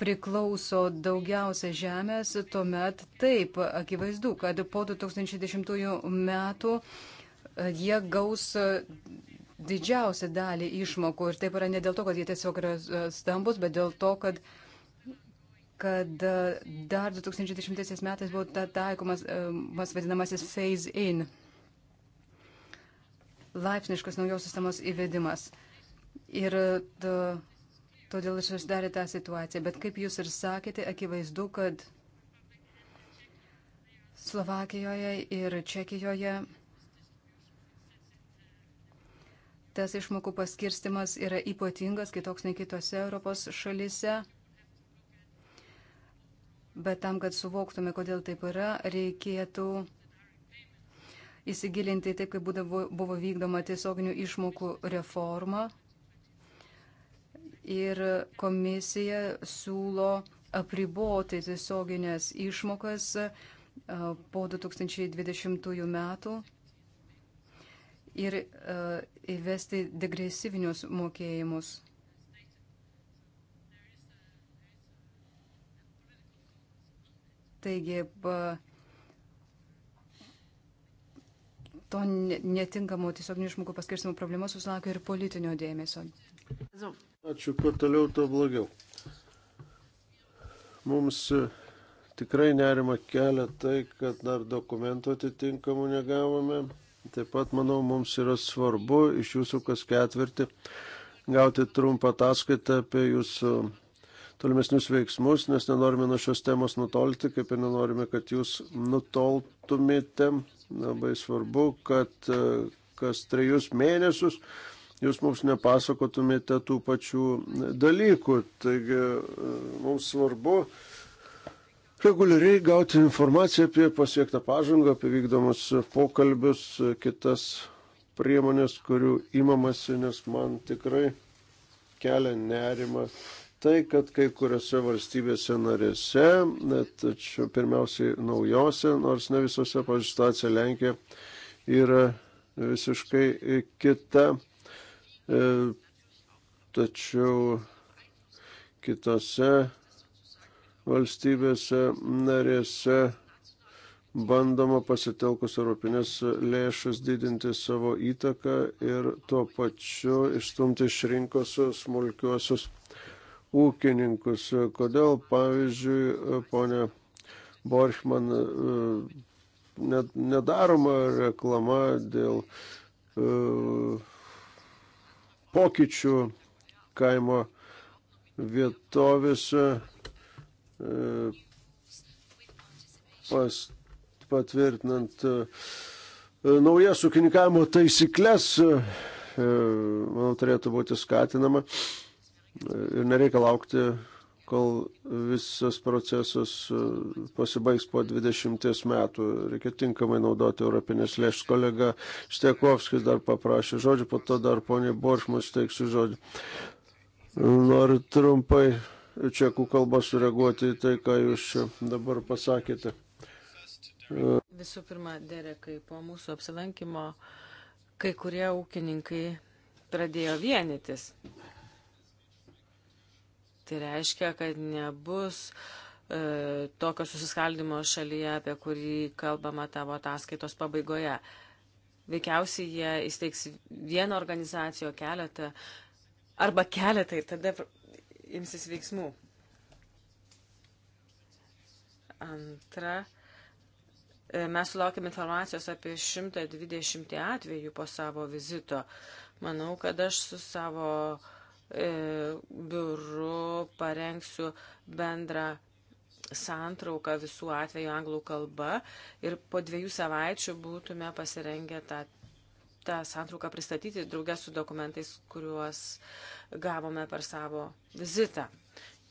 priklauso daugiausia žemės, tuomet taip, akivaizdu, kad po 2010 metų e, jie gaus e, didžiausią dalį išmokų. Ir taip yra ne dėl to, kad jie tiesiog yra e, stambus, bet dėl to, kad uh, kad e, dar 2010 metais buvo taikomas e, vadinamasis phase-in, laipsniškas naujos sistemos įvedimas. Ir to, e, todėl ir susidarė tą situaciją. Bet kaip jūs ir sakėte, akivaizdu, kad Slovakijoje ir Čekijoje tas išmokų paskirstimas yra ypatingas, kitoks nei kitose Europos šalise. Bet tam, kad suvoktume, kodėl taip yra, reikėtų įsigilinti taip, kaip būdavo, buvo vykdoma tiesioginių išmokų reforma. Ir komisija siūlo apriboti tiesioginės išmokas po 2020 metų ir įvesti degresyvinius mokėjimus. Taigi to netinkamo tiesioginių išmokų paskirstimo problema susilaukia ir politinio dėmesio. Ačiū, kuo toliau, tuo blogiau. Mums e, tikrai nerima kelia tai, kad dar dokumentų atitinkamų negavome. Taip pat, manau, mums yra svarbu iš jūsų kas ketvirtį gauti trumpą ataskaitą apie jūsų tolimesnius veiksmus, nes nenorime nuo šios temos nutolti, kaip ir nenorime, kad jūs nutoltumėte. Labai svarbu, kad e, kas trejus mėnesius jūs mums nepasakotumėte tų pačių dalykų. Taigi e, mums svarbu reguliariai gauti informaciją apie pasiektą pažangą, apie vykdomus pokalbius, kitas priemonės, kurių įmamasi, nes man tikrai kelia nerimas tai, kad kai kuriuose valstybėse narėse, tačiau pirmiausiai naujose, nors ne visose, pavyzdžiui, situacija Lenkija yra visiškai kita, e, tačiau kitose valstybėse narėse bandoma pasitelkus europinės lėšas didinti savo įtaką ir tuo pačiu išstumti iš rinkos smulkiuosius ūkininkus. Kodėl, pavyzdžiui, ponė Borchman, net, nedaroma reklama dėl e, pokyčių kaimo vietovėse e, pas, patvirtinant e, naujas ūkininkavimo taisyklės, manau, turėtų būti skatinama ir nereikia laukti, kol visas procesas e, pasibaigs po 20 metų. Reikia tinkamai naudoti europinės lėšas. Kolega Štekovskis dar paprašė žodžių, po to dar ponė Boršmas teiksiu žodžių. Noriu trumpai čekų kalbą sureaguoti į tai, ką jūs čia dabar pasakėte. Visų pirma, Derekai, po mūsų apsilankimo kai kurie ūkininkai pradėjo vienytis. Tai reiškia, kad nebus e, tokio susiskaldimo šalyje, apie kurį kalbama tavo ataskaitos pabaigoje. Veikiausiai jie įsteigs vieną organizaciją, keletą arba keletą ir tada imsis veiksmų. Antra, e, mes sulaukėme informacijos apie 120 atvejų po savo vizito. Manau, kad aš su savo uh, E, biuru parengsiu bendrą santrauką visų atvejų anglų kalba ir po dviejų savaičių būtume pasirengę tą, tą santrauką pristatyti draugės su dokumentais, kuriuos gavome per savo vizitą.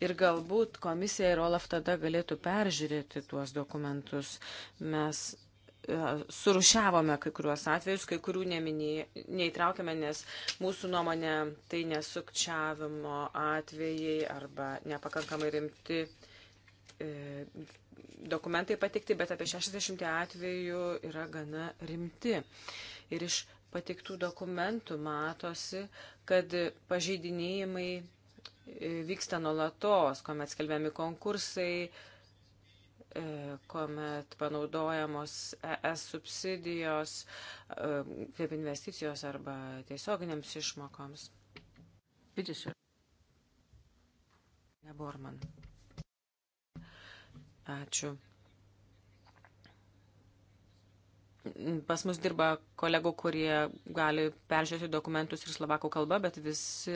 Ir galbūt komisija ir Olaf tada galėtų peržiūrėti tuos dokumentus. Mes E, surušiavome kai kuriuos atvejus, kai kurių neminė, neįtraukėme, nes mūsų nuomonė tai nesukčiavimo atvejai arba nepakankamai rimti e, dokumentai patikti, bet apie 60 atvejų yra gana rimti. Ir iš patiktų dokumentų matosi, kad pažeidinėjimai e, vyksta nuolatos, kuomet skelbiami konkursai, E, kuomet panaudojamos ES subsidijos e, kaip investicijos arba tiesioginiams išmokoms. Bidišiu. Neborman. Ačiū. Pas mus dirba kolegų, kurie gali peržiūrėti dokumentus ir slovakų kalba, bet visi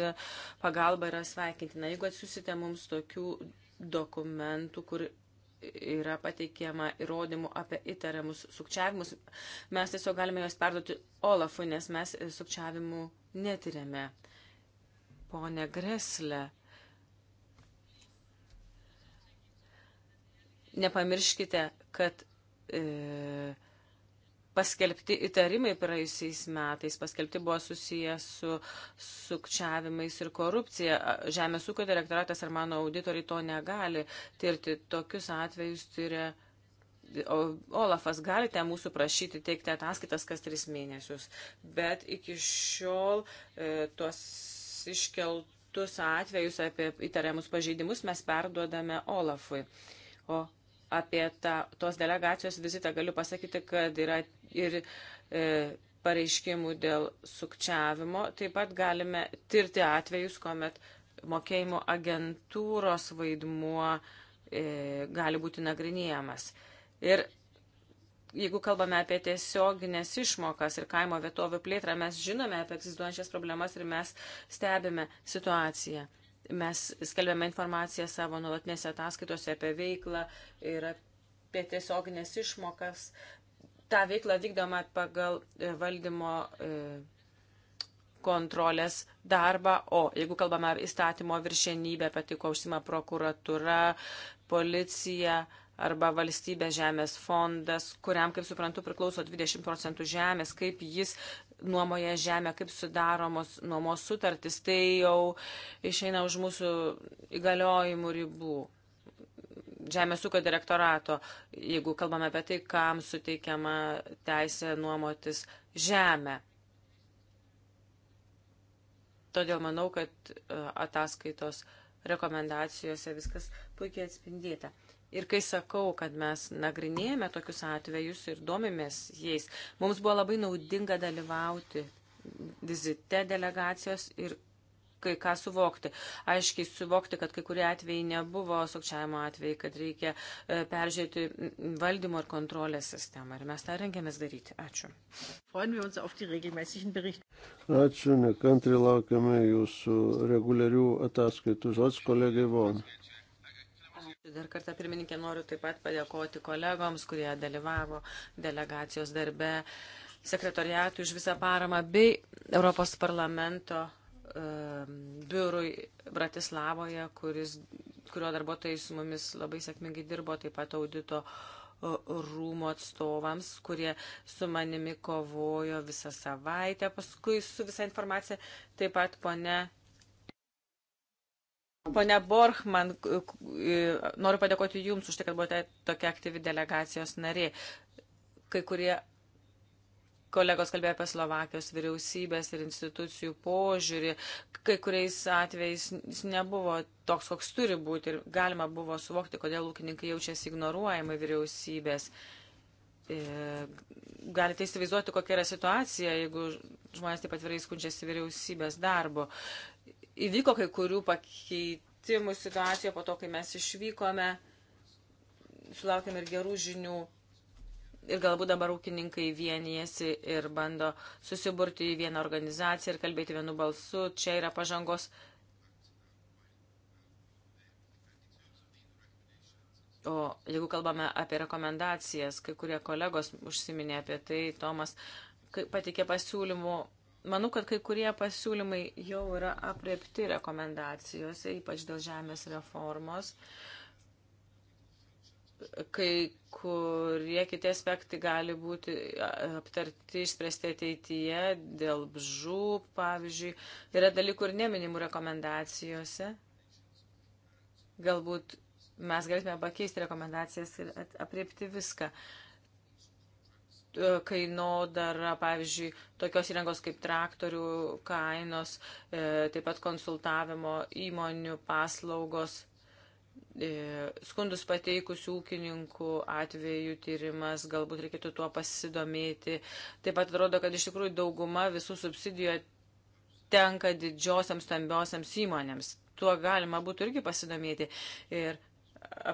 pagalba yra sveikintina. Jeigu atsiusite mums tokių dokumentų, kur yra pateikiama įrodymų apie įtariamus sukčiavimus, mes tiesiog galime juos perduoti Olafui, nes mes sukčiavimų netiriame. Pone Greslė, nepamirškite, kad e, paskelbti įtarimai praėjusiais metais, paskelbti buvo susiję su sukčiavimais ir korupcija. Žemės ūkio direktoratas ar mano auditoriai to negali tirti. Tokius atvejus tyria. O, Olafas, galite mūsų prašyti teikti ataskaitas kas tris mėnesius, bet iki šiol e, tuos iškeltus atvejus apie įtariamus pažeidimus mes perduodame Olafui. O apie tą, tos delegacijos vizitą galiu pasakyti, kad yra ir e, pareiškimų dėl sukčiavimo. Taip pat galime tirti atvejus, kuomet mokėjimo agentūros vaidmuo e, gali būti nagrinėjamas. Ir jeigu kalbame apie tiesioginės išmokas ir kaimo vietovių plėtrą, mes žinome apie egzistuojančias problemas ir mes stebime situaciją. Mes skelbėme informaciją savo nuolatinėse ataskaitose apie veiklą ir apie tiesioginės išmokas. Ta veikla vykdoma pagal e, valdymo e, kontrolės darbą, o jeigu kalbame apie įstatymo viršenybę, apie tai, ko užsima prokuratura, policija, arba valstybės žemės fondas, kuriam, kaip suprantu, priklauso 20 procentų žemės, kaip jis nuomoja žemę, kaip sudaromos nuomos sutartys, tai jau išeina už mūsų įgaliojimų ribų. Žemės ūkio direktorato, jeigu kalbame apie tai, kam suteikiama teisė nuomotis žemę. Todėl manau, kad e, ataskaitos rekomendacijose viskas puikiai atspindėta. Ir kai sakau, kad mes nagrinėjame tokius atvejus ir domimės jais, mums buvo labai naudinga dalyvauti vizite delegacijos ir kai ką suvokti. Aiškiai suvokti, kad kai kurie atvejai nebuvo sukčiavimo atvejai, kad reikia e, peržiūrėti valdymo ir kontrolės sistemą. Ir mes tą rengiamės daryti. Ačiū. Ačiū, nekantri laukiame jūsų reguliarių ataskaitų. Žodis kolegai Von. Dar kartą pirmininkė noriu taip pat padėkoti kolegoms, kurie dalyvavo delegacijos darbe, sekretoriatui už visą paramą bei Europos parlamento uh, biurui Bratislavoje, kuris, kurio darbuotojai su mumis labai sėkmingai dirbo, taip pat audito rūmų atstovams, kurie su manimi kovojo visą savaitę, paskui su visa informacija taip pat pone Pone Borchman, noriu padėkoti Jums už tai, kad buvote tokia aktyvi delegacijos narė. Kai kurie kolegos kalbėjo apie Slovakijos vyriausybės ir institucijų požiūrį. Kai kuriais atvejais jis nebuvo toks, koks turi būti ir galima buvo suvokti, kodėl ūkininkai jaučiasi ignoruojami vyriausybės. E, galite įsivaizduoti, kokia yra situacija, jeigu žmonės taip atvirai skundžiasi vyriausybės darbu įvyko kai kurių pakeitimų situacijoje po to, kai mes išvykome, sulaukėme ir gerų žinių. Ir galbūt dabar ūkininkai vienijasi ir bando susiburti į vieną organizaciją ir kalbėti vienu balsu. Čia yra pažangos. O jeigu kalbame apie rekomendacijas, kai kurie kolegos užsiminė apie tai, Tomas patikė pasiūlymų Manau, kad kai kurie pasiūlymai jau yra apriepti rekomendacijose, ypač dėl žemės reformos. Kai kurie kiti aspektai gali būti aptarti, išspręsti ateityje, dėl bžų, pavyzdžiui, yra dalykų ir neminimų rekomendacijose. Galbūt mes galėtume pakeisti rekomendacijas ir apriepti viską. Uh, E, kainodara, pavyzdžiui, tokios įrangos kaip traktorių kainos, e, taip pat konsultavimo įmonių paslaugos, e, skundus pateikusių ūkininkų atvejų tyrimas, galbūt reikėtų tuo pasidomėti. Taip pat atrodo, kad iš tikrųjų dauguma visų subsidijų tenka didžiosiams stambiosiams įmonėms. Tuo galima būtų irgi pasidomėti ir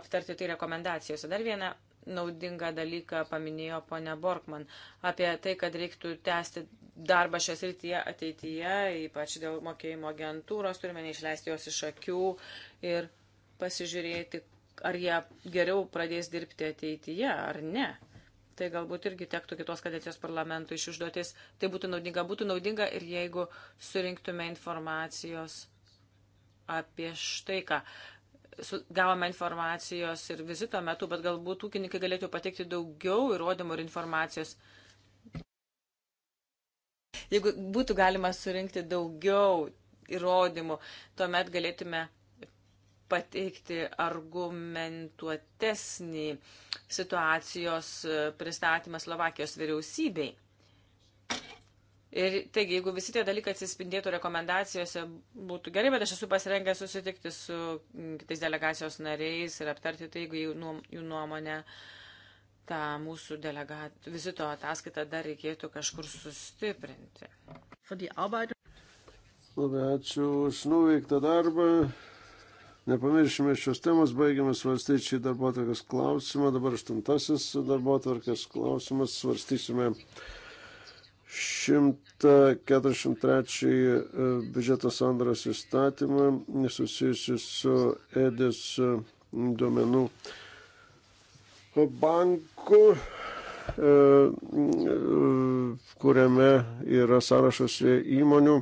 aptarti tai rekomendacijose. Dar viena naudingą dalyką paminėjo ponia Borkman apie tai, kad reiktų tęsti darbą šios rytyje ateityje, ypač dėl mokėjimo agentūros, turime neišleisti jos iš akių ir pasižiūrėti, ar jie geriau pradės dirbti ateityje ar ne. Tai galbūt irgi tektų kitos kadencijos parlamentui iš užduotis. Tai būtų naudinga, būtų naudinga ir jeigu surinktume informacijos apie štai ką gavome informacijos ir vizito metu, bet galbūt ūkininkai galėtų pateikti daugiau įrodymų ir informacijos. Jeigu būtų galima surinkti daugiau įrodymų, tuomet galėtume pateikti argumentuotesnį situacijos pristatymą Slovakijos vyriausybei. Ir taigi, jeigu visi tie dalykai atsispindėtų rekomendacijose, būtų gerai, bet aš esu pasirengęs susitikti su kitais delegacijos nariais ir aptarti tai, jeigu jų nuomonė tą mūsų delega... vizito ataskaitą dar reikėtų kažkur sustiprinti. Labai ačiū už nuveiktą darbą. Nepamiršime šios temos, baigiame svarstyti šį darbo atvarkės klausimą. Dabar aštuntasis darbo atvarkės klausimas svarstysime. 143 e, biudžeto sandaros įstatymą susijusi su EDIS e, duomenų banku, e, kuriame yra sąrašas įmonių,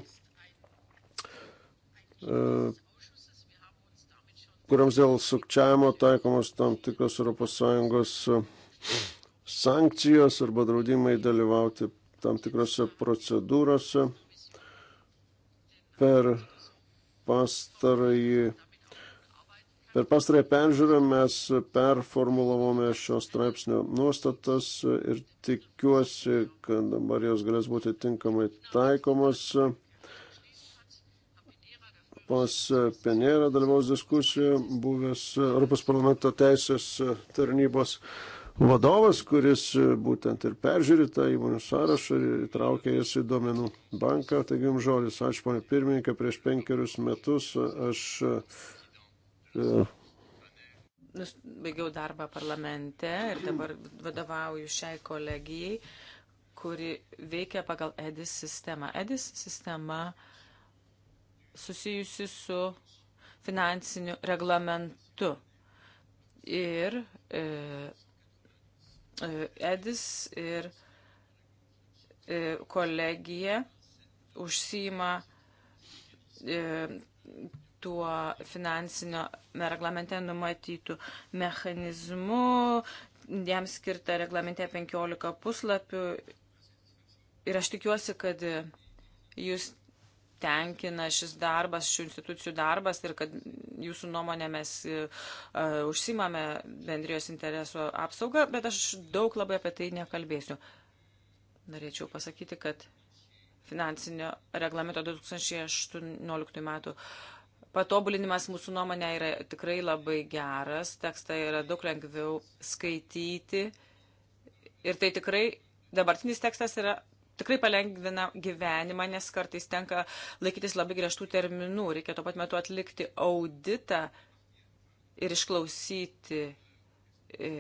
kuriams dėl sukčiavimo taikomos tam tikros ES sankcijos arba draudimai dalyvauti tam tikrose procedūrose per pastarąjį. Per pastarąją peržiūrą mes performulavome šios straipsnio nuostatas ir tikiuosi, kad dabar jos galės būti tinkamai taikomas. Pas Penėra dalyvaus diskusijoje buvęs Europos parlamento teisės tarnybos vadovas, kuris e, būtent ir peržiūri tą įmonių sąrašą ir įtraukia jas į duomenų banką. Taigi jums žodis, ačiū ponė pirmininkė, prieš penkerius metus aš. E, e, aš baigiau darbą parlamente ir dabar vadovauju šiai kolegijai, kuri veikia pagal EDIS sistemą. EDIS sistema susijusi su finansiniu reglamentu ir e, Edis ir e, kolegija užsima e, tuo finansinio reglamente numatytų mechanizmų, jam skirta reglamente 15 puslapių. Ir aš tikiuosi, kad jūs tenkina šis darbas, šių institucijų darbas ir kad jūsų nuomonė mes e, e, užsimame bendrijos interesų apsaugą, bet aš daug labai apie tai nekalbėsiu. Norėčiau pasakyti, kad finansinio reglamento 2018 metų patobulinimas mūsų nuomonė yra tikrai labai geras, tekstą yra daug lengviau skaityti ir tai tikrai dabartinis tekstas yra tikrai palengvina gyvenimą, nes kartais tenka laikytis labai griežtų terminų. Reikia tuo pat metu atlikti auditą ir išklausyti e,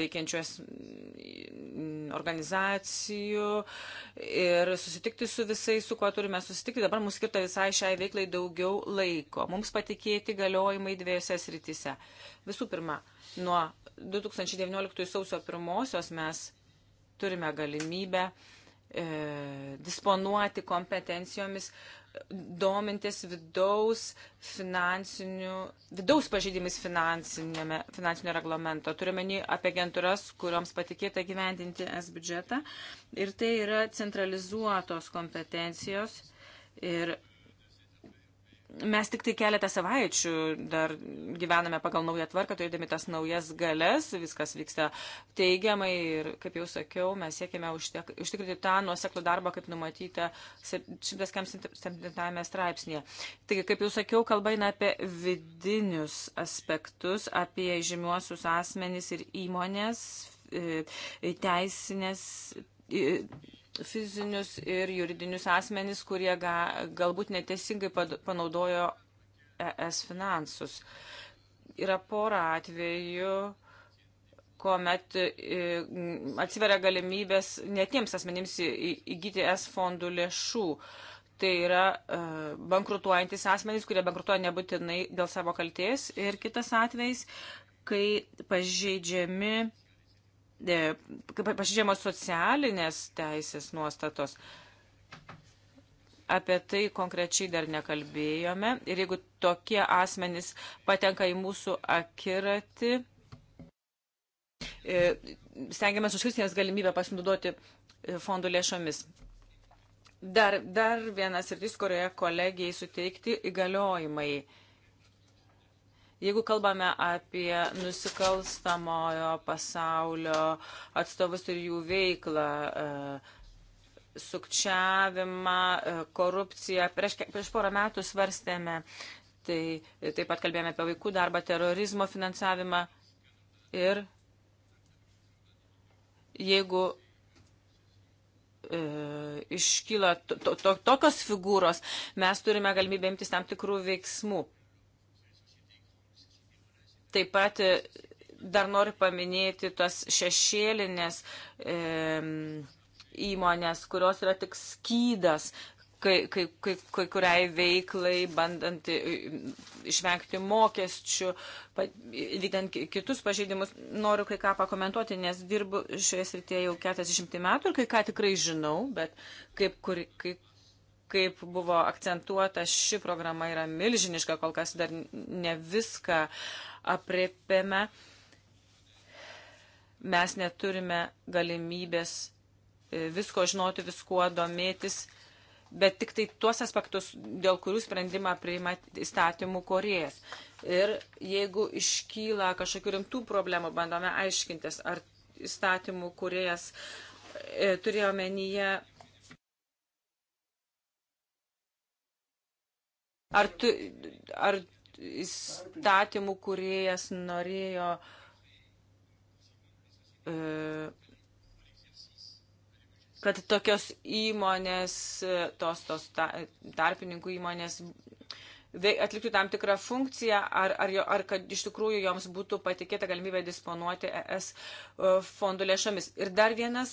veikiančios mm, organizacijų ir susitikti su visais, su kuo turime susitikti. Dabar mums skirta visai šiai veiklai daugiau laiko. Mums patikėti galiojimai dviejose srityse. Visų pirma, nuo 2019 sausio pirmosios mes turime galimybę uh, e, disponuoti kompetencijomis, domintis vidaus, vidaus pažydimais finansinio reglamento. Turime nei apie agentūras, kuriuoms patikėta gyvendinti S biudžetą. Ir tai yra centralizuotos kompetencijos. Ir mes tik tai keletą savaičių dar gyvename pagal naują tvarką, turėdami tas naujas galės, viskas vyksta teigiamai ir, kaip jau sakiau, mes siekime užtek, užtikrinti tą nuoseklų darbą, kaip numatyta 177 straipsnėje. Taigi, kaip jau sakiau, kalba eina apie vidinius aspektus, apie žymiuosius asmenys ir įmonės, e, teisinės e, fizinius ir juridinius asmenis, kurie ga, galbūt neteisingai panaudojo ES finansus. Yra pora atvejų, kuomet e, atsiveria galimybės netiems asmenims įgyti ES fondų lėšų. Tai yra e, bankrutuojantis asmenys, kurie bankrutuoja nebūtinai dėl savo kalties. Ir kitas atvejs, kai pažeidžiami E, pažydžiamos socialinės teisės nuostatos. Apie tai konkrečiai dar nekalbėjome. Ir jeigu tokie asmenys patenka į mūsų akiratį, e, stengiamės užkirsti jiems galimybę pasinaudoti e, fondų lėšomis. Dar, dar vienas ir tis, kurioje kolegijai suteikti įgaliojimai. Jeigu kalbame apie nusikalstamojo pasaulio atstovus ir jų veiklą, e, sukčiavimą, e, korupciją, prieš, prieš porą metų svarstėme, tai taip pat kalbėjome apie vaikų darbą, terorizmo finansavimą ir jeigu e, iškyla to, to, tokios figūros, mes turime galimybę imtis tam tikrų veiksmų. Taip pat e, dar noriu paminėti tas šešėlinės e, įmonės, kurios yra tik skydas kai, kai, kai, kai kuriai veiklai, bandant e, išvengti mokesčių, vykdant kitus pažeidimus. Noriu kai ką pakomentuoti, nes dirbu šioje srityje jau 40 metų ir kai ką tikrai žinau, bet kaip, kur, kai, kaip buvo akcentuota, ši programa yra milžiniška, kol kas dar ne viską apriepėme. Mes neturime galimybės e, visko žinoti, viskuo domėtis, bet tik tai tuos aspektus, dėl kurių sprendimą priima įstatymų korėjas. Ir jeigu iškyla kažkokių rimtų problemų, bandome aiškintis, ar įstatymų korėjas e, turėjo menyje Ar, tu, ar įstatymų kuriejas norėjo e, kad tokios įmonės, e, tos, tos tarpininkų įmonės atliktų tam tikrą funkciją, ar, ar, ar kad iš tikrųjų joms būtų patikėta galimybė disponuoti ES e, fondų lėšomis. Ir dar, vienas,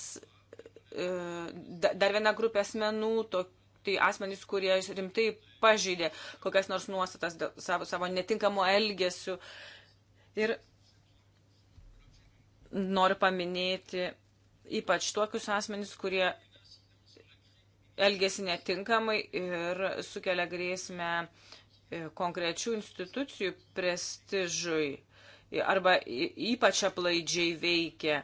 dar viena grupė asmenų, to, tai asmenys, kurie rimtai pažeidė kokias nors nuostatas dėl savo, savo netinkamo elgesių. Ir noriu paminėti ypač tokius asmenys, kurie elgesi netinkamai ir sukelia grėsmę e, konkrečių institucijų prestižui arba ypač aplaidžiai veikia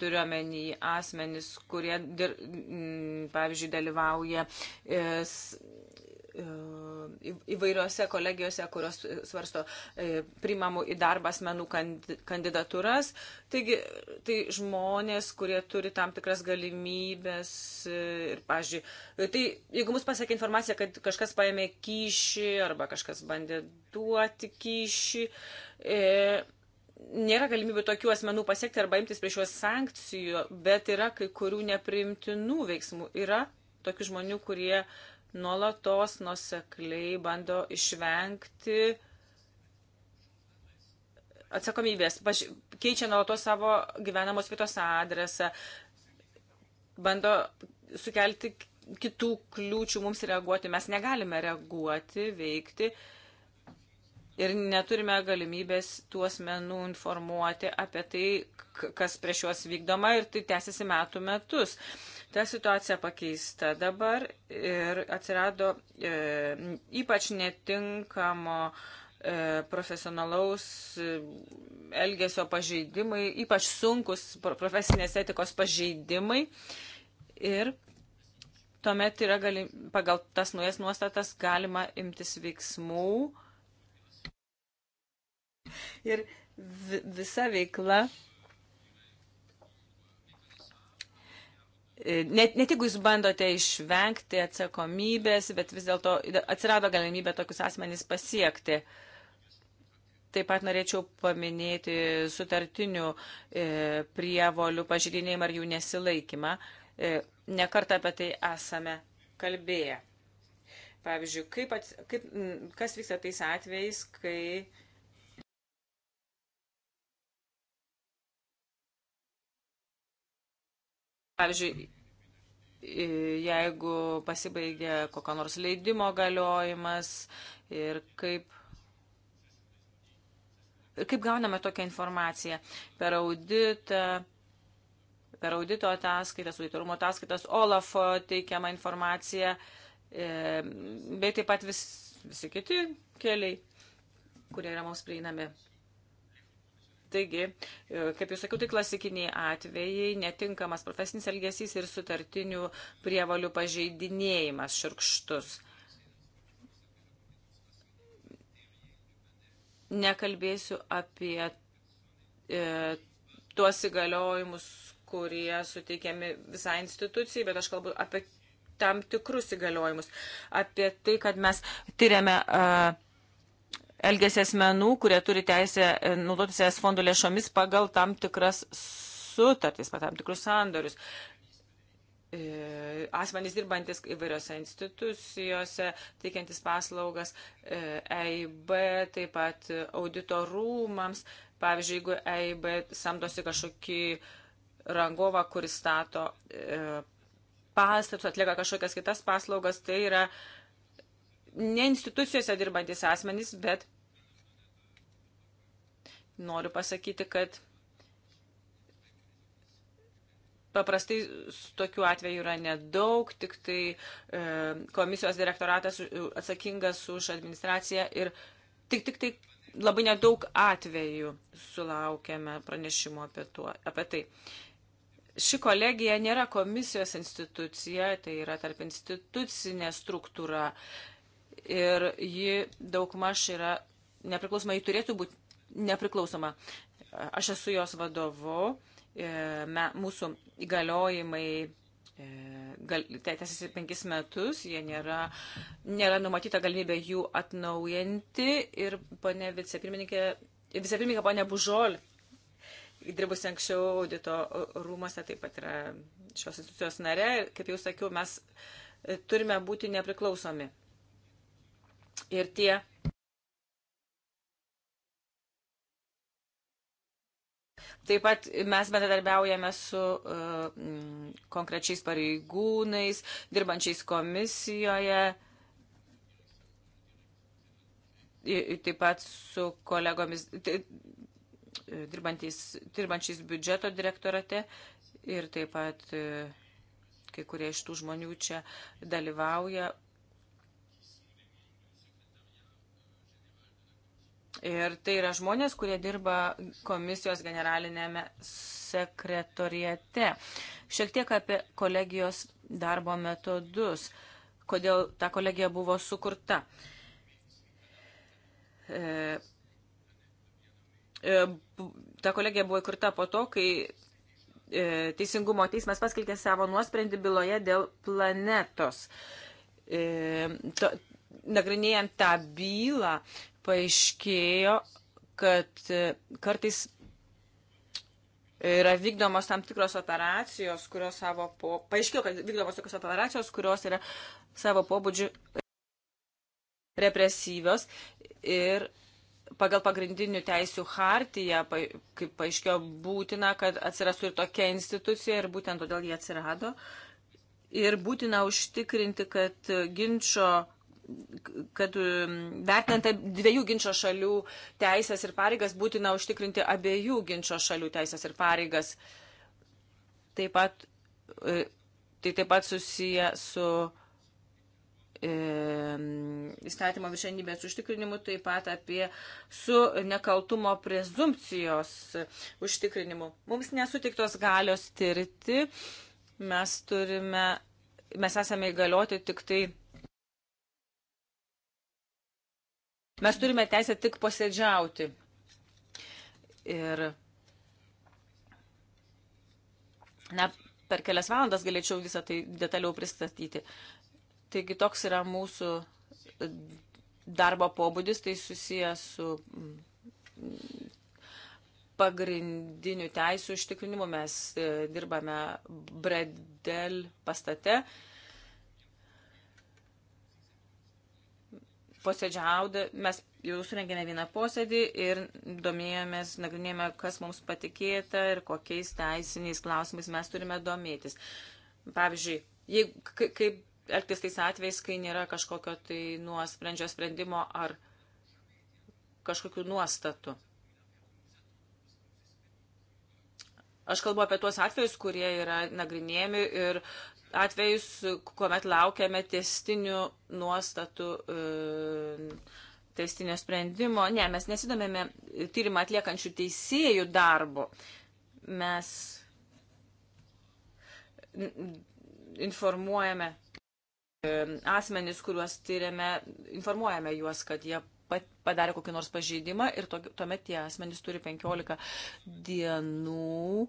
turiuomenį asmenys, kurie, dir, mm, pavyzdžiui, dalyvauja e, e, įvairiose kolegijose, kurios svarsto e, primamų į darbą asmenų kandidatūras. Taigi, tai žmonės, kurie turi tam tikras galimybės ir, pažiūrėjau, tai jeigu mus pasiekia informacija, kad kažkas paėmė kyšį arba kažkas bandė duoti kyšį, e, nėra galimybių tokių asmenų pasiekti arba imtis prieš juos sankcijų, bet yra kai kurių neprimtinų veiksmų. Yra tokių žmonių, kurie nuolatos nusekliai bando išvengti atsakomybės, Paž... keičia nuolatos savo gyvenamos vietos adresą, bando sukelti kitų kliūčių mums reaguoti. Mes negalime reaguoti, veikti ir neturime galimybės tuos menų informuoti apie tai, kas prieš juos vykdoma ir tai tęsiasi metų metus. Ta situacija pakeista dabar ir atsirado e, ypač netinkamo e, profesionalaus e, elgesio pažeidimai, ypač sunkus profesinės etikos pažeidimai. Ir tuomet yra gali, pagal tas nuės nuostatas galima imtis veiksmų, Ir visa veikla. E, net, net jeigu jūs bandote išvengti atsakomybės, bet vis dėlto atsirado galimybė tokius asmenys pasiekti. Taip pat norėčiau paminėti sutartinių e, prievolių pažydinėjimą ar jų nesilaikymą. E, nekartą apie tai esame kalbėję. Pavyzdžiui, kaip, at, kaip, kas vyksta tais atvejais, kai Pavyzdžiui, jeigu pasibaigia kokio nors leidimo galiojimas ir kaip Ir kaip gauname tokią informaciją? Per auditą, per audito ataskaitas, auditorumo ataskaitas, Olafo teikiamą informaciją, e, bei taip pat vis, visi kiti keliai, kurie yra mums prieinami. Taigi, e, kaip jau sakiau, tai klasikiniai atvejai, netinkamas profesinis elgesys ir sutartinių prievalių pažeidinėjimas širkštus. Nekalbėsiu apie e, tuos įgaliojimus, kurie suteikiami visai institucijai, bet aš kalbu apie tam tikrus įgaliojimus, apie tai, kad mes tyriame. E, elgesi asmenų, kurie turi teisę e, naudotis es fondo lėšomis pagal tam tikras sutartys, pat tam tikrus sandorius. E, asmenys dirbantis įvairiose institucijose, teikiantis paslaugas, EIB, e taip pat auditorumams. Pavyzdžiui, jeigu EIB samdosi kažkokį rangovą, kuris stato pastatus, atlieka kažkokias kitas paslaugas, tai yra ne institucijose dirbantis asmenys, bet Noriu pasakyti, kad paprastai tokių atvejų yra nedaug, tik tai e, komisijos direktoratas e, atsakingas už administraciją ir tik, tik tai labai nedaug atvejų sulaukėme pranešimo apie, tuo, apie tai. Ši kolegija nėra komisijos institucija, tai yra tarp institucinė struktūra ir ji daugmaž yra nepriklausoma, ji turėtų būti nepriklausoma. Aš esu jos vadovu, e, me, mūsų įgaliojimai e, tęsiasi penkis metus, jie nėra, nėra numatyta galimybė jų atnaujinti ir pane vicepirmininkė, vicepirmininkė pane Bužol, dirbusi anksčiau audito rūmose, taip pat yra šios institucijos narė ir, kaip jau sakiau, mes turime būti nepriklausomi. Ir tie Taip pat mes bendradarbiaujame su uh, konkrečiais pareigūnais, dirbančiais komisijoje, taip pat su kolegomis dirbančiais biudžeto direktorate ir taip pat uh, kai kurie iš tų žmonių čia dalyvauja Ir tai yra žmonės, kurie dirba komisijos generalinėme sekretoriate. Šiek tiek apie kolegijos darbo metodus, kodėl ta kolegija buvo sukurta. E, e, ta kolegija buvo įkurta po to, kai e, Teisingumo teismas paskelbė savo nuosprendį byloje dėl planetos. E, to, nagrinėjant tą bylą, paaiškėjo, kad e, kartais yra vykdomos tam tikros operacijos, kurios savo po... Paaiškėjo, kad vykdomos tokios operacijos, kurios yra savo pobūdžių represyvios ir pagal pagrindinių teisių hartiją, kaip paaiškėjo, būtina, kad atsirastų ir tokia institucija ir būtent todėl jie atsirado. Ir būtina užtikrinti, kad ginčio kad um, vertinant tai dviejų ginčio šalių teisės ir pareigas būtina užtikrinti abiejų ginčio šalių teisės ir pareigas. Taip pat, e, tai taip pat susiję su e, įstatymo viršenybės užtikrinimu, taip pat apie su nekaltumo prezumpcijos užtikrinimu. Mums nesutiktos galios tirti, mes turime, mes esame įgalioti tik tai Mes turime teisę tik posėdžiauti. Ir na, per kelias valandas galėčiau visą tai detaliau pristatyti. Taigi toks yra mūsų darbo pobūdis, tai susijęs su mm, pagrindinių teisų užtikrinimu. Mes e, dirbame Bredel pastate posėdžiauda, mes jau surengėme vieną posėdį ir domėjomės, nagrinėjome, kas mums patikėta ir kokiais teisiniais klausimais mes turime domėtis. Pavyzdžiui, jeigu, kaip elgtis tais atvejais, kai nėra kažkokio tai nuosprendžio sprendimo ar kažkokių nuostatų. Aš kalbu apie tuos atvejus, kurie yra nagrinėjami ir atvejus, kuomet laukiame testinių nuostatų, e, testinio sprendimo. Ne, mes nesidomėme tyrimą atliekančių teisėjų darbo. Mes informuojame e, asmenys, kuriuos tyriame, informuojame juos, kad jie padarė kokį nors pažeidimą ir tuomet tie asmenys turi 15 dienų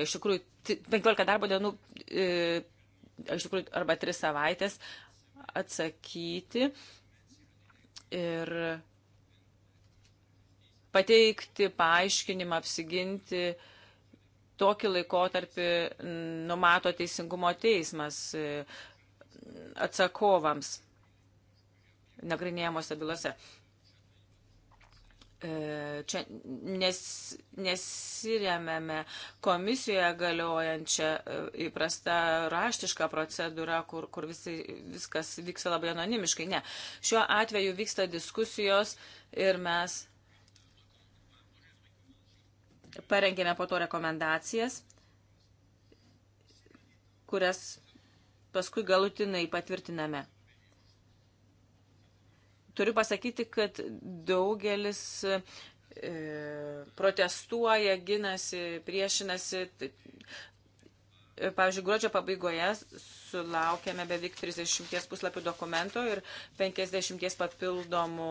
iš tikrųjų, 15 darbo dienų, e, iš tikrųjų, arba 3 savaitės atsakyti ir pateikti paaiškinimą, apsiginti. Tokį laikotarpį numato teisingumo teismas e, atsakovams nagrinėjamose bylose. E, čia nes, nesiremėme komisijoje galiojančią e, įprastą raštišką procedūrą, kur, kur visi, viskas vyksta labai anonimiškai. Ne, šiuo atveju vyksta diskusijos ir mes parengėme po to rekomendacijas, kurias paskui galutinai patvirtiname turiu pasakyti, kad daugelis e, protestuoja, ginasi, priešinasi. E, pavyzdžiui, gruodžio pabaigoje sulaukėme beveik 30 puslapių dokumento ir 50 papildomų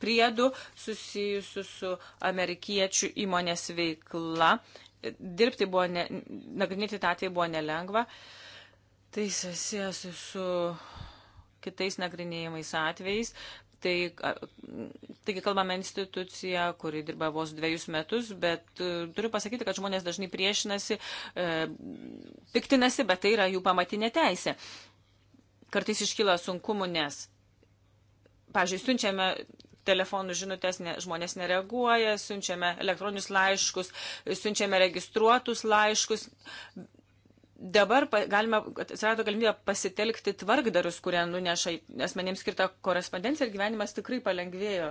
priedų susijusių su amerikiečių įmonės veikla. Dirbti buvo, ne, nagrinėti tą atvejį buvo nelengva. Tai susijęs su kitais nagrinėjimais atvejais. Tai, taigi kalbame instituciją, kuri dirba vos dviejus metus, bet e, turiu pasakyti, kad žmonės dažnai priešinasi, e, piktinasi, bet tai yra jų pamatinė teisė. Kartais iškyla sunkumų, nes, pažiūrėjau, siunčiame telefonų žinutės ne, žmonės nereaguoja, siunčiame elektroninius laiškus, siunčiame registruotus laiškus, dabar galime, atsirado galimybė pasitelkti tvarkdarius, kurie nuneša asmenėms skirtą korespondenciją ir gyvenimas tikrai palengvėjo.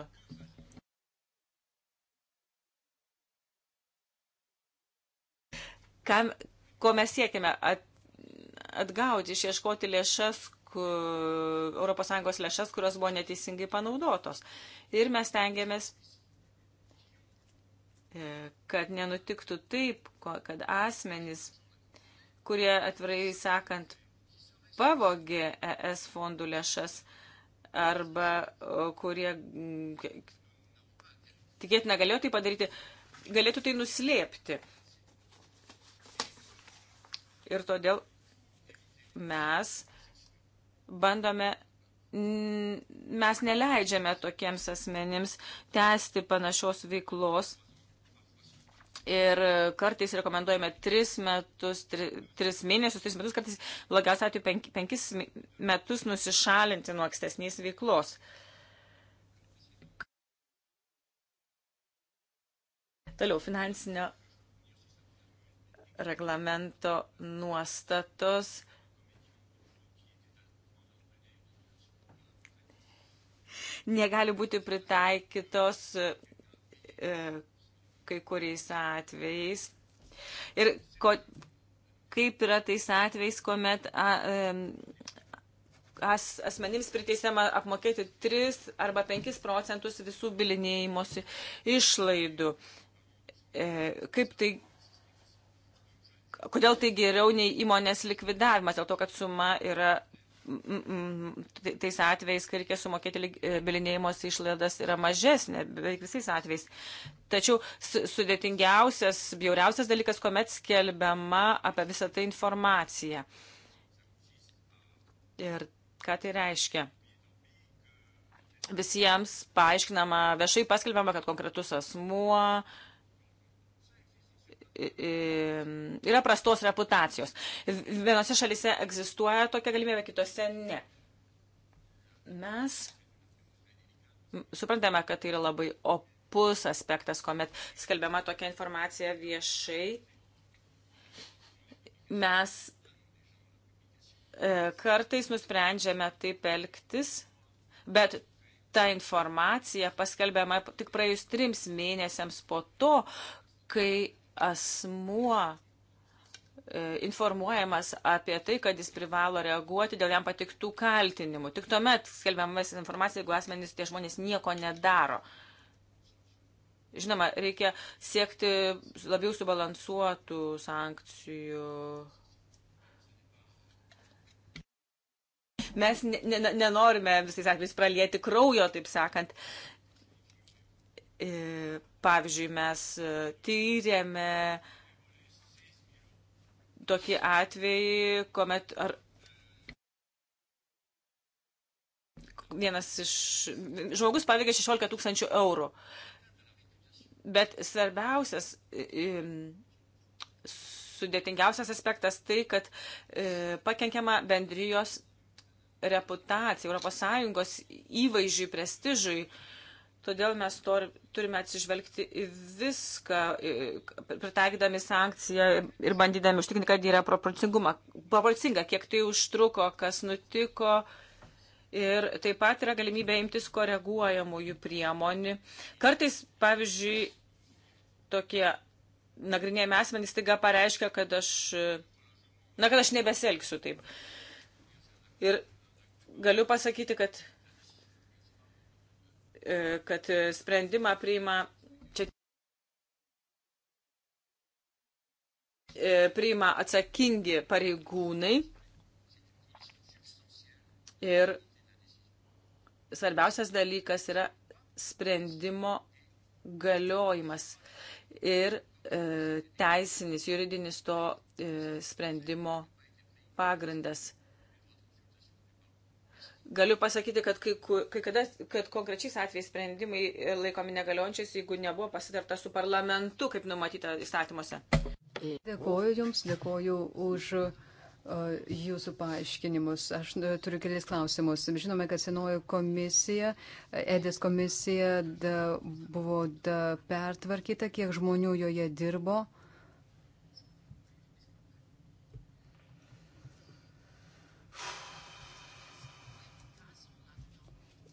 Kam, ko mes siekime at, atgauti, išieškoti lėšas, kur, ES lėšas, kurios buvo neteisingai panaudotos. Ir mes tengiamės e, kad nenutiktų taip, kad asmenys kurie atvirai sakant pavogė ES fondų lėšas arba kurie mm, tikėtina galėjo tai padaryti, galėtų tai nuslėpti. Ir todėl mes bandome, mes neleidžiame tokiems asmenims tęsti panašios veiklos ir kartais rekomenduojame 3 metus, 3, 3 mėnesius, 3 metus, kartais blogiausiu atveju 5, 5 metus nusišalinti nuo ankstesnės veiklos. Toliau finansinio reglamento nuostatos. negali būti pritaikytos e, kai kuriais atvejais. Ir ko, kaip yra tais atvejais, kuomet a, a, as, asmenims priteisiama apmokėti 3 arba 5 procentus visų bilinėjimosi išlaidų. E, kaip tai kodėl tai geriau nei įmonės likvidavimas, dėl to, kad suma yra Tai, tais atvejais, kai reikia sumokėti e, bilinėjimos išlaidas, yra mažesnė, beveik visais atvejais. Tačiau sudėtingiausias, bjauriausias dalykas, kuomet skelbiama apie visą tai informacija. Ir ką tai reiškia? Visiems paaiškinama, viešai paskelbiama, kad konkretus asmuo, uh, yra prastos reputacijos. Vienose šalise egzistuoja tokia galimybė, kitose ne. Mes suprantame, kad tai yra labai opus aspektas, kuomet skelbiama tokia informacija viešai. Mes e, kartais nusprendžiame taip elgtis, bet ta informacija paskelbiama tik praėjus trims mėnesiams po to, kai asmuo e, informuojamas apie tai, kad jis privalo reaguoti dėl jam patiktų kaltinimų. Tik tuomet skelbiamas informacija, jeigu asmenys tie žmonės nieko nedaro. Žinoma, reikia siekti labiau subalansuotų sankcijų. Mes ne, ne, nenorime visais atvejais pralieti kraujo, taip sakant, E, pavyzdžiui, mes e, tyrėme tokį atvejį, kuomet ar vienas iš žmogus paveikė 16 tūkstančių eurų. Bet svarbiausias, sudėtingiausias aspektas tai, kad e, pakenkiama bendrijos reputacijai, ES įvaizdžiui, prestižui. Todėl mes to turime atsižvelgti į viską, pritaikydami sankciją ir bandydami užtikrinti, kad yra proporcinga, kiek tai užtruko, kas nutiko. Ir taip pat yra galimybė imtis koreguojamųjų priemonių. Kartais, pavyzdžiui, tokie nagrinėjami asmenys taiga pareiškia, kad aš, na, kad aš nebeselgsiu taip. Ir galiu pasakyti, kad E, kad sprendimą priima e, priima atsakingi pareigūnai ir svarbiausias dalykas yra sprendimo galiojimas ir e, teisinis, juridinis to e, sprendimo pagrindas galiu pasakyti, kad kai, kai kada, kad konkrečiais atvejais sprendimai laikomi negaliojančiais, jeigu nebuvo pasitarta su parlamentu, kaip numatyta įstatymuose. Dėkoju Jums, dėkoju už uh, Jūsų paaiškinimus. Aš uh, turiu kelias klausimus. Žinome, kad senoji komisija, e, Edės komisija da, buvo da, pertvarkyta, kiek žmonių joje dirbo.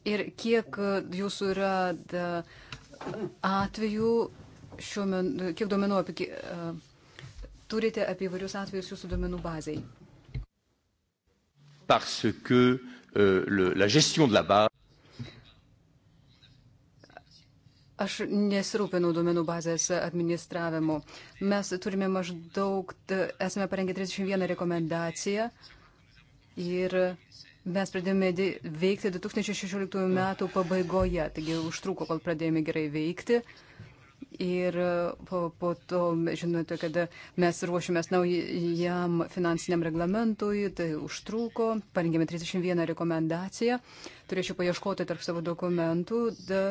ir kiek jūsų yra atvejų šiuo metu, kiek duomenų apie, turite apie įvairius atvejus jūsų duomenų bazai? Parce que euh, le, la gestion de la base. Aš nesirūpinau duomenų bazės administravimu. Mes turime maždaug, esame parengę 31 rekomendaciją ir Mes pradėjome veikti 2016 metų pabaigoje, taigi užtruko, kol pradėjome gerai veikti. Ir po, po to, žinote, kad mes ruošimės naujam finansiniam reglamentui, tai užtruko, parengėme 31 rekomendaciją, turėčiau paieškoti tarp savo dokumentų. Da,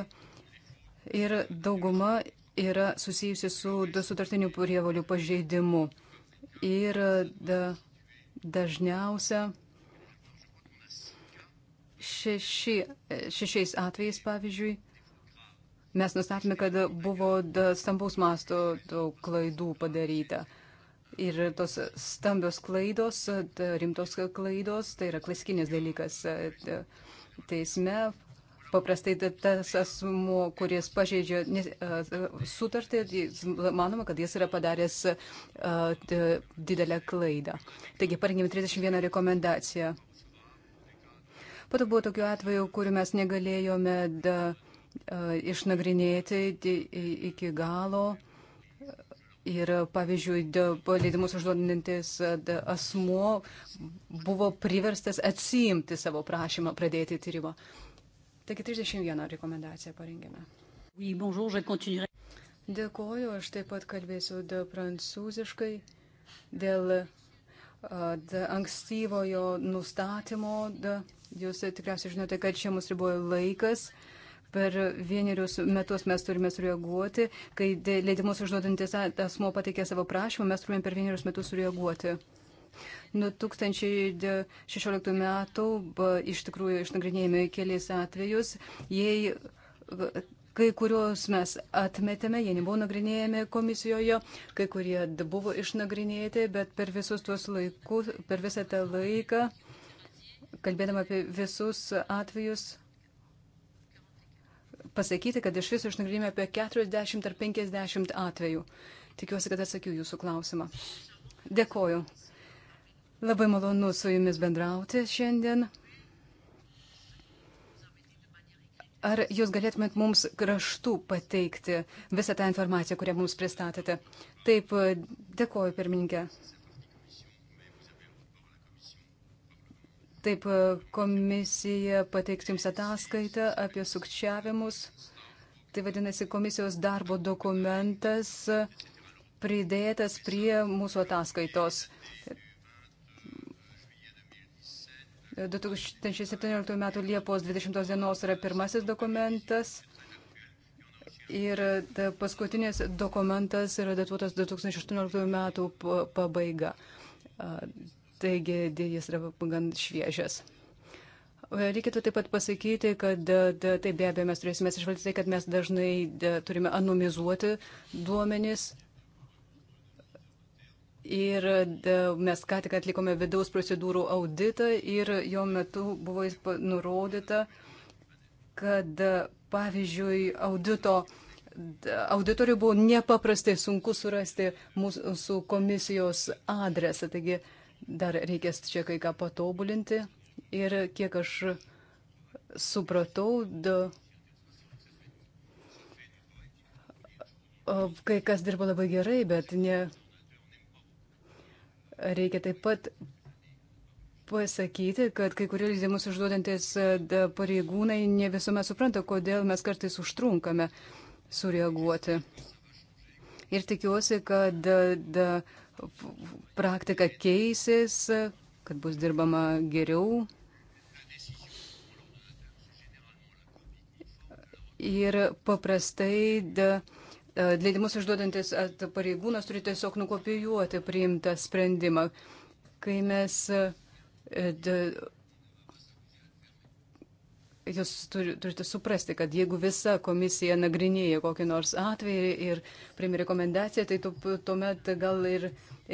ir dauguma yra susijusi su sutartinių prievalių pažeidimu. Ir da, dažniausia šeši, e, šešiais atvejais, pavyzdžiui, mes nustatėme, kad buvo stambaus masto klaidų padaryta. Ir tos stambios klaidos, rimtos klaidos, tai yra klasikinis dalykas e, teisme. Paprastai tas asmuo, kuris pažeidžia e, sutartį, manoma, kad jis yra padaręs didelę klaidą. Taigi parengėme 31 rekomendaciją Pat buvo tokių atvejų, kurių mes negalėjome da, išnagrinėti iki galo. Ir pavyzdžiui, leidimus užduodantis asmuo buvo priverstas atsiimti savo prašymą pradėti tyrimą. Taigi 31 rekomendaciją parengėme. Oui, bonjour, Dėkoju, aš taip pat kalbėsiu prancūziškai dėl ankstyvojo nustatymo. De, Jūs tikriausiai žinote, kad čia mus riboja laikas. Per vienerius metus mes turime sureaguoti. Kai leidimus užduodantis asmo pateikė savo prašymą, mes turime per vienerius metus sureaguoti. Nuo 2016 metų iš tikrųjų išnagrinėjame keliais atvejus. Jei kai kuriuos mes atmetėme, jie nebuvo nagrinėjami komisijoje, kai kurie buvo išnagrinėti, bet per visus tuos laikus, per visą tą laiką kalbėdama apie visus atvejus, pasakyti, kad iš viso išnagrinėjome apie 40 ar 50 atvejų. Tikiuosi, kad atsakiau jūsų klausimą. Dėkoju. Labai malonu su jumis bendrauti šiandien. Ar jūs galėtumėt mums kraštų pateikti visą tą informaciją, kurią mums pristatėte? Taip, dėkoju, pirmininkė. Taip, e, komisija pateiks jums ataskaitą apie sukčiavimus. Tai vadinasi, komisijos darbo dokumentas pridėtas prie mūsų ataskaitos. 2017 m. Liepos 20 dienos yra pirmasis dokumentas. Ir paskutinis dokumentas yra datuotas 2018 m. pabaiga. Taigi jis yra gan šviežias. Reikėtų taip pat pasakyti, kad tai be abejo mes turėsime išvalgyti tai, kad mes dažnai turime anonimizuoti duomenis. Ir mes ką tik atlikome vidaus procedūrų auditą ir jo metu buvo nurodyta, kad pavyzdžiui audito, auditoriui buvo nepaprastai sunku surasti mūsų komisijos adresą. Taigi, uh, Dar reikės čia kai ką patobulinti. Ir kiek aš supratau, da, kai kas dirba labai gerai, bet ne, reikia taip pat pasakyti, kad kai kurie leidimus užduodantis pareigūnai ne visuomet supranta, kodėl mes kartais užtrunkame sureaguoti. Ir tikiuosi, kad da, da, praktika keisis, kad bus dirbama geriau. Ir paprastai da, e, leidimus išduodantis pareigūnas turi tiesiog nukopijuoti priimtą sprendimą. Kai mes e, da, jūs turite suprasti, kad jeigu visa komisija nagrinėja kokį nors atvejį ir priimi rekomendaciją, tai tu, tuomet gal ir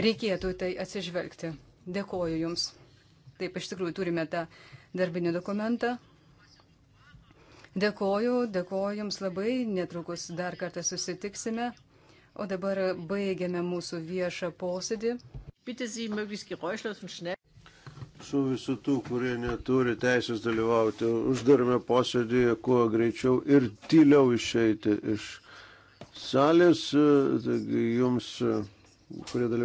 reikėtų tai atsižvelgti. Dėkoju Jums. Taip, iš tikrųjų turime tą darbinį dokumentą. Dėkoju, dėkoju Jums labai, netrukus dar kartą susitiksime. O dabar baigiame mūsų viešą posėdį. Bitte Sie möglichst geräuschlos und schnell su visų tų, kurie neturi teisės dalyvauti uždarame posėdėje, kuo greičiau ir tyliau išeiti iš salės. Taigi jums, kurie dalyvauja.